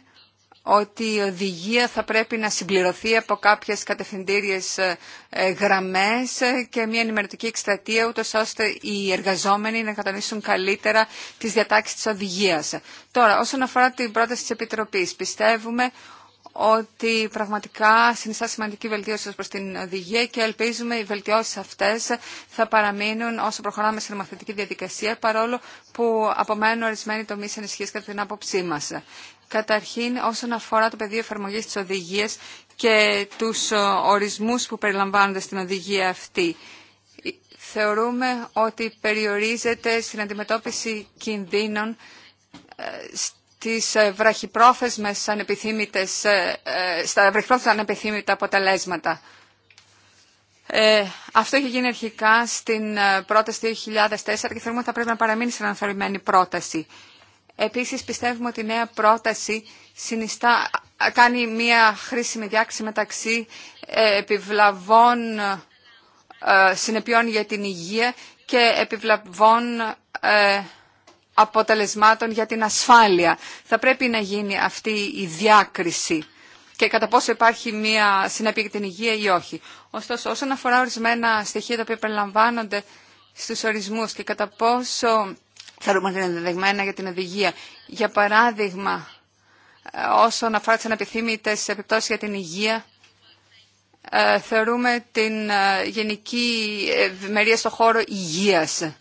ότι η οδηγία θα πρέπει να συμπληρωθεί από κάποιες κατευθυντήριες ε, ε, γραμμές ε, και μια ενημερωτική εκστρατεία ούτως ώστε οι εργαζόμενοι να κατανοήσουν καλύτερα τις διατάξεις της οδηγίας. Τώρα, όσον αφορά την πρόταση της Επιτροπής, πιστεύουμε ότι πραγματικά συνιστά σημαντική βελτίωση προ προς την οδηγία και ελπίζουμε οι βελτιώσεις αυτές θα παραμείνουν όσο προχωράμε σε μαθητική διαδικασία παρόλο που απομένουν ορισμένοι τομεί ενισχύς κατά την άποψή μα. Καταρχήν όσον αφορά το πεδίο εφαρμογής της οδηγίας και τους ε, ορισμούς που περιλαμβάνονται στην οδηγία αυτή. Θεωρούμε ότι περιορίζεται στην αντιμετώπιση κινδύνων ε, στις ε, βραχυπρόθεσμες ανεπιθύμητες, στα βραχυπρόθεσμα ανεπιθύμητα αποτελέσματα. Ε, αυτό είχε γίνει αρχικά στην πρόταση 2004 και θεωρούμε ότι θα πρέπει να παραμείνει στην αναθεωρημένη πρόταση. Επίσης πιστεύουμε ότι η νέα πρόταση συνιστά, κάνει μια χρήσιμη διάξη μεταξύ ε, επιβλαβών ε, συνεπειών για την υγεία και επιβλαβών ε, αποτελεσμάτων για την ασφάλεια. Θα πρέπει να γίνει αυτή η διάκριση και κατά πόσο υπάρχει μια συνέπεια για την υγεία ή όχι. Ωστόσο, όσον αφορά ορισμένα στοιχεία τα οποία περιλαμβάνονται στους ορισμούς και κατά πόσο θεωρούμε ότι είναι ενδεδεγμένα για την οδηγία. Για παράδειγμα, ε, όσον αφορά τι αναπιθύμητε επιπτώσει για την υγεία, ε, θεωρούμε την ε, γενική ευημερία στον χώρο υγείας.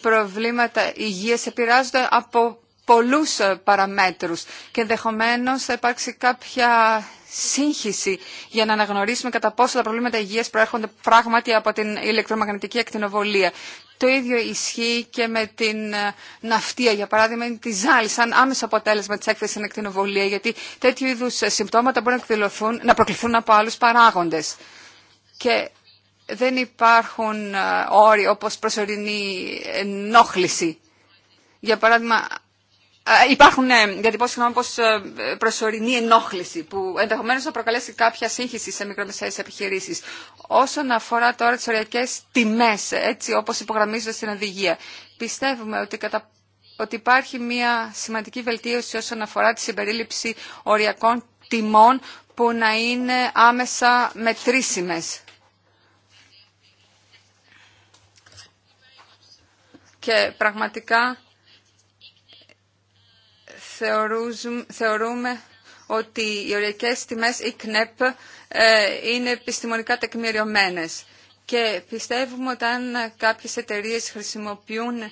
Προβλήματα υγείας επηρεάζονται από πολλούς παραμέτρους και ενδεχομένω θα υπάρξει κάποια σύγχυση για να αναγνωρίσουμε κατά πόσο τα προβλήματα υγείας προέρχονται πράγματι από την ηλεκτρομαγνητική ακτινοβολία. Το ίδιο ισχύει και με την ε, ναυτία, για παράδειγμα, είναι τη ζάλη, σαν άμεσο αποτέλεσμα τη έκθεση στην ακτινοβολία, γιατί τέτοιου είδου ε, συμπτώματα μπορούν να, να προκληθούν από άλλου παράγοντε. Και δεν υπάρχουν ε, όροι όπω προσωρινή ενόχληση. Για παράδειγμα, Υπάρχουν ε, πώς γνώμη πώς ε, προσωρινή ενόχληση που ενδεχομένω θα προκαλέσει κάποια σύγχυση σε μικρομεσαίες επιχειρήσεις. Όσον αφορά τώρα τι οριακές τιμές, έτσι όπως υπογραμμίζονται στην οδηγία, πιστεύουμε ότι, κατα... ότι υπάρχει μια σημαντική βελτίωση όσον αφορά τη συμπερίληψη οριακών τιμών που να είναι άμεσα μετρήσιμες. Και πραγματικά θεωρούμε ότι οι οριακές τιμές, οι ΚΝΕΠ, ε, είναι επιστημονικά τεκμηριωμένες. Και πιστεύουμε ότι αν κάποιες εταιρείες χρησιμοποιούν ε,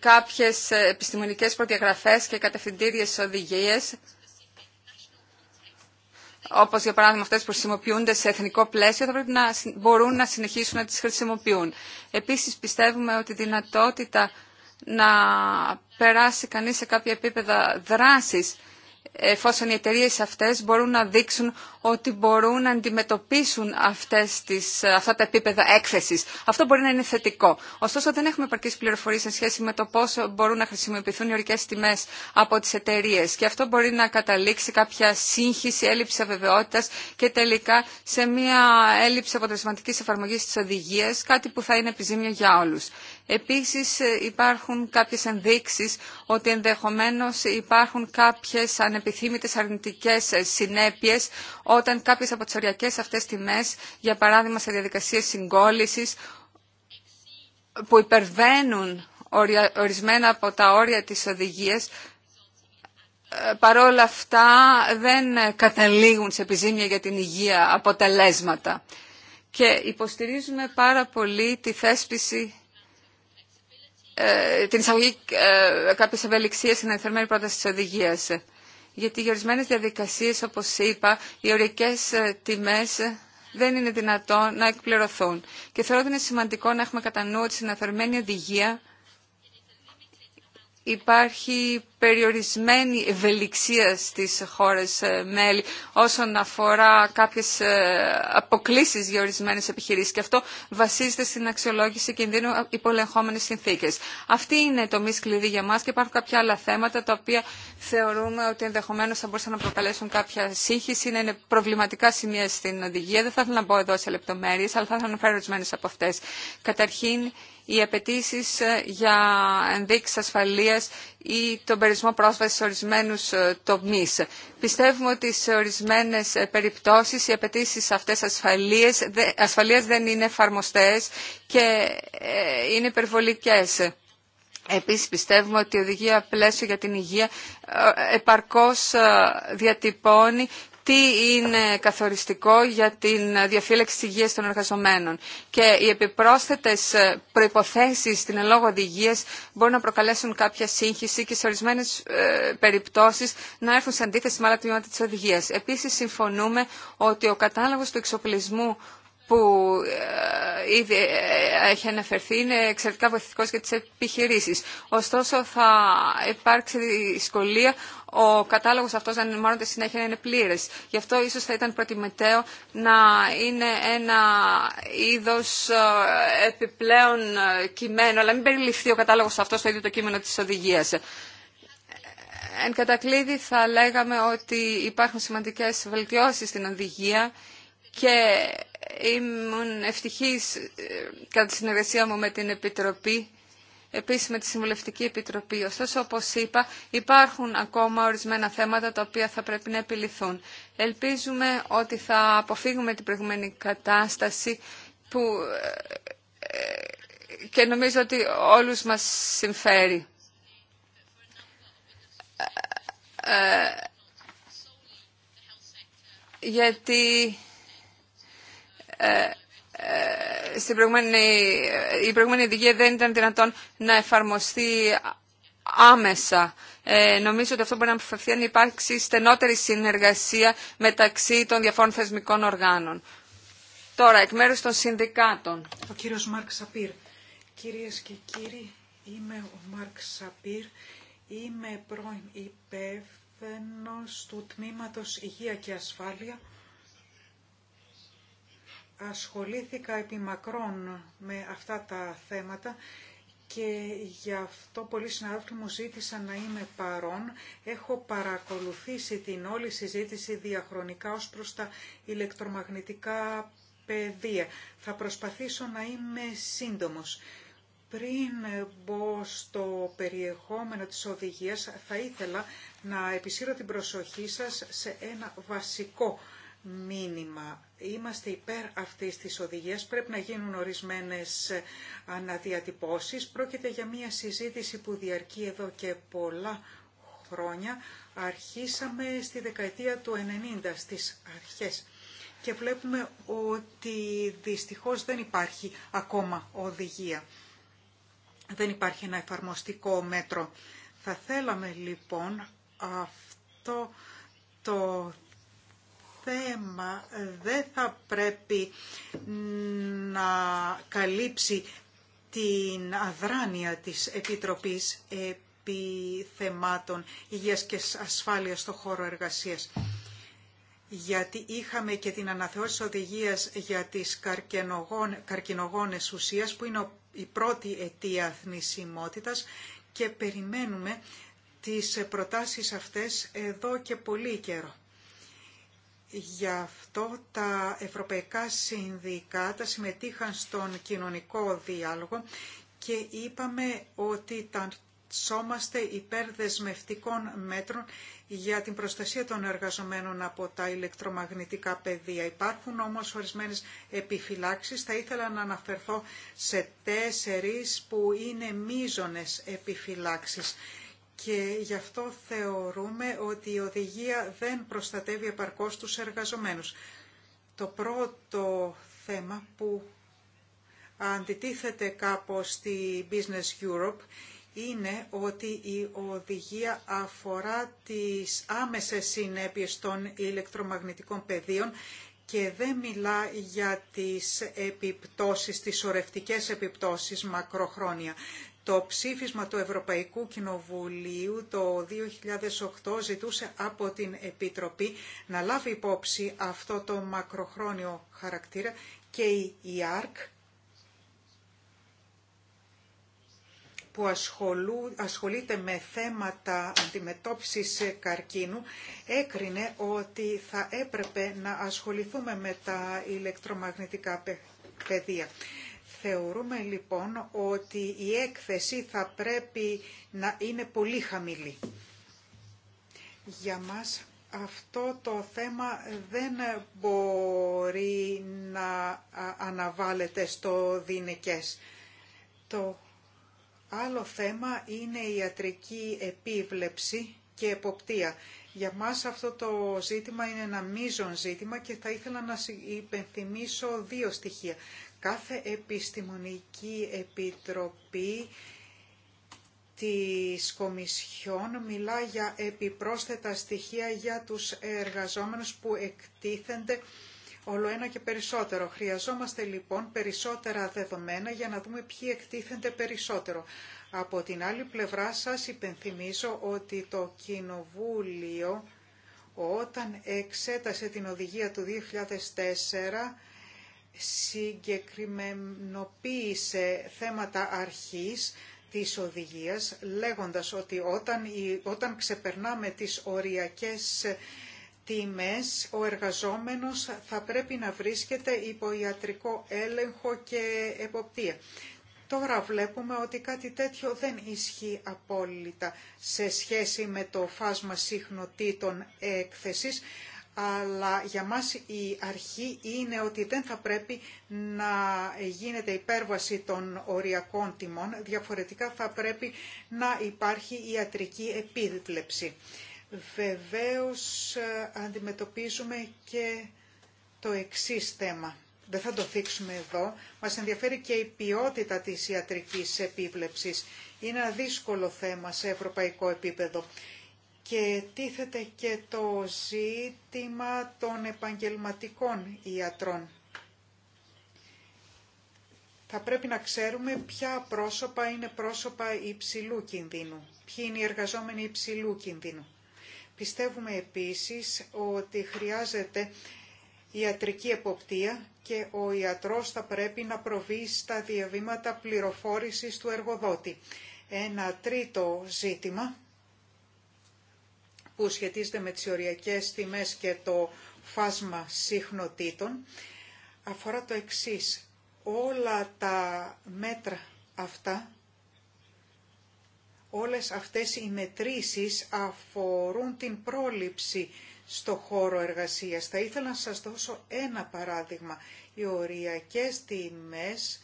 κάποιες επιστημονικές προδιαγραφές και κατευθυντήριες οδηγίες, όπως για παράδειγμα αυτές που χρησιμοποιούνται σε εθνικό πλαίσιο, θα πρέπει να μπορούν να συνεχίσουν να τις χρησιμοποιούν. Επίσης πιστεύουμε ότι η δυνατότητα να περάσει κανείς σε κάποια επίπεδα δράσης εφόσον οι εταιρείε αυτές μπορούν να δείξουν ότι μπορούν να αντιμετωπίσουν αυτές τις, αυτά τα επίπεδα έκθεσης. Αυτό μπορεί να είναι θετικό. Ωστόσο δεν έχουμε επαρκείς πληροφορίες σε σχέση με το πόσο μπορούν να χρησιμοποιηθούν οι ορικές τιμές από τις εταιρείε. και αυτό μπορεί να καταλήξει κάποια σύγχυση, έλλειψη αβεβαιότητας και τελικά σε μια έλλειψη αποτελεσματικής εφαρμογής της οδηγίας, κάτι που θα είναι επιζήμιο για όλους. Επίσης ε, υπάρχουν κάποιες ενδείξεις ότι ενδεχομένως υπάρχουν κάποιες ανεπιθύμητες αρνητικές ε, συνέπειες όταν κάποιες από τις οριακές αυτές τιμές, για παράδειγμα σε διαδικασίες συγκόλλησης, που υπερβαίνουν ορισμένα από τα όρια της οδηγίας, ε, παρόλα αυτά δεν καταλήγουν σε επιζήμια για την υγεία αποτελέσματα. Και υποστηρίζουμε πάρα πολύ τη θέσπιση ε, την εισαγωγή ε, κάποιες ευελιξίες στην ενθερμένη πρόταση της οδηγίας. Γιατί για ορισμένε διαδικασίες, όπως είπα, οι ορικές ε, τιμές δεν είναι δυνατόν να εκπληρωθούν. Και θεωρώ ότι είναι σημαντικό να έχουμε κατά νου ότι στην ενθερμένη οδηγία υπάρχει περιορισμένη ευελιξία στις χώρες ε, μέλη όσον αφορά κάποιες ε, αποκλήσεις για ορισμένε επιχειρήσεις και αυτό βασίζεται στην αξιολόγηση κινδύνου υπολεγχόμενες συνθήκες. Αυτή είναι το μη κλειδί για μας και υπάρχουν κάποια άλλα θέματα τα οποία θεωρούμε ότι ενδεχομένως θα μπορούσαν να προκαλέσουν κάποια σύγχυση, να είναι προβληματικά σημεία στην οδηγία. Δεν θα ήθελα να μπω εδώ σε λεπτομέρειες, αλλά θα ήθελα να φέρω ορισμένε από αυτές. Καταρχήν, οι απαιτήσει ε, για ενδείξει ασφαλείας ή τον περιορισμό πρόσβασης σε ορισμένους ε, τομείς. Πιστεύουμε ότι σε ορισμένες ε, περιπτώσεις οι απαιτήσει σε αυτέ ασφαλίε, ασφαλίε δεν είναι εφαρμοστέ και είναι υπερβολικέ. Επίση, πιστεύουμε ότι η τον περιορισμο προσβαση σε ορισμενου τομει πιστευουμε οτι σε ορισμενες περιπτωσεις οι απαιτησει αυτες ασφαλεια δεν ειναι εφαρμοστε και ειναι υπερβολικε επισης πιστευουμε οτι η οδηγια πλαισιο για την υγεία επαρκώς διατυπώνει τι είναι καθοριστικό για την διαφύλαξη της υγείας των εργαζομένων. Και οι επιπρόσθετες προϋποθέσεις στην ελόγω οδηγία μπορούν να προκαλέσουν κάποια σύγχυση και σε ορισμένες ε, περιπτώσεις να έρθουν σε αντίθεση με άλλα τμήματα της οδηγίας. Επίσης συμφωνούμε ότι ο κατάλογος του εξοπλισμού που ε, ήδη ε, έχει αναφερθεί είναι εξαιρετικά βοηθητικός για τις επιχειρήσεις. Ωστόσο θα υπάρξει δυσκολία ο κατάλογος αυτός να ενημερώνεται συνέχεια να είναι πλήρες. Γι' αυτό ίσως θα ήταν προτιμητέο να είναι ένα είδος ε, επιπλέον κειμένο, αλλά μην περιληφθεί ο κατάλογος αυτός στο ίδιο το κείμενο της οδηγίας. Εν κατακλείδη θα λέγαμε ότι υπάρχουν σημαντικές βελτιώσεις στην οδηγία και ήμουν ευτυχής ε, κατά τη συνεργασία μου με την Επιτροπή, επίσης με τη Συμβουλευτική Επιτροπή. Ωστόσο, όπως είπα, υπάρχουν ακόμα ορισμένα θέματα τα οποία θα πρέπει να επιληθούν. Ελπίζουμε ότι θα αποφύγουμε την προηγούμενη κατάσταση που ε, ε, και νομίζω ότι όλους μας συμφέρει. Γιατί ε, ε, στην προηγούμενη, η προηγούμενη οδηγία δεν ήταν δυνατόν να εφαρμοστεί άμεσα. Ε, νομίζω ότι αυτό μπορεί να αποφευθεί αν υπάρξει στενότερη συνεργασία μεταξύ των διαφόρων θεσμικών οργάνων. Τώρα, εκ μέρους των συνδικάτων. Ο κύριος Μάρκ Σαπίρ. Κυρίες και κύριοι, είμαι ο Μάρκ Σαπίρ. Είμαι πρώην υπεύθυνος του Τμήματος Υγεία και Ασφάλεια ασχολήθηκα επι μακρόν με αυτά τα θέματα και γι' αυτό πολλοί συνάδελφοι μου ζήτησαν να είμαι παρόν. Έχω παρακολουθήσει την όλη συζήτηση διαχρονικά ως προς τα ηλεκτρομαγνητικά πεδία. Θα προσπαθήσω να είμαι σύντομος. Πριν μπω στο περιεχόμενο της οδηγίας, θα ήθελα να επισύρω την προσοχή σας σε ένα βασικό μήνυμα είμαστε υπέρ αυτής της οδηγίας. Πρέπει να γίνουν ορισμένες αναδιατυπώσεις. Πρόκειται για μια συζήτηση που διαρκεί εδώ και πολλά χρόνια. Αρχίσαμε στη δεκαετία του 90, στις αρχές. Και βλέπουμε ότι δυστυχώς δεν υπάρχει ακόμα οδηγία. Δεν υπάρχει ένα εφαρμοστικό μέτρο. Θα θέλαμε λοιπόν αυτό το θέμα δεν θα πρέπει να καλύψει την αδράνεια της Επιτροπής Επιθεμάτων θεμάτων υγείας και ασφάλειας στο χώρο εργασίας. Γιατί είχαμε και την αναθεώρηση οδηγίας για τις καρκινογόνες ουσίες που είναι η πρώτη αιτία θνησιμότητας και περιμένουμε τις προτάσεις αυτές εδώ και πολύ καιρό. Γι' αυτό τα ευρωπαϊκά συνδικάτα συμμετείχαν στον κοινωνικό διάλογο και είπαμε ότι ταντσόμαστε υπέρ δεσμευτικών μέτρων για την προστασία των εργαζομένων από τα ηλεκτρομαγνητικά πεδία. Υπάρχουν όμως ορισμένες επιφυλάξεις. Θα ήθελα να αναφερθώ σε τέσσερις που είναι μείζονες επιφυλάξεις και γι' αυτό θεωρούμε ότι η οδηγία δεν προστατεύει επαρκώς τους εργαζομένους. Το πρώτο θέμα που αντιτίθεται κάπως στη Business Europe είναι ότι η οδηγία αφορά τις άμεσες συνέπειες των ηλεκτρομαγνητικών πεδίων και δεν μιλά για τις επιπτώσεις, τις ορευτικές επιπτώσεις μακροχρόνια. Το ψήφισμα του Ευρωπαϊκού Κοινοβουλίου το 2008 ζητούσε από την Επιτροπή να λάβει υπόψη αυτό το μακροχρόνιο χαρακτήρα και η ΙΑΡΚ που ασχολείται με θέματα αντιμετώπισης καρκίνου έκρινε ότι θα έπρεπε να ασχοληθούμε με τα ηλεκτρομαγνητικά παιδεία. Θεωρούμε λοιπόν ότι η έκθεση θα πρέπει να είναι πολύ χαμηλή. Για μας αυτό το θέμα δεν μπορεί να αναβάλλεται στο δινεκές. Το άλλο θέμα είναι η ιατρική επίβλεψη και εποπτεία. Για μας αυτό το ζήτημα είναι ένα μείζον ζήτημα και θα ήθελα να υπενθυμίσω δύο στοιχεία κάθε επιστημονική επιτροπή της Κομισιόν μιλά για επιπρόσθετα στοιχεία για τους εργαζόμενους που εκτίθενται όλο ένα και περισσότερο. Χρειαζόμαστε λοιπόν περισσότερα δεδομένα για να δούμε ποιοι εκτίθενται περισσότερο. Από την άλλη πλευρά σας υπενθυμίζω ότι το Κοινοβούλιο όταν εξέτασε την οδηγία του 2004 συγκεκριμενοποίησε θέματα αρχής της οδηγίας λέγοντας ότι όταν, όταν ξεπερνάμε τις οριακές τιμές ο εργαζόμενος θα πρέπει να βρίσκεται υπό ιατρικό έλεγχο και εποπτεία. Τώρα βλέπουμε ότι κάτι τέτοιο δεν ισχύει απόλυτα σε σχέση με το φάσμα συχνοτήτων έκθεσης, αλλά για μας η αρχή είναι ότι δεν θα πρέπει να γίνεται υπέρβαση των οριακών τιμών, διαφορετικά θα πρέπει να υπάρχει ιατρική επίβλεψη. Βεβαίως ε, αντιμετωπίζουμε και το εξής θέμα. Δεν θα το θίξουμε εδώ. Μας ενδιαφέρει και η ποιότητα της ιατρικής επίβλεψης. Είναι ένα δύσκολο θέμα σε ευρωπαϊκό επίπεδο και τίθεται και το ζήτημα των επαγγελματικών ιατρών. Θα πρέπει να ξέρουμε ποια πρόσωπα είναι πρόσωπα υψηλού κινδύνου, ποιοι είναι οι εργαζόμενοι υψηλού κινδύνου. Πιστεύουμε επίσης ότι χρειάζεται ιατρική εποπτεία και ο ιατρός θα πρέπει να προβεί στα διαβήματα πληροφόρησης του εργοδότη. Ένα τρίτο ζήτημα που σχετίζεται με τις οριακές τιμές και το φάσμα συχνοτήτων αφορά το εξής. Όλα τα μέτρα αυτά, όλες αυτές οι μετρήσεις αφορούν την πρόληψη στο χώρο εργασίας. Θα ήθελα να σας δώσω ένα παράδειγμα. Οι οριακές τιμές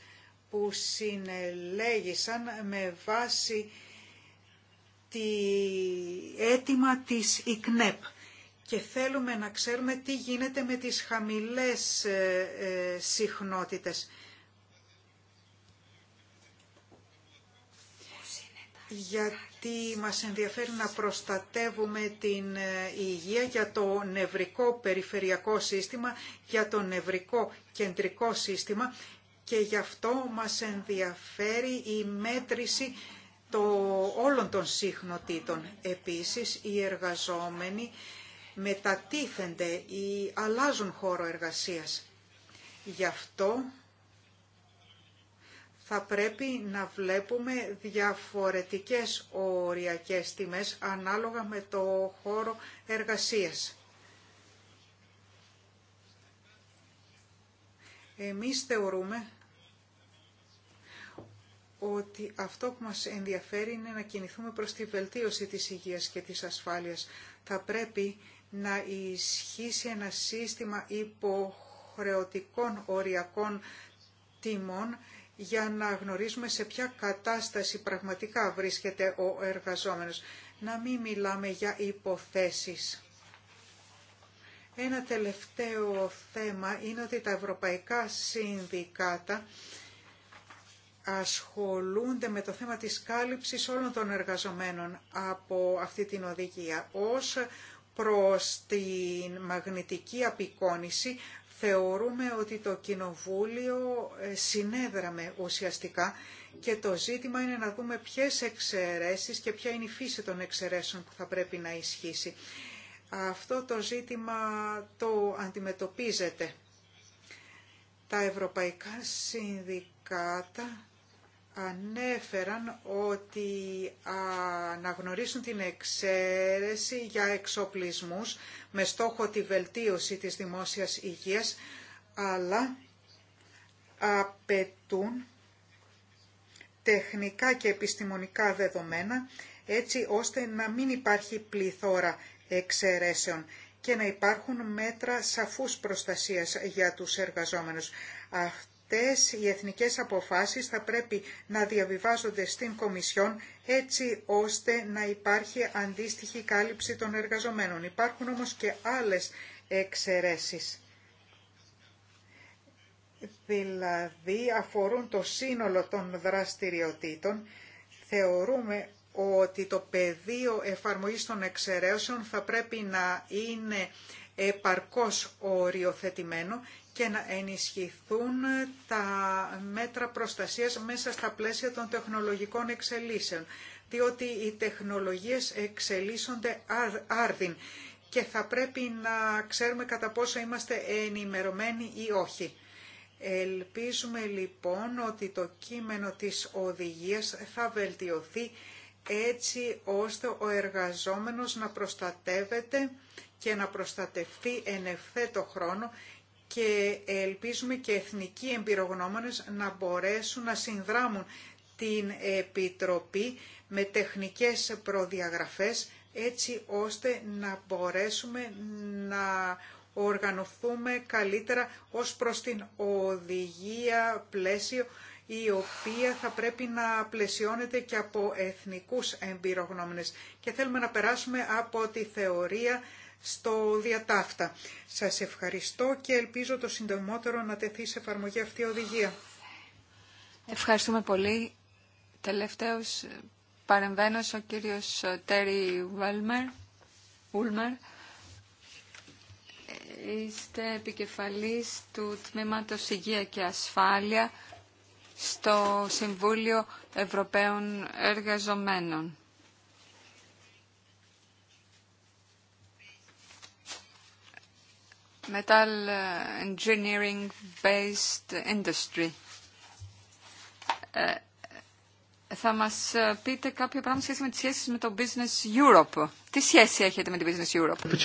που συνελέγησαν με βάση τη αίτημα της ΙΚΝΕΠ και θέλουμε να ξέρουμε τι γίνεται με τις χαμηλές ε, ε, συχνότητες. γιατί μας ενδιαφέρει να προστατεύουμε την ε, υγεία για το νευρικό περιφερειακό σύστημα, για το νευρικό κεντρικό σύστημα και γι' αυτό μας ενδιαφέρει η μέτρηση το, όλων των συχνοτήτων. Επίσης, οι εργαζόμενοι μετατίθενται ή αλλάζουν χώρο εργασίας. Γι' αυτό θα πρέπει να βλέπουμε διαφορετικές οριακές τιμές ανάλογα με το χώρο εργασίας. Εμείς θεωρούμε ότι αυτό που μας ενδιαφέρει είναι να κινηθούμε προς τη βελτίωση της υγείας και της ασφάλειας. Θα πρέπει να ισχύσει ένα σύστημα υποχρεωτικών οριακών τιμών για να γνωρίζουμε σε ποια κατάσταση πραγματικά βρίσκεται ο εργαζόμενος. Να μην μιλάμε για υποθέσεις. Ένα τελευταίο θέμα είναι ότι τα ευρωπαϊκά συνδικάτα ασχολούνται με το θέμα της κάλυψης όλων των εργαζομένων από αυτή την οδηγία. Ως προς την μαγνητική απεικόνηση θεωρούμε ότι το Κοινοβούλιο ε, συνέδραμε ουσιαστικά και το ζήτημα είναι να δούμε ποιες εξαιρέσεις και ποια είναι η φύση των εξαιρέσεων που θα πρέπει να ισχύσει. Αυτό το ζήτημα το αντιμετωπίζεται. Τα ευρωπαϊκά συνδικάτα ανέφεραν ότι αναγνωρίσουν την εξαίρεση για εξοπλισμούς με στόχο τη βελτίωση της δημόσιας υγείας, αλλά απαιτούν τεχνικά και επιστημονικά δεδομένα, έτσι ώστε να μην υπάρχει πληθώρα εξαιρέσεων και να υπάρχουν μέτρα σαφούς προστασίας για τους εργαζόμενους αυτές οι εθνικές αποφάσεις θα πρέπει να διαβιβάζονται στην Κομισιόν έτσι ώστε να υπάρχει αντίστοιχη κάλυψη των εργαζομένων. Υπάρχουν όμως και άλλες εξαιρέσεις. Δηλαδή αφορούν το σύνολο των δραστηριοτήτων. Θεωρούμε ότι το πεδίο εφαρμογής των εξαιρέσεων θα πρέπει να είναι επαρκώς οριοθετημένο και να ενισχυθούν τα μέτρα προστασίας μέσα στα πλαίσια των τεχνολογικών εξελίσεων, διότι οι τεχνολογίες εξελίσσονται άρδιν και θα πρέπει να ξέρουμε κατά πόσο είμαστε ενημερωμένοι ή όχι. Ελπίζουμε λοιπόν ότι το κείμενο της οδηγίας θα βελτιωθεί έτσι ώστε ο εργαζόμενος να προστατεύεται και να προστατευτεί εν ευθέτω χρόνο και ελπίζουμε και εθνικοί εμπειρογνώμονες να μπορέσουν να συνδράμουν την Επιτροπή με τεχνικές προδιαγραφές έτσι ώστε να μπορέσουμε να οργανωθούμε καλύτερα ως προς την οδηγία πλαίσιο η οποία θα πρέπει να πλαισιώνεται και από εθνικούς εμπειρογνώμενες. Και θέλουμε να περάσουμε από τη θεωρία στο διατάφτα. Σας ευχαριστώ και ελπίζω το συντομότερο να τεθεί σε εφαρμογή αυτή η οδηγία. Ευχαριστούμε πολύ. Τελευταίος παρεμβαίνος ο κύριος Τέρι Ούλμερ. Είστε επικεφαλής του Τμήματος Υγεία και Ασφάλεια στο Συμβούλιο Ευρωπαίων Εργαζομένων. metal uh, engineering based industry. Ε, θα μας ε, πείτε κάποια πράγματα σχέση με τις σχέσεις με το Business Europe. Τι σχέση έχετε με το Business Europe.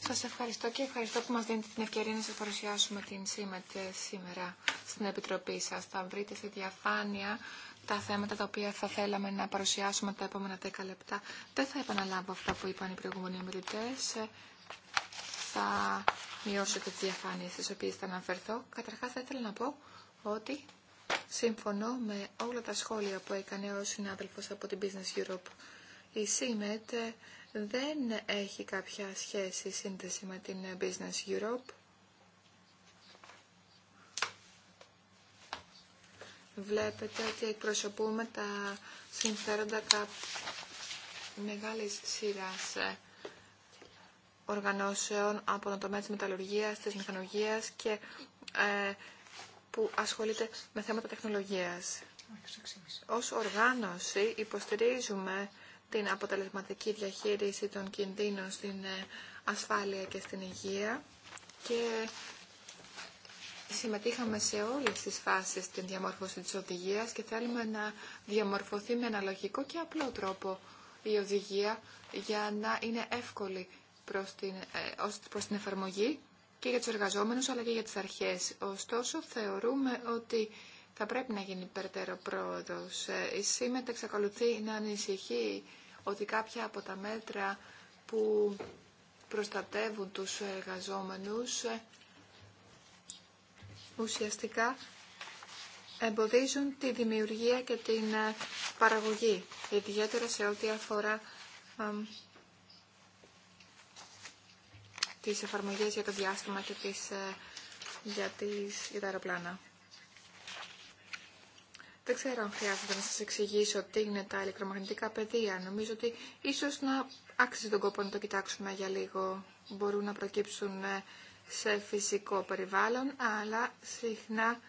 Σας ευχαριστώ και ευχαριστώ που μας δίνετε την ευκαιρία να σας παρουσιάσουμε την ΣΥΜΕΤ σήμερα στην Επιτροπή σας. Θα βρείτε στη διαφάνεια τα θέματα τα οποία θα θέλαμε να παρουσιάσουμε τα επόμενα 10 λεπτά. Δεν θα επαναλάβω αυτά που είπαν οι προηγούμενοι ομιλητές θα μειώσω και τις διαφάνειες στις οποίες θα αναφερθώ. Καταρχάς θα ήθελα να πω ότι συμφωνώ με όλα τα σχόλια που έκανε ο συνάδελφος από την Business Europe. Η CIMET δεν έχει κάποια σχέση σύνδεση με την Business Europe. Βλέπετε ότι εκπροσωπούμε τα συμφέροντα μεγάλης σειράς ε, οργανώσεων από το τομέα της μεταλλουργίας, της Μηχανογείας και ε, που ασχολείται με θέματα τεχνολογίας. Ως οργάνωση υποστηρίζουμε την αποτελεσματική διαχείριση των κινδύνων στην ε, ασφάλεια και στην υγεία και συμμετείχαμε σε όλες τις φάσεις την διαμόρφωση της οδηγίας και θέλουμε να διαμορφωθεί με αναλογικό και απλό τρόπο η οδηγία για να είναι εύκολη προς την, ε, προς την εφαρμογή και για τους εργαζόμενους αλλά και για τις αρχές. Ωστόσο, θεωρούμε ότι θα πρέπει να γίνει περαιτέρω πρόοδος. Ε, η ΣΥΜΕΤ εξακολουθεί να ανησυχεί ότι κάποια από τα μέτρα που προστατεύουν τους εργαζόμενους ε, ουσιαστικά εμποδίζουν τη δημιουργία και την παραγωγή, ιδιαίτερα σε ό,τι αφορά τις εφαρμογές για το διάστημα και τις, ε, για, τις, για τα αεροπλάνα. Δεν ξέρω αν χρειάζεται να σας εξηγήσω τι είναι τα ηλεκτρομαγνητικά πεδία. Νομίζω ότι ίσως να άξιζε τον κόπο να το κοιτάξουμε για λίγο. Μπορούν να προκύψουν ε, σε φυσικό περιβάλλον, αλλά συχνά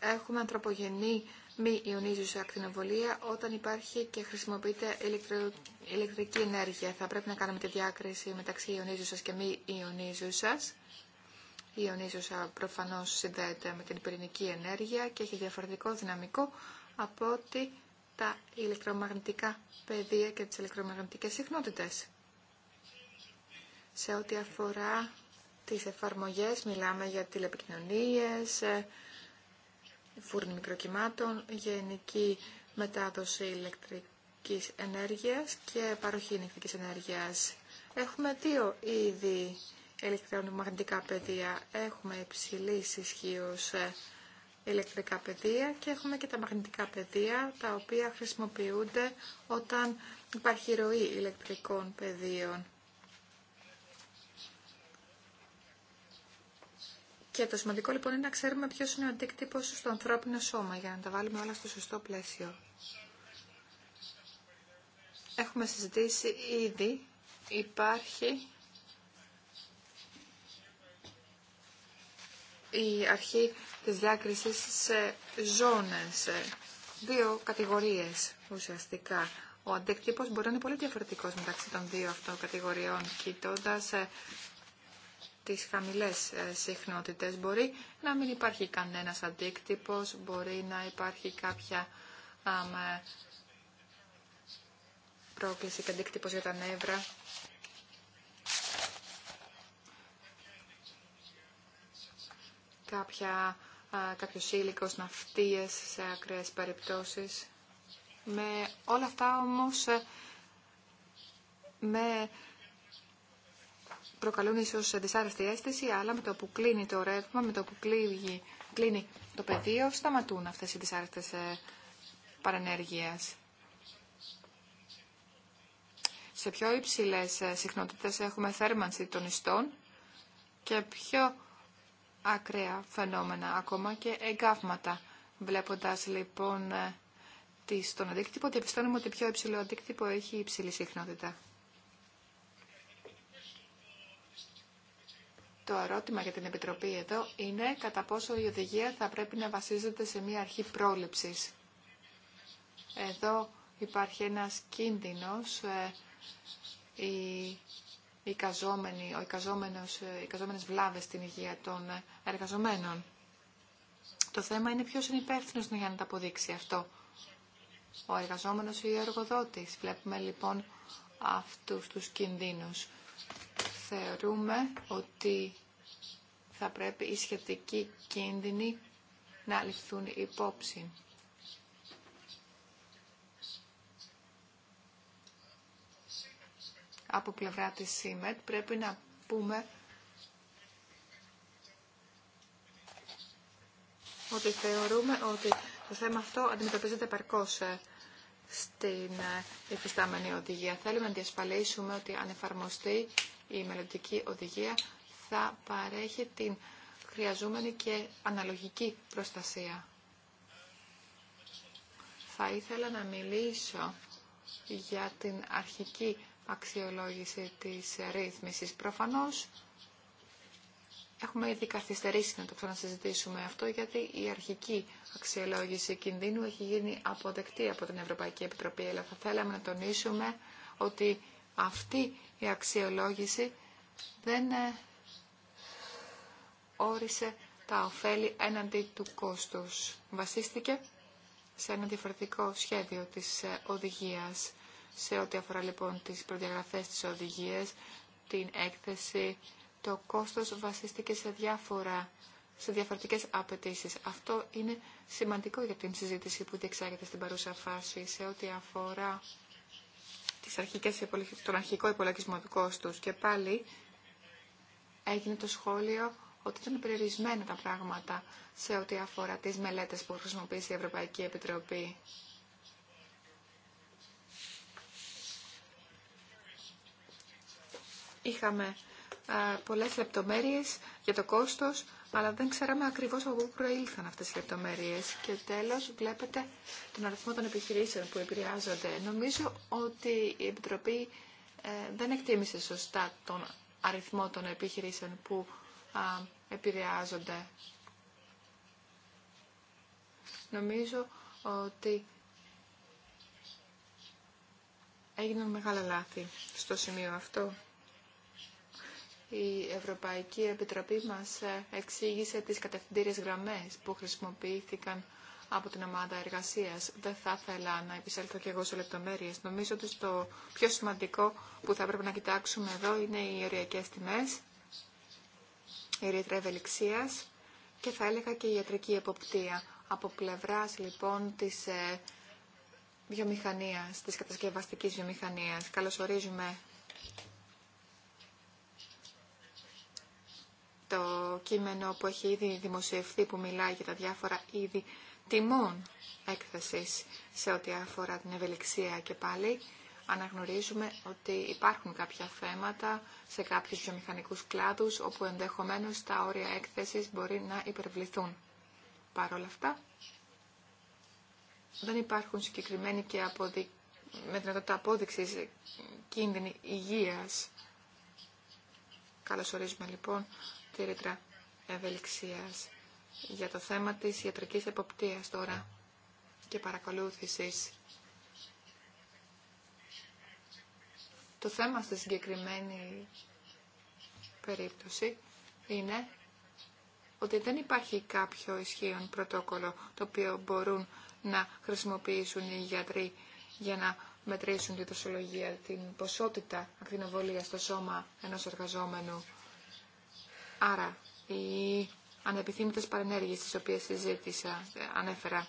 έχουμε ανθρωπογενή μη ιονίζουσα ακτινοβολία όταν υπάρχει και χρησιμοποιείται ηλεκτρική ενέργεια. Θα πρέπει να κάνουμε τη διάκριση μεταξύ ιονίζουσας και μη ιονίζουσας. Η ιονίζουσα προφανώς συνδέεται με την πυρηνική ενέργεια και έχει διαφορετικό δυναμικό από ότι τα ηλεκτρομαγνητικά πεδία και τις ηλεκτρομαγνητικές συχνότητες. Σε ό,τι αφορά τις εφαρμογές, μιλάμε για τηλεπικοινωνίες, φούρνη μικροκυμάτων, γενική μετάδοση ηλεκτρικής ενέργειας και παροχή ηλεκτρικής ενέργειας. Έχουμε δύο είδη ηλεκτρομαγνητικά πεδία. Έχουμε υψηλή ισχύω ε, ηλεκτρικά πεδία και έχουμε και τα μαγνητικά πεδία τα οποία χρησιμοποιούνται όταν υπάρχει ροή ηλεκτρικών πεδίων. Και το σημαντικό λοιπόν είναι να ξέρουμε ποιος είναι ο αντίκτυπος στο ανθρώπινο σώμα για να τα βάλουμε όλα στο σωστό πλαίσιο. Έχουμε συζητήσει ήδη, υπάρχει η αρχή της διάκρισης σε ζώνες, δύο κατηγορίες ουσιαστικά. Ο αντίκτυπος μπορεί να είναι πολύ διαφορετικός μεταξύ των δύο αυτών κατηγοριών, κοιτώντας. Ε, τις χαμηλές ε, συχνότητες. Μπορεί να μην υπάρχει κανένας αντίκτυπος, μπορεί να υπάρχει κάποια ε, πρόκληση και αντίκτυπος για τα νεύρα. Κάποια, κάποιος ήλικος, ναυτίες σε ακραίες περιπτώσεις. Με όλα αυτά όμως, ε, με προκαλούν ίσω δυσάρεστη αίσθηση, αλλά με το που κλείνει το ρεύμα, με το που κλείνει, το πεδίο, σταματούν αυτές οι δυσάρεστες ε, παρενέργειε. Σε πιο ύψηλε συχνότητε έχουμε θέρμανση των ιστών και πιο ακραία φαινόμενα, ακόμα και εγκάβματα. βλέποντα λοιπόν ε, τον αντίκτυπο, διαπιστώνουμε ότι πιο υψηλό αντίκτυπο έχει υψηλή συχνότητα. Το ερώτημα για την Επιτροπή εδώ είναι κατά πόσο η οδηγία θα πρέπει να βασίζεται σε μια αρχή πρόληψης. Εδώ υπάρχει ένας κίνδυνος, οι ε, καζόμενη ο εικαζόμενος, ε, οι καζόμενες βλάβες στην υγεία των εργαζομένων. Το θέμα είναι ποιος είναι υπεύθυνο για να τα αποδείξει αυτό. Ο εργαζόμενος ή ο εργοδότης. Βλέπουμε λοιπόν αυτούς τους κινδύνους θεωρούμε ότι θα πρέπει οι σχετικοί κίνδυνοι να ληφθούν υπόψη. Από πλευρά της ΣΥΜΕΤ πρέπει να πούμε ότι θεωρούμε ότι το θέμα αυτό αντιμετωπίζεται παρκώς ε, στην ε, υφιστάμενη οδηγία. Θέλουμε να διασφαλίσουμε ότι αν εφαρμοστεί η μελλοντική οδηγία θα παρέχει την χρειαζόμενη και αναλογική προστασία. Θα ήθελα να μιλήσω για την αρχική αξιολόγηση της ρύθμισης. Προφανώς έχουμε ήδη καθυστερήσει να το ξανασυζητήσουμε αυτό γιατί η αρχική αξιολόγηση κινδύνου έχει γίνει αποδεκτή από την Ευρωπαϊκή Επιτροπή αλλά θα θέλαμε να τονίσουμε ότι αυτή η αξιολόγηση δεν ε, όρισε τα ωφέλη έναντι του κόστους. Βασίστηκε σε ένα διαφορετικό σχέδιο της ε, οδηγίας σε ό,τι αφορά λοιπόν τις προδιαγραφές της οδηγίας, την έκθεση, το κόστος βασίστηκε σε διάφορα σε διαφορετικές απαιτήσεις. Αυτό είναι σημαντικό για την συζήτηση που διεξάγεται στην παρούσα φάση σε ό,τι αφορά τις αρχικές, τον αρχικό υπολογισμό του και πάλι έγινε το σχόλιο ότι ήταν περιορισμένα τα πράγματα σε ό,τι αφορά τις μελέτες που χρησιμοποίησε η Ευρωπαϊκή Επιτροπή. Είχαμε πολλές λεπτομέρειες για το κόστος, αλλά δεν ξέραμε ακριβώς από πού προήλθαν αυτές οι λεπτομέρειες. Και τέλος βλέπετε τον αριθμό των επιχειρήσεων που επηρεάζονται. Νομίζω ότι η Επιτροπή ε, δεν εκτίμησε σωστά τον αριθμό των επιχειρήσεων που επηρεάζονται. Νομίζω ότι έγιναν μεγάλα λάθη στο σημείο αυτό η Ευρωπαϊκή Επιτροπή μας εξήγησε τις κατευθυντήριες γραμμές που χρησιμοποιήθηκαν από την ομάδα εργασίας. Δεν θα ήθελα να επισέλθω και εγώ σε λεπτομέρειες. Νομίζω ότι το πιο σημαντικό που θα πρέπει να κοιτάξουμε εδώ είναι οι οριακές τιμές, η ρήτρα ευελιξίας και θα έλεγα και η ιατρική εποπτεία. Από πλευράς λοιπόν της ε, βιομηχανίας, της κατασκευαστικής βιομηχανίας. Καλωσορίζουμε το κείμενο που έχει ήδη δημοσιευθεί που μιλάει για τα διάφορα είδη τιμών έκθεσης σε ό,τι αφορά την ευελιξία και πάλι αναγνωρίζουμε ότι υπάρχουν κάποια θέματα σε κάποιους βιομηχανικούς κλάδους όπου ενδεχομένως τα όρια έκθεσης μπορεί να υπερβληθούν. Παρ' όλα αυτά δεν υπάρχουν συγκεκριμένοι και με δυνατότητα απόδειξη κίνδυνοι υγείας. Καλωσορίζουμε λοιπόν τη ευελιξίας για το θέμα της ιατρικής εποπτείας τώρα και παρακολούθησης. Το θέμα στη συγκεκριμένη περίπτωση είναι ότι δεν υπάρχει κάποιο ισχύον πρωτόκολλο το οποίο μπορούν να χρησιμοποιήσουν οι γιατροί για να μετρήσουν τη δοσολογία, την ποσότητα ακτινοβολία στο σώμα ενός εργαζόμενου. Άρα, οι ανεπιθύμητες παρενέργειες τις οποίες συζήτησα, ε, ανέφερα,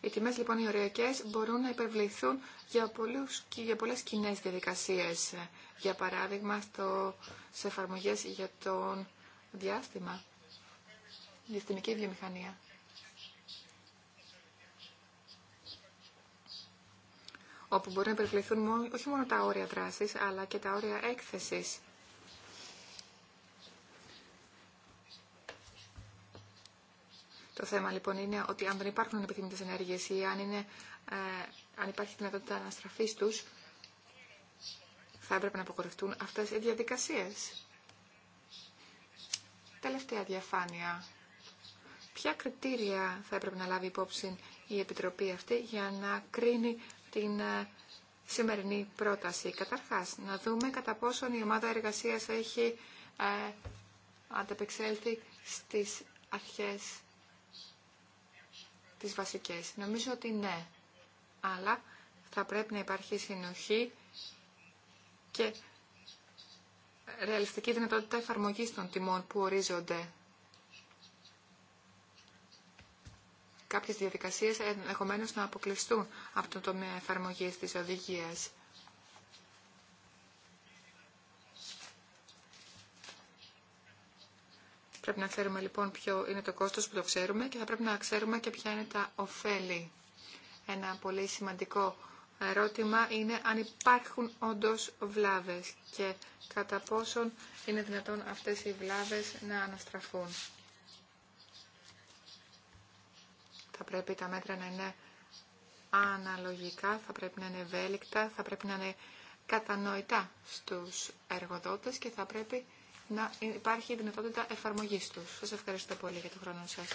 Οι τιμέ λοιπόν οι οριακές μπορούν να υπερβληθούν για, πολλούς, για πολλές κοινέ διαδικασίες. Για παράδειγμα, στο, σε εφαρμογέ για τον διάστημα, διαστημική βιομηχανία. όπου μπορεί να περιπληθούν όχι μόνο τα όρια δράσης, αλλά και τα όρια έκθεσης. Το θέμα λοιπόν είναι ότι αν δεν υπάρχουν επιθυμητές ενέργειες ή αν, είναι, ε, υπάρχει δυνατότητα αναστραφής τους, θα έπρεπε να αποκορευτούν αυτές οι διαδικασίες. Τελευταία διαφάνεια. Ποια κριτήρια θα έπρεπε να λάβει υπόψη η Επιτροπή αυτή για να κρίνει την ε, σημερινή πρόταση. Καταρχάς, να δούμε κατά πόσον η ομάδα εργασίας έχει ε, ανταπεξέλθει στις αρχές τις βασικές. Νομίζω ότι ναι, αλλά θα πρέπει να υπάρχει συνοχή και ρεαλιστική δυνατότητα εφαρμογής των τιμών που ορίζονται κάποιες διαδικασίες ενδεχομένω να αποκλειστούν από το τομέα εφαρμογής της οδηγίας. Πρέπει να ξέρουμε λοιπόν ποιο είναι το κόστος που το ξέρουμε και θα πρέπει να ξέρουμε και ποια είναι τα ωφέλη. Ένα πολύ σημαντικό ερώτημα είναι αν υπάρχουν όντως βλάβες και κατά πόσον είναι δυνατόν αυτές οι βλάβες να αναστραφούν. Θα πρέπει τα μέτρα να είναι αναλογικά, θα πρέπει να είναι ευέλικτα, θα πρέπει να είναι κατανοητά στους εργοδότες και θα πρέπει να υπάρχει η δυνατότητα εφαρμογής τους. Σας ευχαριστώ πολύ για τον χρόνο σας.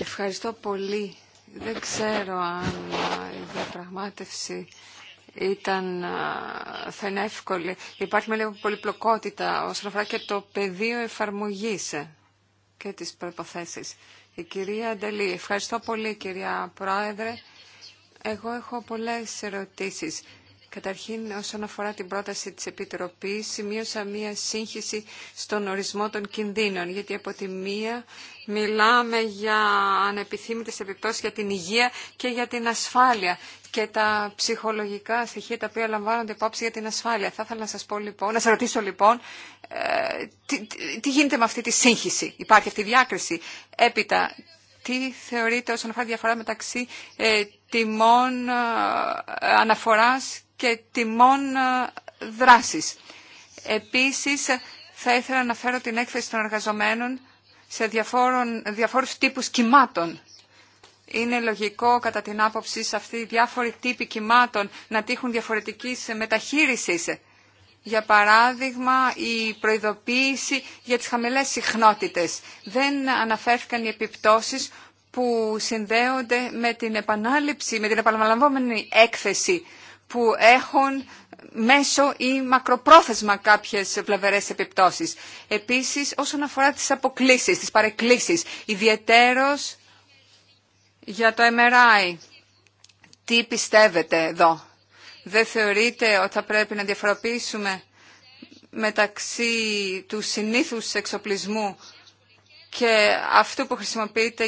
Ευχαριστώ πολύ. Δεν ξέρω αν η διαπραγμάτευση ήταν, θα είναι εύκολη. Υπάρχει μια λίγο πολυπλοκότητα όσον αφορά και το πεδίο εφαρμογής και τις προϋποθέσεις. Η κυρία Ντελή, ευχαριστώ πολύ κυρία Πρόεδρε. Εγώ έχω πολλές ερωτήσεις. Καταρχήν, όσον αφορά την πρόταση της Επιτροπής, σημείωσα μία σύγχυση στον ορισμό των κινδύνων, γιατί από τη μία μιλάμε για ανεπιθύμητες επιπτώσεις για την υγεία και για την ασφάλεια και τα ψυχολογικά στοιχεία τα οποία λαμβάνονται υπόψη για την ασφάλεια. Θα ήθελα να σας πω λοιπόν, να σας ρωτήσω λοιπόν, ε, τι, γίνεται με αυτή τη σύγχυση, υπάρχει αυτή η διάκριση. Έπειτα, τι θεωρείτε όσον αφορά διαφορά μεταξύ ε, τιμών ε, αναφοράς και τιμών ε, δράσης. Επίσης, θα ήθελα να φέρω την έκθεση των εργαζομένων σε διαφόρους τύπους κυμάτων είναι λογικό κατά την άποψή σε αυτοί οι διάφοροι τύποι κυμάτων να τύχουν διαφορετικής μεταχείρισης. Για παράδειγμα, η προειδοποίηση για τις χαμηλές συχνότητες. Δεν αναφέρθηκαν οι επιπτώσεις που συνδέονται με την επανάληψη, με την επαναλαμβόμενη έκθεση που έχουν μέσω ή μακροπρόθεσμα κάποιες πλευρές επιπτώσεις. Επίσης, όσον αφορά τις αποκλήσεις, τις παρεκκλήσεις, ιδιαιτέρως για το MRI, τι πιστεύετε εδώ. Δεν θεωρείτε ότι θα πρέπει να διαφοροποιήσουμε μεταξύ του συνήθους εξοπλισμού και αυτού που χρησιμοποιείται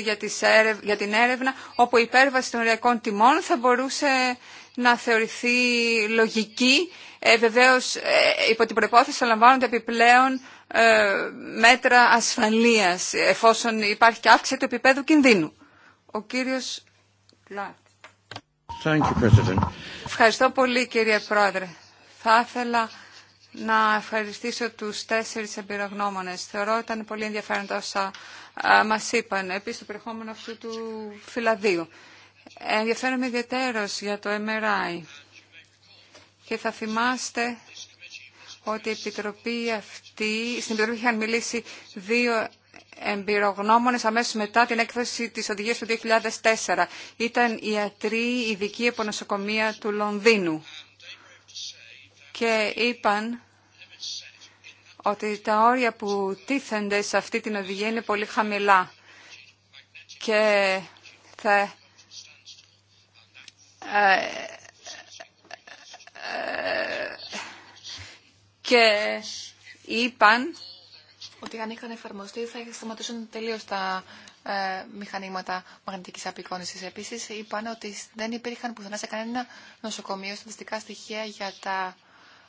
για, την έρευνα, όπου η υπέρβαση των ωριακών τιμών θα μπορούσε να θεωρηθεί λογική. Ε, βεβαίως, ε, υπό την προπόθεση θα λαμβάνονται επιπλέον ε, μέτρα ασφαλείας, εφόσον υπάρχει και αύξηση του επίπεδου κινδύνου. Ο κύριος Ευχαριστώ πολύ κύριε Πρόεδρε. Θα ήθελα να ευχαριστήσω τους τέσσερις εμπειρογνώμονες. Θεωρώ ότι ήταν πολύ ενδιαφέροντα όσα μας είπαν. Επίσης το περιεχόμενο αυτού του φυλαδίου. Ενδιαφέρομαι ιδιαίτερος για το MRI. Και θα θυμάστε ότι η επιτροπή αυτή, στην επιτροπή είχαν μιλήσει δύο εμπειρογνώμονες αμέσω μετά την έκθεση της οδηγίας του 2004. Ήταν ιατροί ειδικοί από νοσοκομεία του Λονδίνου και είπαν ότι τα όρια που τίθενται σε αυτή την οδηγία είναι πολύ χαμηλά και και είπαν ότι αν είχαν εφαρμοστεί θα σταματούσαν τελείω τα ε, μηχανήματα μαγνητικής απεικόνηση. Επίσης είπαν ότι δεν υπήρχαν πουθενά σε κανένα νοσοκομείο στατιστικά στοιχεία για τα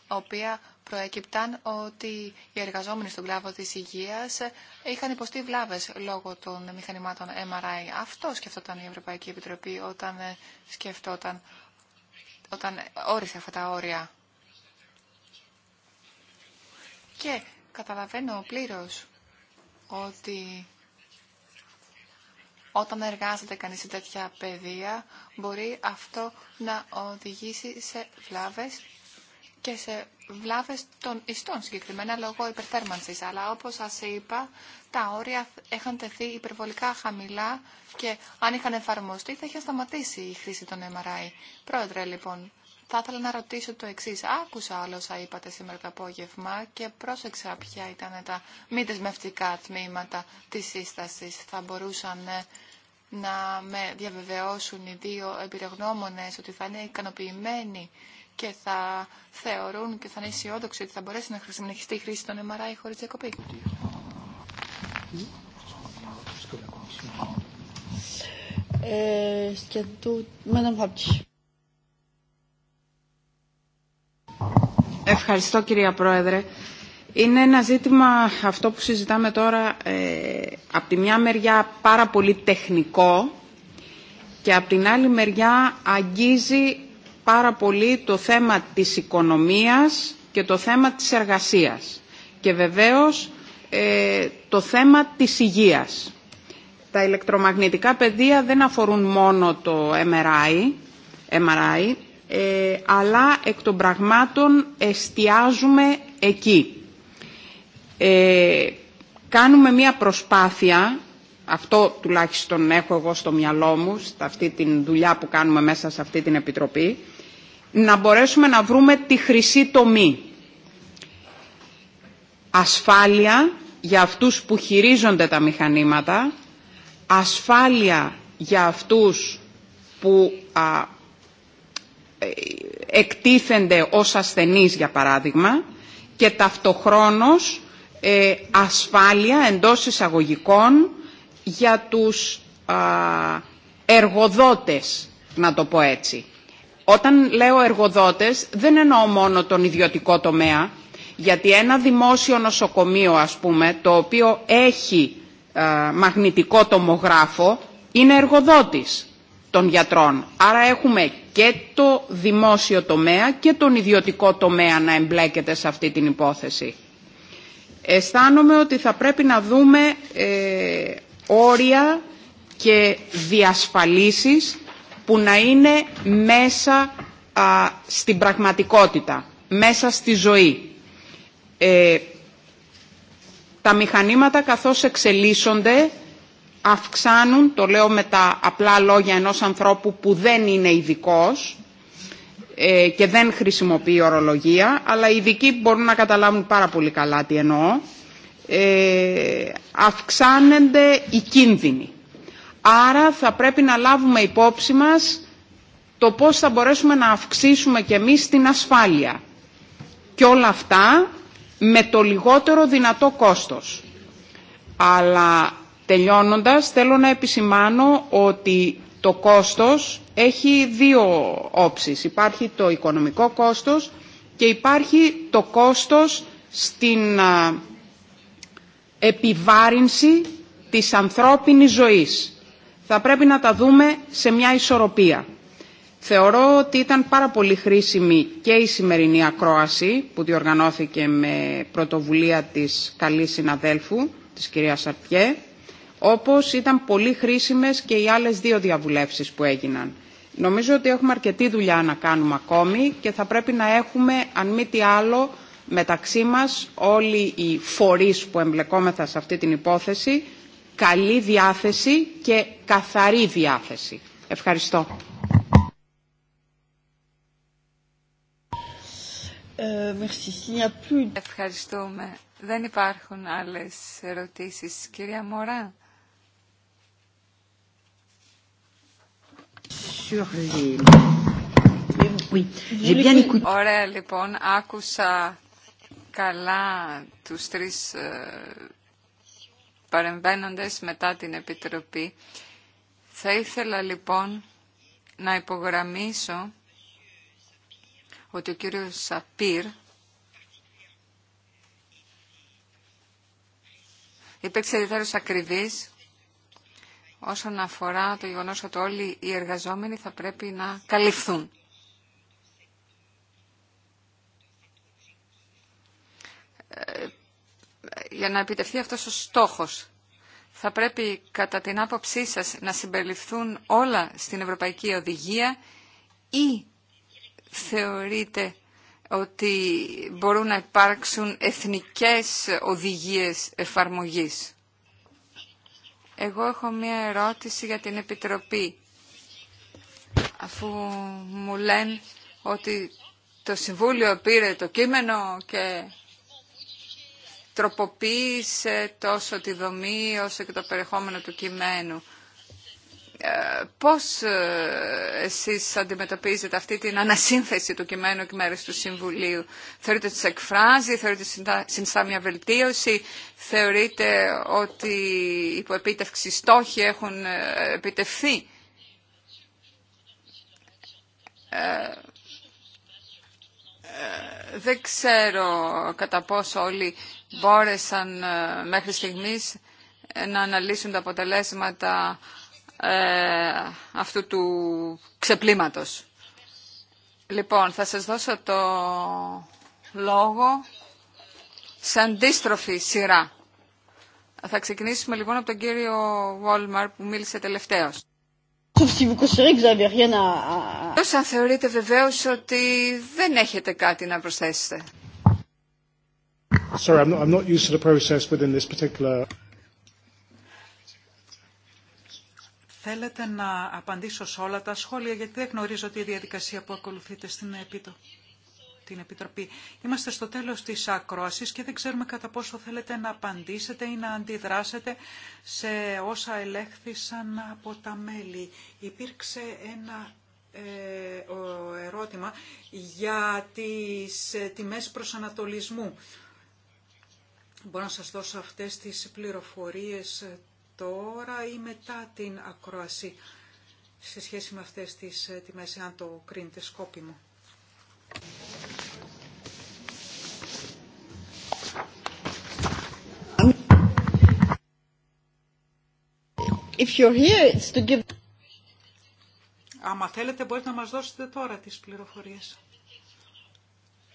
οποία προέκυπταν ότι οι εργαζόμενοι στον κλάδο της υγείας είχαν υποστεί βλάβες λόγω των μηχανημάτων MRI. Αυτό σκεφτόταν η Ευρωπαϊκή Επιτροπή όταν ε, σκεφτόταν, όταν όρισε αυτά τα όρια. Και Καταλαβαίνω πλήρως ότι όταν εργάζεται κανείς σε τέτοια παιδεία μπορεί αυτό να οδηγήσει σε βλάβες και σε βλάβες των ιστών συγκεκριμένα λόγω υπερθέρμανσης. Αλλά όπως σας είπα, τα όρια είχαν τεθεί υπερβολικά χαμηλά και αν είχαν εφαρμοστεί θα είχε σταματήσει η χρήση των MRI. Πρόεδρε λοιπόν, θα ήθελα να ρωτήσω το εξή. Άκουσα όλα όσα είπατε σήμερα το απόγευμα και πρόσεξα ποια ήταν τα μη δεσμευτικά τμήματα τη σύσταση. Θα μπορούσαν ε, να με διαβεβαιώσουν οι δύο εμπειρογνώμονε ότι θα είναι ικανοποιημένοι και θα θεωρούν και θα είναι αισιόδοξοι ότι θα μπορέσει να συνεχιστεί η χρήση των MRI χωρί διακοπή. Ε, Ευχαριστώ κυρία Πρόεδρε. Είναι ένα ζήτημα αυτό που συζητάμε τώρα ε, από τη μια μεριά πάρα πολύ τεχνικό και από την άλλη μεριά αγγίζει πάρα πολύ το θέμα της οικονομίας και το θέμα της εργασίας και βεβαίως ε, το θέμα της υγείας. Τα ηλεκτρομαγνητικά πεδία δεν αφορούν μόνο το MRI, MRI ε, αλλά εκ των πραγμάτων εστιάζουμε εκεί. Ε, κάνουμε μία προσπάθεια, αυτό τουλάχιστον έχω εγώ στο μυαλό μου, σε αυτή τη δουλειά που κάνουμε μέσα σε αυτή την Επιτροπή, να μπορέσουμε να βρούμε τη χρυσή τομή. Ασφάλεια για αυτούς που χειρίζονται τα μηχανήματα, ασφάλεια για αυτούς που εκτίθενται ως ασθενείς για παράδειγμα και ταυτοχρόνως ε, ασφάλεια εντός εισαγωγικών για τους εργοδότες, να το πω έτσι. Όταν λέω εργοδότες δεν εννοώ μόνο τον ιδιωτικό τομέα, γιατί ένα δημόσιο νοσοκομείο ας πούμε το οποίο έχει μαγνητικό τομογράφο είναι εργοδότης των γιατρών. Άρα έχουμε και το δημόσιο τομέα και τον ιδιωτικό τομέα να εμπλέκεται σε αυτή την υπόθεση. Αισθάνομαι ότι θα πρέπει να δούμε ε, όρια και διασφαλίσεις που να είναι μέσα στην πραγματικότητα, μέσα στη ζωή. Ε, τα μηχανήματα καθώς εξελίσσονται αυξάνουν, το λέω με τα απλά λόγια ενός ανθρώπου που δεν είναι ειδικό ε, και δεν χρησιμοποιεί ορολογία, αλλά οι ειδικοί μπορούν να καταλάβουν πάρα πολύ καλά τι εννοώ, ε, αυξάνονται οι κίνδυνοι. Άρα θα πρέπει να λάβουμε υπόψη μας το πώς θα μπορέσουμε να αυξήσουμε και εμείς την ασφάλεια. Και όλα αυτά με το λιγότερο δυνατό κόστος. Αλλά Τελειώνοντας, θέλω να επισημάνω ότι το κόστος έχει δύο όψεις. Υπάρχει το οικονομικό κόστος και υπάρχει το κόστος στην επιβάρυνση της ανθρώπινης ζωής. Θα πρέπει να τα δούμε σε μια ισορροπία. Θεωρώ ότι ήταν πάρα πολύ χρήσιμη και η σημερινή ακρόαση που διοργανώθηκε με πρωτοβουλία της καλής συναδέλφου, της κυρίας Αρτιέ, όπως ήταν πολύ χρήσιμες και οι άλλες δύο διαβουλεύσεις που έγιναν. Νομίζω ότι έχουμε αρκετή δουλειά να κάνουμε ακόμη και θα πρέπει να έχουμε, αν μη τι άλλο, μεταξύ μας όλοι οι φορείς που εμπλεκόμεθα σε αυτή την υπόθεση, καλή διάθεση και καθαρή διάθεση. Ευχαριστώ. Ε, Ευχαριστούμε. Δεν υπάρχουν άλλες ερωτήσεις. Κυρία Μωρά. Ωραία, λοιπόν, άκουσα καλά τους τρεις ε, παρεμβαίνοντες μετά την Επιτροπή. Θα ήθελα λοιπόν να υπογραμμίσω ότι ο κύριος Σαπίρ υπήρξε ιδιαίτερος ακριβής όσον αφορά το γεγονός ότι όλοι οι εργαζόμενοι θα πρέπει να καλυφθούν. Ε, για να επιτευχθεί αυτός ο στόχος, θα πρέπει κατά την άποψή σας να συμπεριληφθούν όλα στην Ευρωπαϊκή Οδηγία ή θεωρείτε ότι μπορούν να υπάρξουν εθνικές οδηγίες εφαρμογής. Εγώ έχω μία ερώτηση για την Επιτροπή. Αφού μου λένε ότι το Συμβούλιο πήρε το κείμενο και τροποποίησε τόσο τη δομή όσο και το περιεχόμενο του κειμένου. Ε, πώς ε, εσείς αντιμετωπίζετε αυτή την ανασύνθεση του κειμένου και μέρους του Συμβουλίου. Θεωρείτε ότι σε εκφράζει, θεωρείτε ότι συνιστά μια βελτίωση, θεωρείτε ότι υποεπίτευξη επίτευξη στόχοι έχουν ε, επιτευθεί. δεν ξέρω κατά πόσο όλοι μπόρεσαν μέχρι στιγμής να αναλύσουν τα αποτελέσματα ε, αυτού του ξεπλήματος. Λοιπόν, θα σας δώσω το λόγο σε αντίστροφη σειρά. Θα ξεκινήσουμε λοιπόν από τον κύριο Βόλμαρ που μίλησε τελευταίος. Ως αν θεωρείτε βεβαίως ότι δεν έχετε κάτι να προσθέσετε. Sorry, I'm not, I'm not used to the process within this particular... Θέλετε να απαντήσω σε όλα τα σχόλια, γιατί δεν γνωρίζω τη διαδικασία που ακολουθείτε στην Επίτροπη την Επιτροπή. Είμαστε στο τέλος της ακρόασης και δεν ξέρουμε κατά πόσο θέλετε να απαντήσετε ή να αντιδράσετε σε όσα ελέγχθησαν από τα μέλη. Υπήρξε ένα ε, ερώτημα για τις ε, τιμές προσανατολισμού. Μπορώ να σας δώσω αυτές τις πληροφορίες τώρα ή μετά την ακρόαση σε σχέση με αυτές τις ε, τιμές, αν το κρίνετε σκόπιμο. If you're here, it's to give... Άμα θέλετε μπορείτε να μας δώσετε τώρα τις πληροφορίες.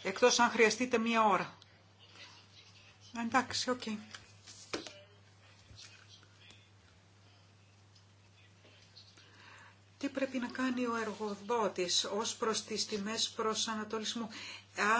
Εκτός αν χρειαστείτε μία ώρα. Εντάξει, οκ. Okay. τι πρέπει να κάνει ο εργοδότης ως προς τις τιμές προσανατολισμού.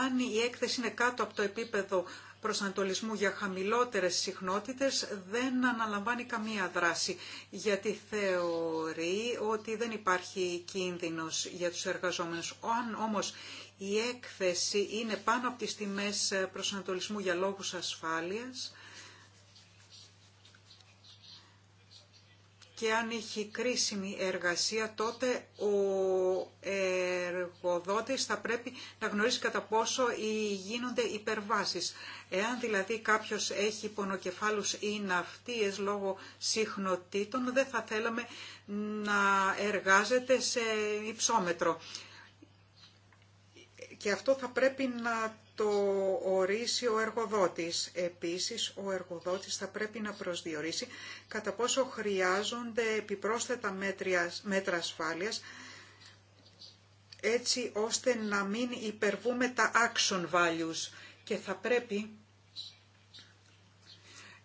Αν η έκθεση είναι κάτω από το επίπεδο προσανατολισμού για χαμηλότερες συχνότητες δεν αναλαμβάνει καμία δράση γιατί θεωρεί ότι δεν υπάρχει κίνδυνος για τους εργαζόμενους. Αν όμως η έκθεση είναι πάνω από τις τιμές προσανατολισμού για λόγους ασφάλειας, και αν έχει κρίσιμη εργασία, τότε ο εργοδότης θα πρέπει να γνωρίζει κατά πόσο γίνονται υπερβάσεις. Εάν δηλαδή κάποιος έχει πονοκεφάλους ή ναυτίες λόγω συχνοτήτων, δεν θα θέλαμε να εργάζεται σε υψόμετρο. Και αυτό θα πρέπει να το ορίσει ο εργοδότης. Επίσης, ο εργοδότης θα πρέπει να προσδιορίσει κατά πόσο χρειάζονται επιπρόσθετα μέτρα ασφάλειας, έτσι ώστε να μην υπερβούμε τα action values και θα πρέπει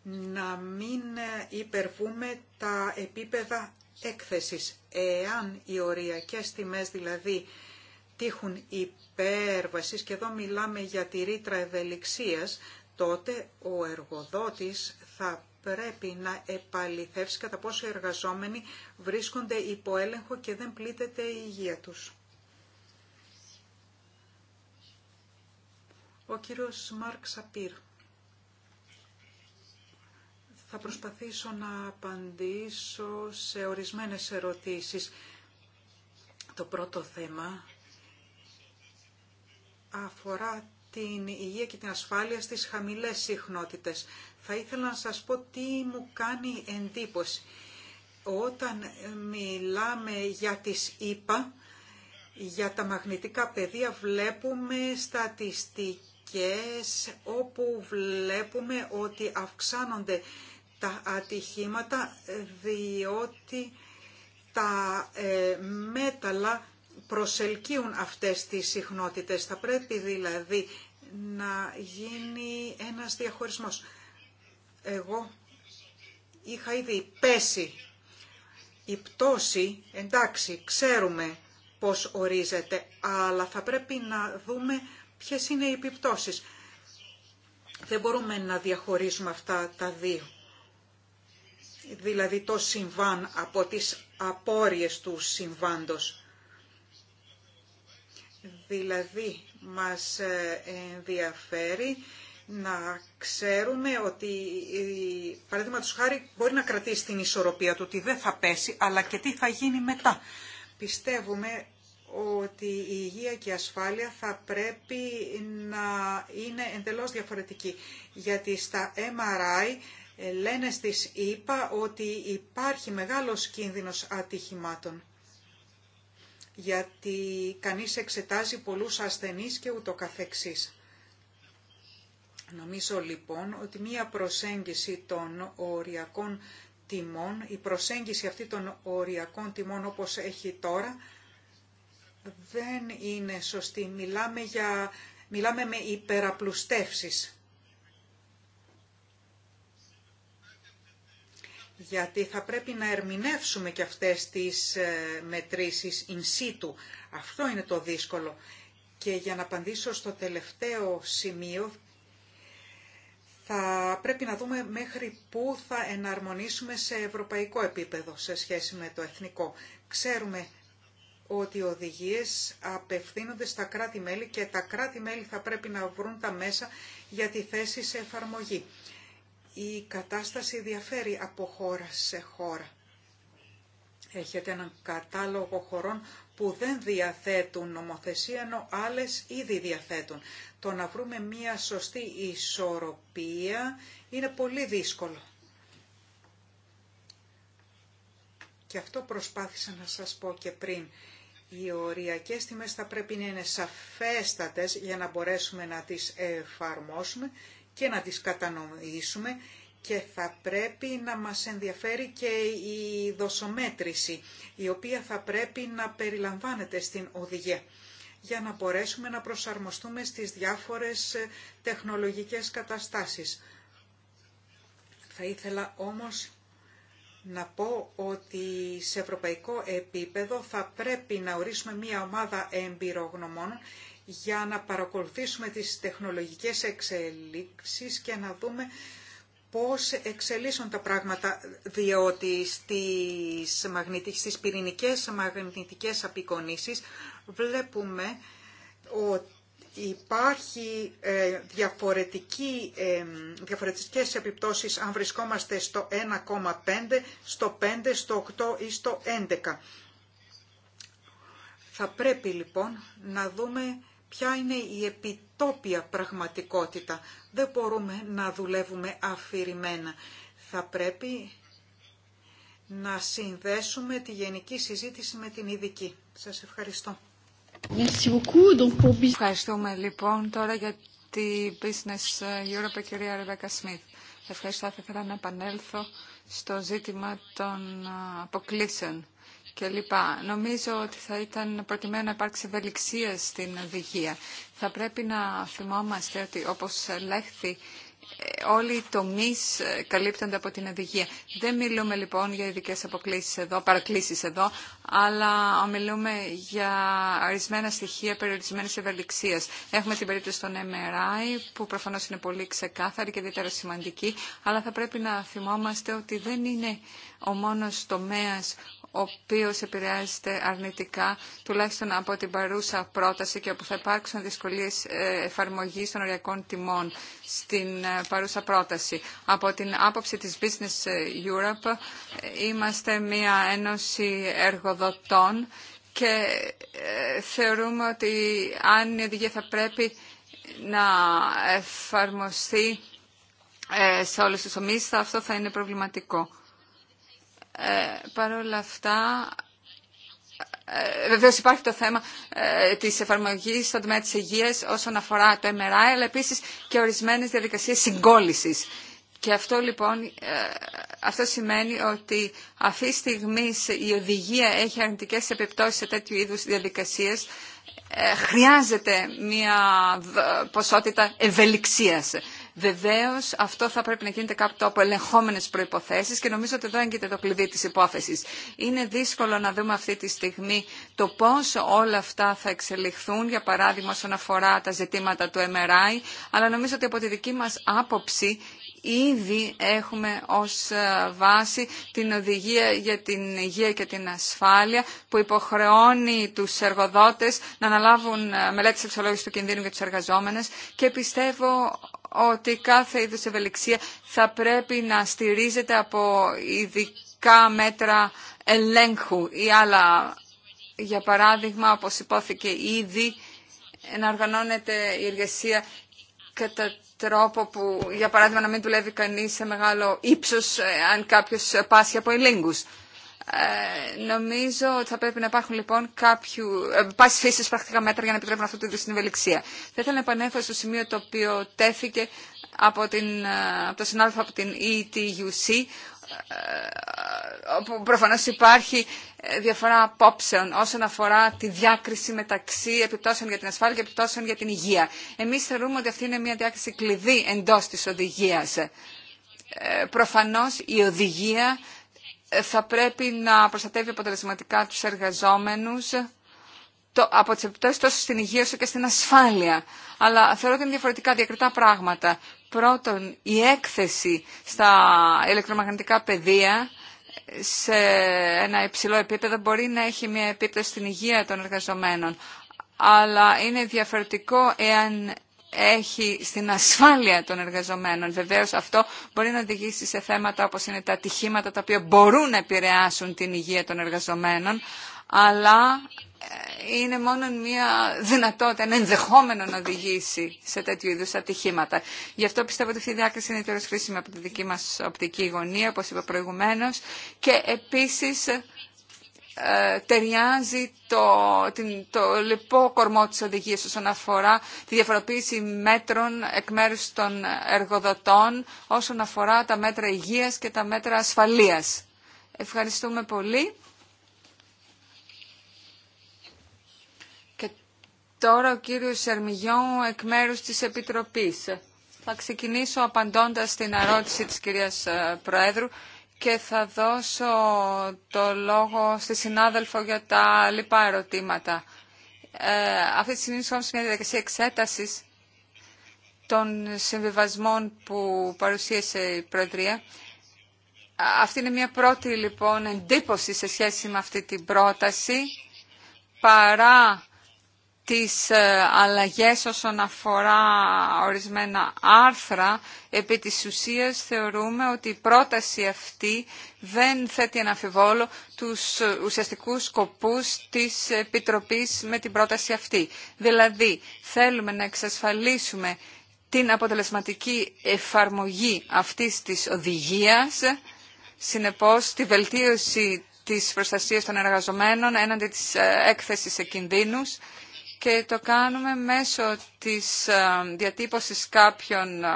να μην υπερβούμε τα επίπεδα έκθεσης. Εάν οι οριακές τιμές δηλαδή τύχουν υπέρβασης, και εδώ μιλάμε για τη ρήτρα ευελιξίας, τότε ο εργοδότης θα πρέπει να επαληθεύσει κατά πόσο οι εργαζόμενοι βρίσκονται υπό έλεγχο και δεν πλήττεται η υγεία τους. Ο κύριος Μάρκ Σαπίρ. Θα προσπαθήσω να απαντήσω σε ορισμένες ερωτήσεις. Το πρώτο θέμα αφορά την υγεία και την ασφάλεια στις χαμηλές συχνότητες. Θα ήθελα να σας πω τι μου κάνει εντύπωση. Όταν μιλάμε για τις ΙΠΑ, για τα μαγνητικά πεδία βλέπουμε στατιστικές όπου βλέπουμε ότι αυξάνονται τα ατυχήματα διότι τα ε, μέταλλα προσελκύουν αυτές τις συχνότητες. Θα πρέπει δηλαδή να γίνει ένας διαχωρισμός. Εγώ είχα ήδη πέσει η πτώση, εντάξει, ξέρουμε πώς ορίζεται, αλλά θα πρέπει να δούμε ποιες είναι οι επιπτώσεις. Δεν μπορούμε να διαχωρίσουμε αυτά τα δύο. Δηλαδή το συμβάν από τις απόρριες του συμβάντος. Δηλαδή, μας ε, ενδιαφέρει να ξέρουμε ότι, του χάρη, μπορεί να κρατήσει την ισορροπία του, ότι δεν θα πέσει, αλλά και τι θα γίνει μετά. Πιστεύουμε ότι η υγεία και η ασφάλεια θα πρέπει να είναι εντελώς διαφορετική. Γιατί στα MRI ε, λένε στις ΕΠΑ ότι υπάρχει μεγάλος κίνδυνος ατυχημάτων γιατί κανείς εξετάζει πολλούς ασθενείς και ούτω καθεξής. Νομίζω λοιπόν ότι μία προσέγγιση των οριακών τιμών, η προσέγγιση αυτή των οριακών τιμών όπως έχει τώρα, δεν είναι σωστή. Μιλάμε, για, μιλάμε με υπεραπλουστεύσεις. γιατί θα πρέπει να ερμηνεύσουμε και αυτές τις ε, μετρήσεις in situ. Αυτό είναι το δύσκολο. Και για να απαντήσω στο τελευταίο σημείο, θα πρέπει να δούμε μέχρι πού θα εναρμονίσουμε σε ευρωπαϊκό επίπεδο σε σχέση με το εθνικό. Ξέρουμε ότι οι οδηγίες απευθύνονται στα κράτη-μέλη και τα κράτη-μέλη θα πρέπει να βρουν τα μέσα για τη θέση σε εφαρμογή η κατάσταση διαφέρει από χώρα σε χώρα. Έχετε έναν κατάλογο χωρών που δεν διαθέτουν νομοθεσία, ενώ άλλες ήδη διαθέτουν. Το να βρούμε μία σωστή ισορροπία είναι πολύ δύσκολο. Και αυτό προσπάθησα να σας πω και πριν. Οι οριακές τιμές θα πρέπει να είναι σαφέστατες για να μπορέσουμε να τις εφαρμόσουμε και να τις κατανοήσουμε και θα πρέπει να μας ενδιαφέρει και η δοσομέτρηση, η οποία θα πρέπει να περιλαμβάνεται στην οδηγία για να μπορέσουμε να προσαρμοστούμε στις διάφορες ε, τεχνολογικές καταστάσεις. Θα ήθελα όμως να πω ότι σε ευρωπαϊκό επίπεδο θα πρέπει να ορίσουμε μία ομάδα εμπειρογνωμών για να παρακολουθήσουμε τις τεχνολογικές εξελίξεις και να δούμε πώς εξελίσσουν τα πράγματα, διότι στις, μαγνητικές, στις πυρηνικές μαγνητικές απεικονίσεις βλέπουμε ότι υπάρχει ε, διαφορετική, ε, διαφορετικές επιπτώσεις αν βρισκόμαστε στο 1,5, στο 5, στο 8 ή στο 11. Θα πρέπει λοιπόν να δούμε ποια είναι η επιτόπια πραγματικότητα. Δεν μπορούμε να δουλεύουμε αφηρημένα. Θα πρέπει να συνδέσουμε τη γενική συζήτηση με την ειδική. Σας ευχαριστώ. Ευχαριστούμε λοιπόν τώρα για τη Business Europe, κυρία Ρεβέκα Σμιθ. Ευχαριστώ. Θα ήθελα να επανέλθω στο ζήτημα των αποκλήσεων κλπ. Νομίζω ότι θα ήταν προκειμένου να υπάρξει ευελιξία στην οδηγία. Θα πρέπει να θυμόμαστε ότι όπως λέχθη όλοι οι τομεί ε, καλύπτονται από την οδηγία. Δεν μιλούμε λοιπόν για ειδικέ αποκλήσει εδώ, παρακλήσει εδώ, αλλά μιλούμε για αρισμένα στοιχεία περιορισμένη ευελιξία. Έχουμε την περίπτωση των MRI, που προφανώ είναι πολύ ξεκάθαρη και ιδιαίτερα σημαντική, αλλά θα πρέπει να θυμόμαστε ότι δεν είναι ο μόνο τομέα ο οποίος επηρεάζεται αρνητικά τουλάχιστον από την παρούσα πρόταση και όπου θα υπάρξουν δυσκολίες ε, εφαρμογής των οριακών τιμών στην ε, παρούσα πρόταση. Από την άποψη της Business Europe ε, είμαστε μια ένωση εργοδοτών και θεωρούμε ότι αν η οδηγία θα πρέπει να εφαρμοστεί σε όλους τους τομείς, αυτό θα είναι προβληματικό. Ε, παρόλα Παρ' όλα αυτά, ε, ε Βεβαίω υπάρχει το θέμα ε, της τη εφαρμογή στον τομέα τη υγεία όσον αφορά το MRI, αλλά επίση και ορισμένε διαδικασίε συγκόλληση. Και αυτό λοιπόν, αυτό σημαίνει ότι αυτή τη στιγμή η οδηγία έχει αρνητικέ επιπτώσει σε τέτοιου είδου διαδικασίες χρειάζεται μια ποσότητα ευελιξίας. Βεβαίω αυτό θα πρέπει να γίνεται κάπου από ελεγχόμενε προποθέσει και νομίζω ότι εδώ έγκυται το κλειδί τη υπόθεση. Είναι δύσκολο να δούμε αυτή τη στιγμή το πώ όλα αυτά θα εξελιχθούν, για παράδειγμα όσον αφορά τα ζητήματα του MRI, αλλά νομίζω ότι από τη δική μα άποψη ήδη έχουμε ως ε, βάση την οδηγία για την υγεία και την ασφάλεια που υποχρεώνει τους εργοδότες να αναλάβουν ε, μελέτες εξολόγηση του κινδύνου για του εργαζόμενες και πιστεύω ότι κάθε είδους ευελιξία θα πρέπει να στηρίζεται από ειδικά μέτρα ελέγχου ή άλλα, για παράδειγμα, όπως υπόθηκε ήδη, να οργανώνεται η εργασία κατά τρόπο που, για παράδειγμα, να μην δουλεύει κανείς σε μεγάλο ύψος ε, αν κάποιος πάσει από ελέγχους. Ε, νομίζω ότι θα πρέπει να υπάρχουν λοιπόν κάποιου ε, πάση φύση πρακτικά μέτρα για να επιτρέπουν αυτού του είδο την ευελιξία. Θα ήθελα να επανέλθω στο σημείο το οποίο τέθηκε από, την, ε, από το συνάδελφο από την ETUC, όπου προφανώς υπάρχει διαφορά απόψεων όσον αφορά τη διάκριση μεταξύ επιπτώσεων για την ασφάλεια και επιπτώσεων για την υγεία. Εμείς θεωρούμε ότι αυτή είναι μια διάκριση κλειδί εντός της οδηγίας. προφανώς η οδηγία θα πρέπει να προστατεύει αποτελεσματικά τους εργαζόμενους από τις επιπτώσεις τόσο στην υγεία όσο και στην ασφάλεια. Αλλά θεωρώ ότι είναι διαφορετικά διακριτά πράγματα. Πρώτον, η έκθεση στα ηλεκτρομαγνητικά πεδία σε ένα υψηλό επίπεδο μπορεί να έχει μια επίπτωση στην υγεία των εργαζομένων. Αλλά είναι διαφορετικό εάν έχει στην ασφάλεια των εργαζομένων. Βεβαίως αυτό μπορεί να οδηγήσει σε θέματα όπως είναι τα ατυχήματα τα οποία μπορούν να επηρεάσουν την υγεία των εργαζομένων, αλλά ε, είναι μόνο μια δυνατότητα, ένα ενδεχόμενο να οδηγήσει σε τέτοιου είδους ατυχήματα. Γι' αυτό πιστεύω ότι αυτή η διάκριση είναι τέλος χρήσιμη από τη δική μας οπτική γωνία, όπως είπα προηγουμένως, και επίσης ε, ταιριάζει το, την, το λοιπό κορμό της οδηγίας όσον αφορά τη διαφοροποίηση μέτρων εκ μέρους των εργοδοτών όσον αφορά τα μέτρα υγείας και τα μέτρα ασφαλείας. Ευχαριστούμε πολύ. Και τώρα ο κύριος Σερμιγιόν εκ μέρους της Επιτροπής. Θα ξεκινήσω απαντώντας στην ερώτηση της κυρίας ε, Προέδρου και θα δώσω το λόγο στη συνάδελφο για τα λοιπά ερωτήματα. Ε, αυτή τη στιγμή σε μια διαδικασία εξέτασης των συμβιβασμών που παρουσίασε η Προεδρία. Αυτή είναι μια πρώτη λοιπόν εντύπωση σε σχέση με αυτή την πρόταση παρά τις ε, αλλαγές όσον αφορά ορισμένα άρθρα, επί της ουσίας θεωρούμε ότι η πρόταση αυτή δεν θέτει ένα αφιβόλο τους ουσιαστικούς σκοπούς της Επιτροπής με την πρόταση αυτή. Δηλαδή, θέλουμε να εξασφαλίσουμε την αποτελεσματική εφαρμογή αυτής της οδηγίας, συνεπώς τη βελτίωση της προστασίας των εργαζομένων έναντι της ε, έκθεσης σε κινδύνους, και το κάνουμε μέσω της ε, διατύπωσης κάποιων ε,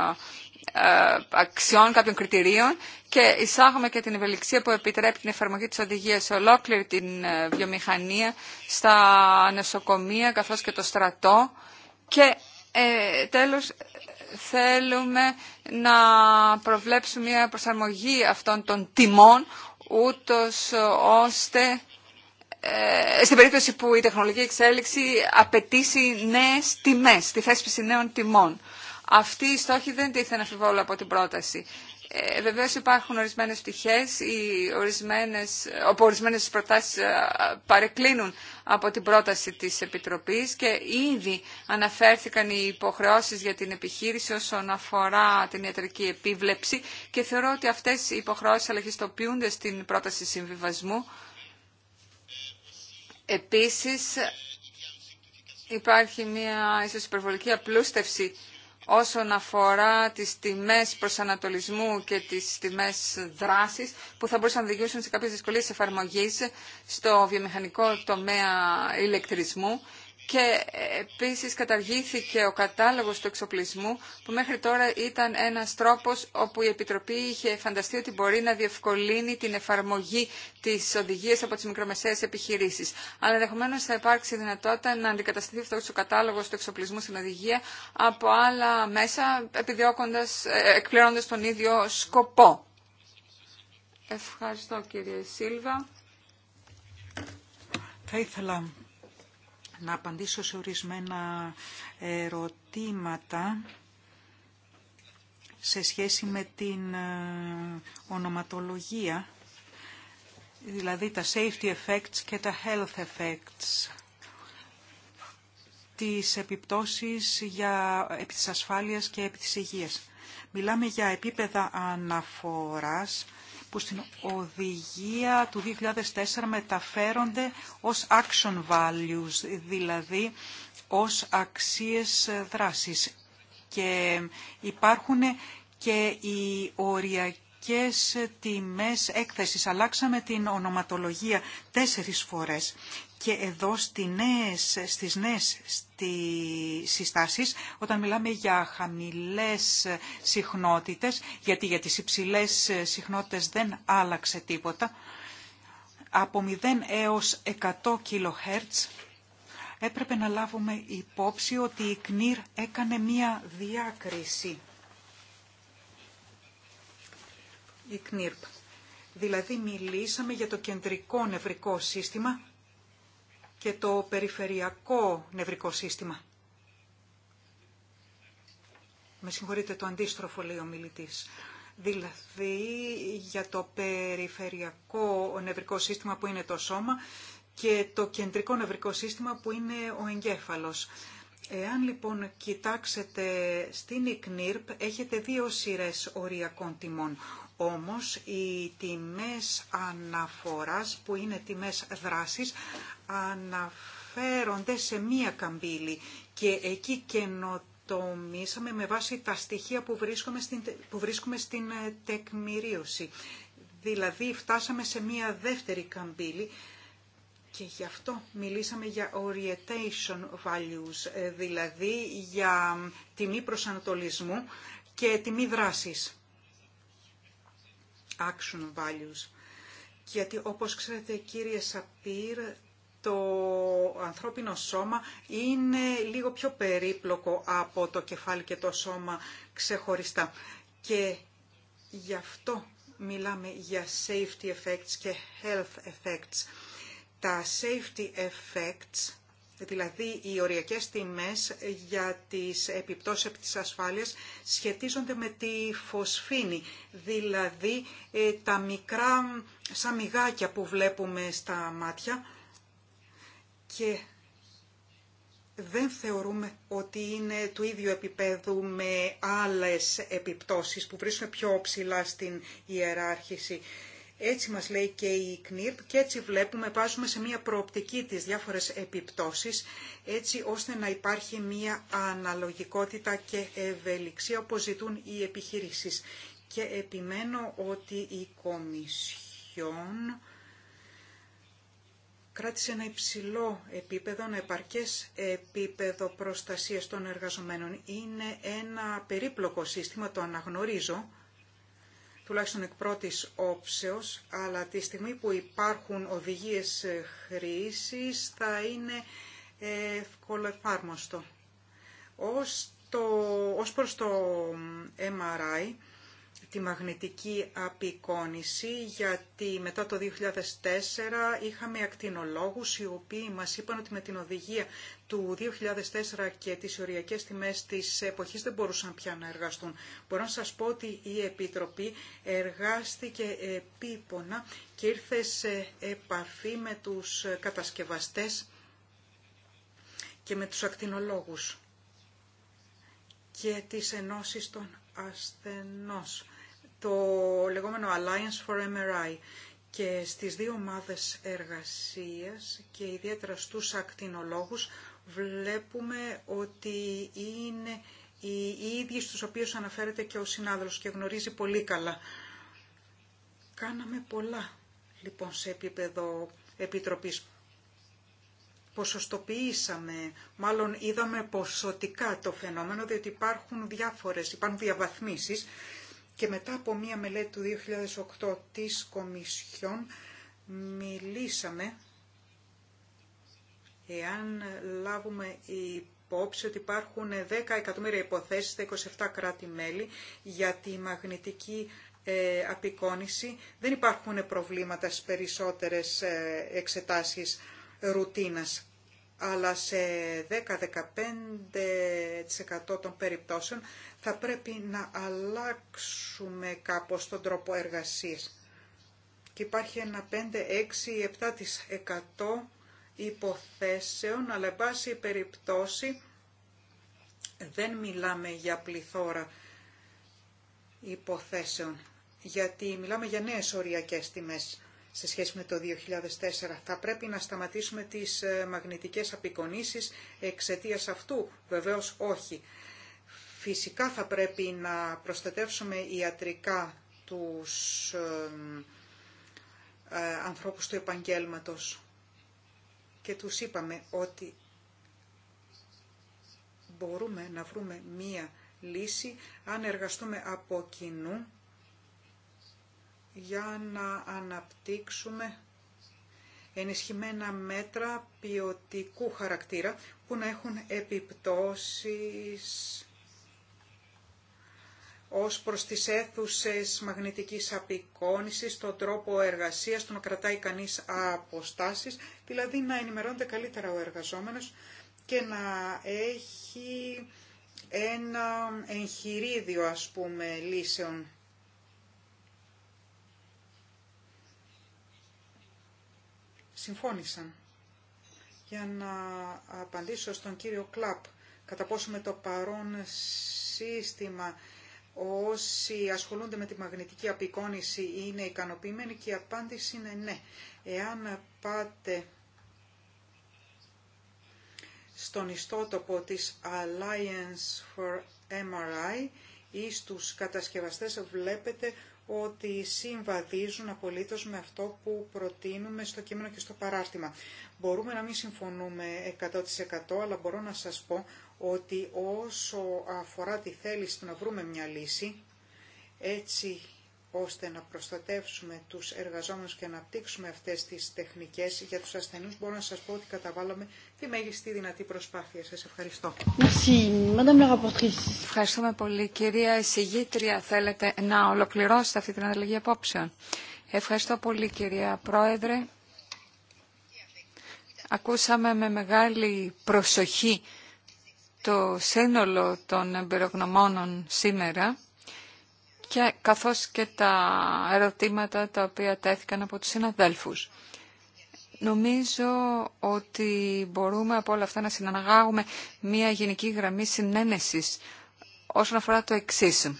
ε, αξιών, κάποιων κριτηρίων και εισάγουμε και την ευελιξία που επιτρέπει την εφαρμογή της οδηγίας σε ολόκληρη την βιομηχανία, στα νοσοκομεία καθώς και το στρατό και τέλος θέλουμε να προβλέψουμε μια προσαρμογή αυτών των τιμών ούτως ώστε ε, στην περίπτωση που η τεχνολογική εξέλιξη απαιτήσει νέε τιμέ τη θέσπιση νέων τιμών. Αυτή η στόχη δεν να αφιβόλου από την πρόταση. Ε, βεβαίως υπάρχουν ορισμένες πτυχές, όπου ορισμένες προτάσεις ε, παρεκκλίνουν από την πρόταση της Επιτροπής και ήδη αναφέρθηκαν οι υποχρεώσεις για την επιχείρηση όσον αφορά την ιατρική επίβλεψη και θεωρώ ότι αυτές οι υποχρεώσεις αλλαγιστοποιούνται στην πρόταση συμβιβασμού Επίσης υπάρχει μια ίσως υπερβολική απλούστευση όσον αφορά τις τιμές προσανατολισμού και τις τιμές δράσης που θα μπορούσαν να οδηγήσουν σε κάποιες δυσκολίες εφαρμογής στο βιομηχανικό τομέα ηλεκτρισμού και ε, επίσης καταργήθηκε ο κατάλογος του εξοπλισμού που μέχρι τώρα ήταν ένας τρόπος όπου η Επιτροπή είχε φανταστεί ότι μπορεί να διευκολύνει την εφαρμογή της οδηγίας από τις μικρομεσαίες επιχειρήσεις. Αλλά ενδεχομένω θα υπάρξει δυνατότητα να αντικαταστήσει αυτό ο κατάλογος του εξοπλισμού στην οδηγία από άλλα μέσα επιδιώκοντας, ε, εκπληρώνοντας τον ίδιο σκοπό. Ευχαριστώ κύριε Σίλβα. Θα ήθελα να απαντήσω σε ορισμένα ερωτήματα σε σχέση με την ε, ονοματολογία, δηλαδή τα safety effects και τα health effects, τις επιπτώσεις για, επί της ασφάλειας και επί της υγείας. Μιλάμε για επίπεδα αναφοράς που στην οδηγία του 2004 μεταφέρονται ως action values, δηλαδή ως αξίες δράσης. Και υπάρχουν και οι οριακές τιμές έκθεσης. Αλλάξαμε την ονοματολογία τέσσερις φορές και εδώ στις νέες, στις νέες συστάσεις, όταν μιλάμε για χαμηλές συχνότητες, γιατί για τις υψηλές συχνότητες δεν άλλαξε τίποτα, από 0 έως 100 kHz έπρεπε να λάβουμε υπόψη ότι η ΚΝΙΡ έκανε μία διάκριση. Η ΚΝΙΡΠ. Δηλαδή μιλήσαμε για το κεντρικό νευρικό σύστημα και το περιφερειακό νευρικό σύστημα. Με συγχωρείτε, το αντίστροφο λέει ο μιλητής. Δηλαδή για το περιφερειακό νευρικό σύστημα που είναι το σώμα και το κεντρικό νευρικό σύστημα που είναι ο εγκέφαλος. Εάν λοιπόν κοιτάξετε στην ΙΚΝΙΡΠ έχετε δύο σειρές οριακών τιμών. Όμως οι τιμές αναφοράς που είναι τιμές δράσης αναφέρονται σε μία καμπύλη και εκεί καινοτομήσαμε με βάση τα στοιχεία που βρίσκουμε στην, που βρίσκουμε στην ε, τεκμηρίωση. Δηλαδή φτάσαμε σε μία δεύτερη καμπύλη και γι' αυτό μιλήσαμε για orientation values, ε, δηλαδή για τιμή προσανατολισμού και τιμή δράσης. Action values. Γιατί όπως ξέρετε κύριε Σαπίρ, το ανθρώπινο σώμα είναι λίγο πιο περίπλοκο από το κεφάλι και το σώμα ξεχωριστά. Και γι' αυτό μιλάμε για safety effects και health effects. Τα safety effects, δηλαδή οι οριακές τιμές για τις επιπτώσεις της ασφάλειας, σχετίζονται με τη φωσφίνη, δηλαδή ε, τα μικρά σαμιγάκια που βλέπουμε στα μάτια, και δεν θεωρούμε ότι είναι του ίδιου επίπεδου με άλλες επιπτώσεις που βρίσκουν πιο ψηλά στην ιεράρχηση. Έτσι μας λέει και η ΚΝΙΡΠ και έτσι βλέπουμε, βάζουμε σε μια προοπτική τις διάφορες επιπτώσεις, έτσι ώστε να υπάρχει μια αναλογικότητα και ευελιξία όπως ζητούν οι επιχειρήσεις. Και επιμένω ότι η Κομισιόν κράτησε ένα υψηλό επίπεδο, ένα επαρκές επίπεδο προστασίας των εργαζομένων. Είναι ένα περίπλοκο σύστημα, το αναγνωρίζω, τουλάχιστον εκ πρώτης όψεως, αλλά τη στιγμή που υπάρχουν οδηγίες χρήσης θα είναι εύκολο εφάρμοστο. Ως, το, ως προς το MRI, τη μαγνητική απεικόνηση, γιατί μετά το 2004 είχαμε ακτινολόγους οι οποίοι μας είπαν ότι με την οδηγία του 2004 και τις οριακές τιμές της εποχής δεν μπορούσαν πια να εργαστούν. Μπορώ να σας πω ότι η Επιτροπή εργάστηκε επίπονα και ήρθε σε επαφή με τους κατασκευαστές και με τους ακτινολόγους και τις ενώσεις των ασθενός, το λεγόμενο Alliance for MRI και στις δύο ομάδες εργασίας και ιδιαίτερα στους ακτινολόγους βλέπουμε ότι είναι οι ίδιοι στους οποίους αναφέρεται και ο συνάδελφος και γνωρίζει πολύ καλά. Κάναμε πολλά λοιπόν σε επίπεδο Επιτροπής ποσοστοποιήσαμε, μάλλον είδαμε ποσοτικά το φαινόμενο, διότι υπάρχουν διάφορες, υπάρχουν διαβαθμίσεις και μετά από μία μελέτη του 2008 της Κομισιόν μιλήσαμε, εάν λάβουμε υπόψη ότι υπάρχουν 10 εκατομμύρια υποθέσεις στα 27 κράτη-μέλη για τη μαγνητική ε, απεικόνηση, δεν υπάρχουν προβλήματα στις περισσότερες ε, εξετάσεις ρουτίνας. Αλλά σε 10-15% των περιπτώσεων θα πρέπει να αλλάξουμε κάπως τον τρόπο εργασίας. Και υπάρχει ένα 5-6-7% υποθέσεων, αλλά εν πάση περιπτώσει δεν μιλάμε για πληθώρα υποθέσεων, γιατί μιλάμε για νέες οριακές τιμές σε σχέση με το 2004. Θα πρέπει να σταματήσουμε τις ε, μαγνητικές απεικονίσεις εξαιτίας αυτού. Βεβαίως όχι. Φυσικά θα πρέπει να προστατεύσουμε ιατρικά τους ε, ε, ανθρώπους του επαγγέλματος. Και τους είπαμε ότι μπορούμε να βρούμε μία λύση αν εργαστούμε από κοινού για να αναπτύξουμε ενισχυμένα μέτρα ποιοτικού χαρακτήρα που να έχουν επιπτώσεις ως προς τις αίθουσες μαγνητικής απεικόνησης, τον τρόπο εργασίας, τον κρατάει κανείς αποστάσεις, δηλαδή να ενημερώνεται καλύτερα ο εργαζόμενος και να έχει ένα εγχειρίδιο ας πούμε λύσεων συμφώνησαν. Για να απαντήσω στον κύριο Κλαπ, κατά πόσο με το παρόν σύστημα όσοι ασχολούνται με τη μαγνητική απεικόνηση είναι ικανοποιημένοι και η απάντηση είναι ναι. Εάν πάτε στον ιστότοπο της Alliance for MRI ή στους κατασκευαστές βλέπετε ότι συμβαδίζουν απολύτως με αυτό που προτείνουμε στο κείμενο και στο παράρτημα. Μπορούμε να μην συμφωνούμε 100% αλλά μπορώ να σας πω ότι όσο αφορά τη θέληση να βρούμε μια λύση, έτσι ώστε να προστατεύσουμε τους εργαζόμενους και να απτύξουμε αυτές τις τεχνικές για τους ασθενούς, μπορώ να σας πω ότι καταβάλαμε τη μέγιστη δυνατή προσπάθεια. Σας ευχαριστώ. Ευχαριστούμε πολύ. Κυρία εισηγήτρια, θέλετε να ολοκληρώσετε αυτή την ανταλλαγή απόψεων. Ευχαριστώ πολύ κυρία Πρόεδρε. Ακούσαμε με μεγάλη προσοχή το σύνολο των εμπειρογνωμόνων σήμερα και καθώς και τα ερωτήματα τα οποία τέθηκαν από τους συναδέλφους. Νομίζω ότι μπορούμε από όλα αυτά να συναναγάγουμε μία γενική γραμμή συνένεσης όσον αφορά το εξή.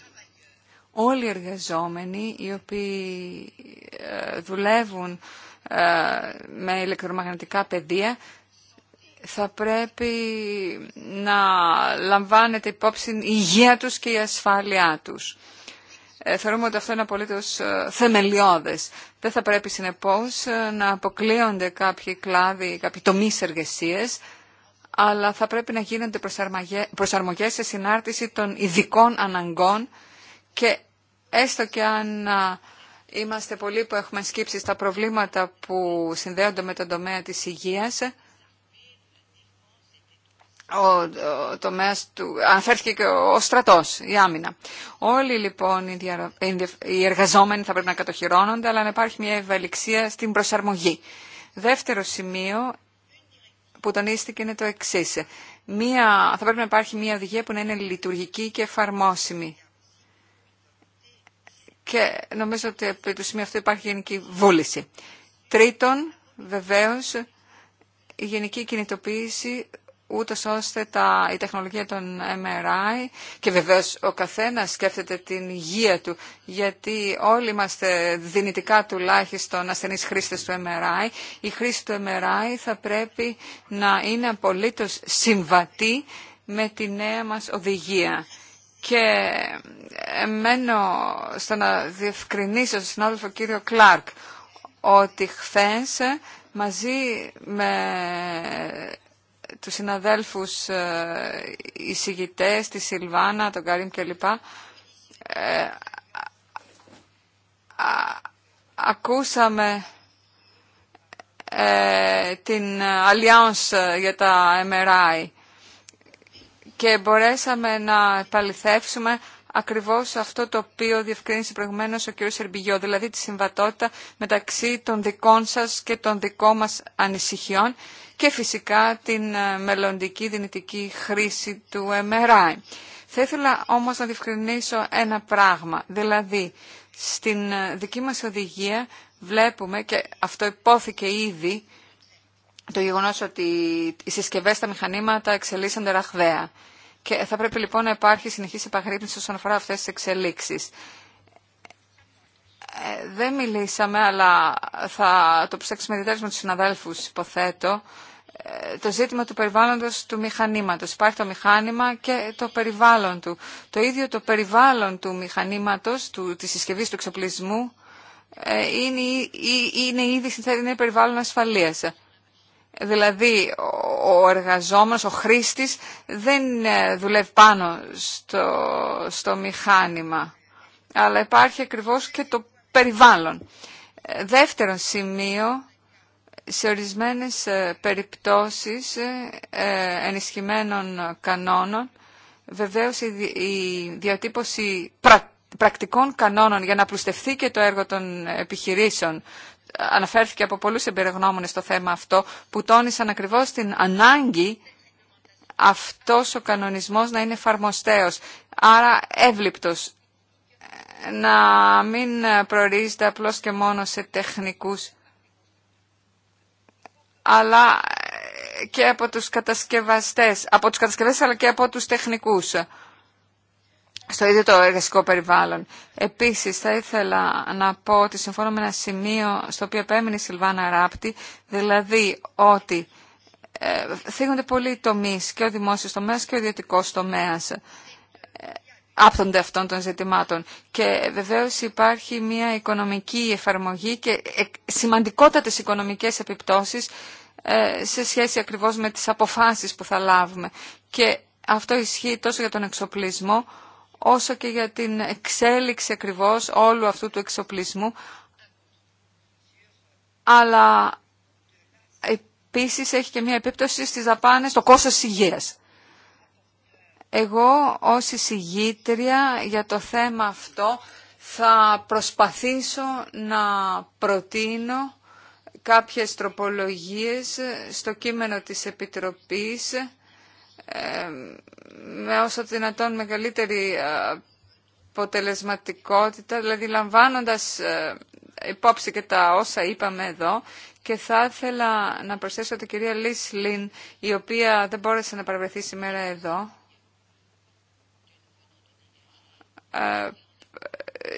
Όλοι οι εργαζόμενοι οι οποίοι ε, δουλεύουν ε, με ηλεκτρομαγνητικά πεδία θα πρέπει να λαμβάνεται υπόψη η υγεία τους και η ασφάλειά τους. Ε, θεωρούμε ότι αυτό είναι απολύτως ε, θεμελιώδε. Δεν θα πρέπει συνεπώς ε, να αποκλείονται κάποιοι κλάδοι, κάποιοι τομεί εργασίε, αλλά θα πρέπει να γίνονται προσαρμογές σε συνάρτηση των ειδικών αναγκών και έστω και αν είμαστε πολλοί που έχουμε σκύψει στα προβλήματα που συνδέονται με τον τομέα της υγείας, ο τομέας του, αναφέρθηκε και ο στρατός, η άμυνα. Όλοι λοιπόν οι εργαζόμενοι θα πρέπει να κατοχυρώνονται, αλλά να υπάρχει μια ευελιξία στην προσαρμογή. Δεύτερο σημείο που τονίστηκε είναι το εξή. Μία, θα πρέπει να υπάρχει οδηγία που να είναι λειτουργική και εφαρμόσιμη. Και νομίζω ότι επί του σημείου αυτού υπάρχει γενική βούληση. Τρίτον, βεβαίως, η γενική κινητοποίηση ούτω ώστε η τεχνολογία των MRI και βεβαίως ο καθένας σκέφτεται την υγεία του γιατί όλοι είμαστε δυνητικά τουλάχιστον ασθενεί χρήστε του MRI η χρήση του MRI θα πρέπει να είναι απολύτω συμβατή με τη νέα μας οδηγία και ε, μένω στο να διευκρινίσω στον συνάδελφο κύριο Κλάρκ ότι χθε μαζί με τους συναδέλφους ε, εισηγητές, τη Σιλβάνα, τον Καρίν κλπ. Ε, ακούσαμε ε, την Alliance για τα MRI και μπορέσαμε να επαληθεύσουμε ακριβώς αυτό το οποίο διευκρίνησε προηγουμένως ο κ. Σερμπιγιό, δηλαδή τη συμβατότητα μεταξύ των δικών σας και των δικών μας ανησυχιών και φυσικά την ε, μελλοντική δυνητική χρήση του MRI. Θα ήθελα όμως να διευκρινίσω ένα πράγμα, δηλαδή στην ε, δική μας οδηγία βλέπουμε και αυτό υπόθηκε ήδη το γεγονός ότι οι συσκευές στα μηχανήματα εξελίσσονται ραχδαία. Και θα πρέπει λοιπόν να υπάρχει συνεχής επαγρύπνηση όσον αφορά αυτές τις εξελίξεις. Ε, δεν μιλήσαμε, αλλά θα το ψάξουμε με τους συναδέλφους, υποθέτω, το ζήτημα του περιβάλλοντος του μηχανήματος. Υπάρχει το μηχάνημα και το περιβάλλον του. Το ίδιο το περιβάλλον του μηχανήματος, του, της συσκευής του εξοπλισμού, ε, είναι, ε, είναι ήδη είναι περιβάλλον ασφαλείας. Δηλαδή, ο εργαζόμενος, ο χρήστης, δεν ε, δουλεύει πάνω στο, μηχάνημα. Αλλά υπάρχει ακριβώς και το περιβάλλον. Δεύτερο σημείο, σε ορισμένες ε, περιπτώσεις ε, ε, ενισχυμένων κανόνων, βεβαίως η διατύπωση πρακτικών κανόνων για να πλουστευτεί και το έργο των επιχειρήσεων, αναφέρθηκε από πολλούς εμπειρογνώμονες στο θέμα αυτό, που τόνισαν ακριβώς την ανάγκη αυτός ο κανονισμός να είναι εφαρμοστέος, άρα εύληπτος, να μην προορίζεται απλώς και μόνο σε τεχνικούς αλλά ε, και από τους κατασκευαστές, από τους αλλά και από τους τεχνικούς στο ίδιο το εργασικό περιβάλλον. Επίσης θα ήθελα να πω ότι συμφωνώ με ένα σημείο στο οποίο επέμεινε η Σιλβάνα Ράπτη, δηλαδή ότι ε, θίγονται πολλοί τομεί και ο δημόσιος τομέας και ο ιδιωτικό τομέας ε, άπτονται αυτών των ζητημάτων. Και βεβαίως υπάρχει μια οικονομική εφαρμογή και ε, σημαντικότατες οικονομικές επιπτώσεις ε, σε σχέση ακριβώς με τις αποφάσεις που θα λάβουμε. Και αυτό ισχύει τόσο για τον εξοπλισμό, όσο και για την εξέλιξη ακριβώς όλου αυτού του εξοπλισμού. Αλλά επίσης έχει και μια επίπτωση στις δαπάνες το κόστος υγείας. Εγώ ως εισηγήτρια για το θέμα αυτό θα προσπαθήσω να προτείνω κάποιες τροπολογίες στο κείμενο της Επιτροπής ε, με όσο δυνατόν μεγαλύτερη ε, αποτελεσματικότητα, δηλαδή λαμβάνοντας ε, υπόψη και τα όσα είπαμε εδώ και θα ήθελα να προσθέσω την κυρία Λιν, η οποία δεν μπόρεσε να παραβρεθεί σήμερα εδώ.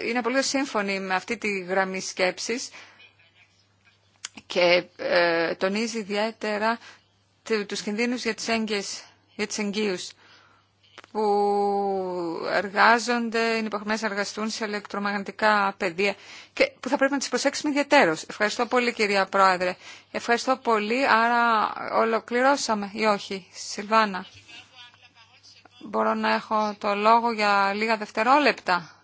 Είναι πολύ σύμφωνη με αυτή τη γραμμή σκέψης και ε, τονίζει ιδιαίτερα τους κινδύνους για τις, έγκυες, που εργάζονται, είναι υποχρεωμένες να εργαστούν σε ηλεκτρομαγνητικά πεδία και που θα πρέπει να τις προσέξουμε ιδιαίτερως. Ευχαριστώ πολύ κυρία Πρόεδρε. Ευχαριστώ πολύ. Άρα ολοκληρώσαμε ή όχι. Σιλβάνα. Μπορώ να έχω το λόγο για λίγα δευτερόλεπτα.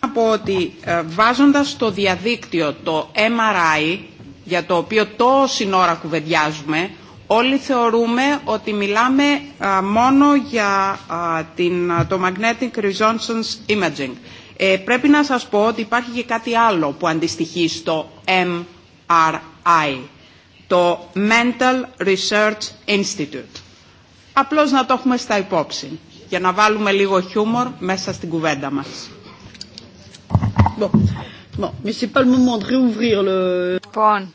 Από ότι ε, βάζοντας στο διαδίκτυο το MRI για το οποίο τόση ώρα κουβεντιάζουμε, όλοι θεωρούμε ότι μιλάμε μόνο για την, το Magnetic Resonance Imaging. Ε, πρέπει να σας πω ότι υπάρχει και κάτι άλλο που αντιστοιχεί στο MRI, το Mental Research Institute. Απλώς να το έχουμε στα υπόψη, για να βάλουμε λίγο χιούμορ μέσα στην κουβέντα μας. Bon. Bon. Mais pas Λοιπόν,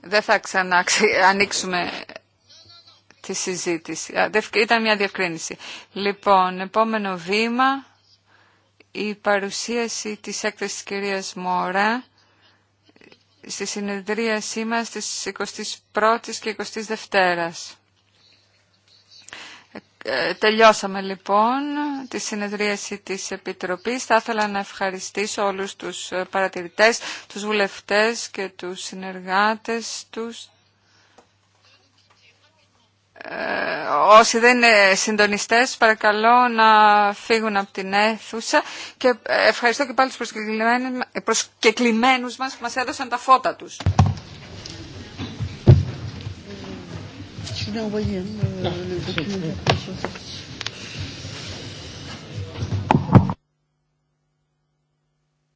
δεν θα ξανά ανοίξουμε τη συζήτηση. Ήταν μια διευκρίνηση. Λοιπόν, επόμενο βήμα, η παρουσίαση της έκθεσης της κυρίας Μόρα στη συνεδρίασή μας στις 21ης και 22ης Δευτέρας. Ε, τελειώσαμε λοιπόν τη συνεδρίαση της Επιτροπής. Θα ήθελα να ευχαριστήσω όλους τους ε, παρατηρητές, τους βουλευτές και τους συνεργάτες τους. Ε, όσοι δεν είναι συντονιστές, παρακαλώ να φύγουν από την αίθουσα και ευχαριστώ και πάλι τους προσκεκλημένους μας που μας έδωσαν τα φώτα τους. je l'ai envoyé, le document sur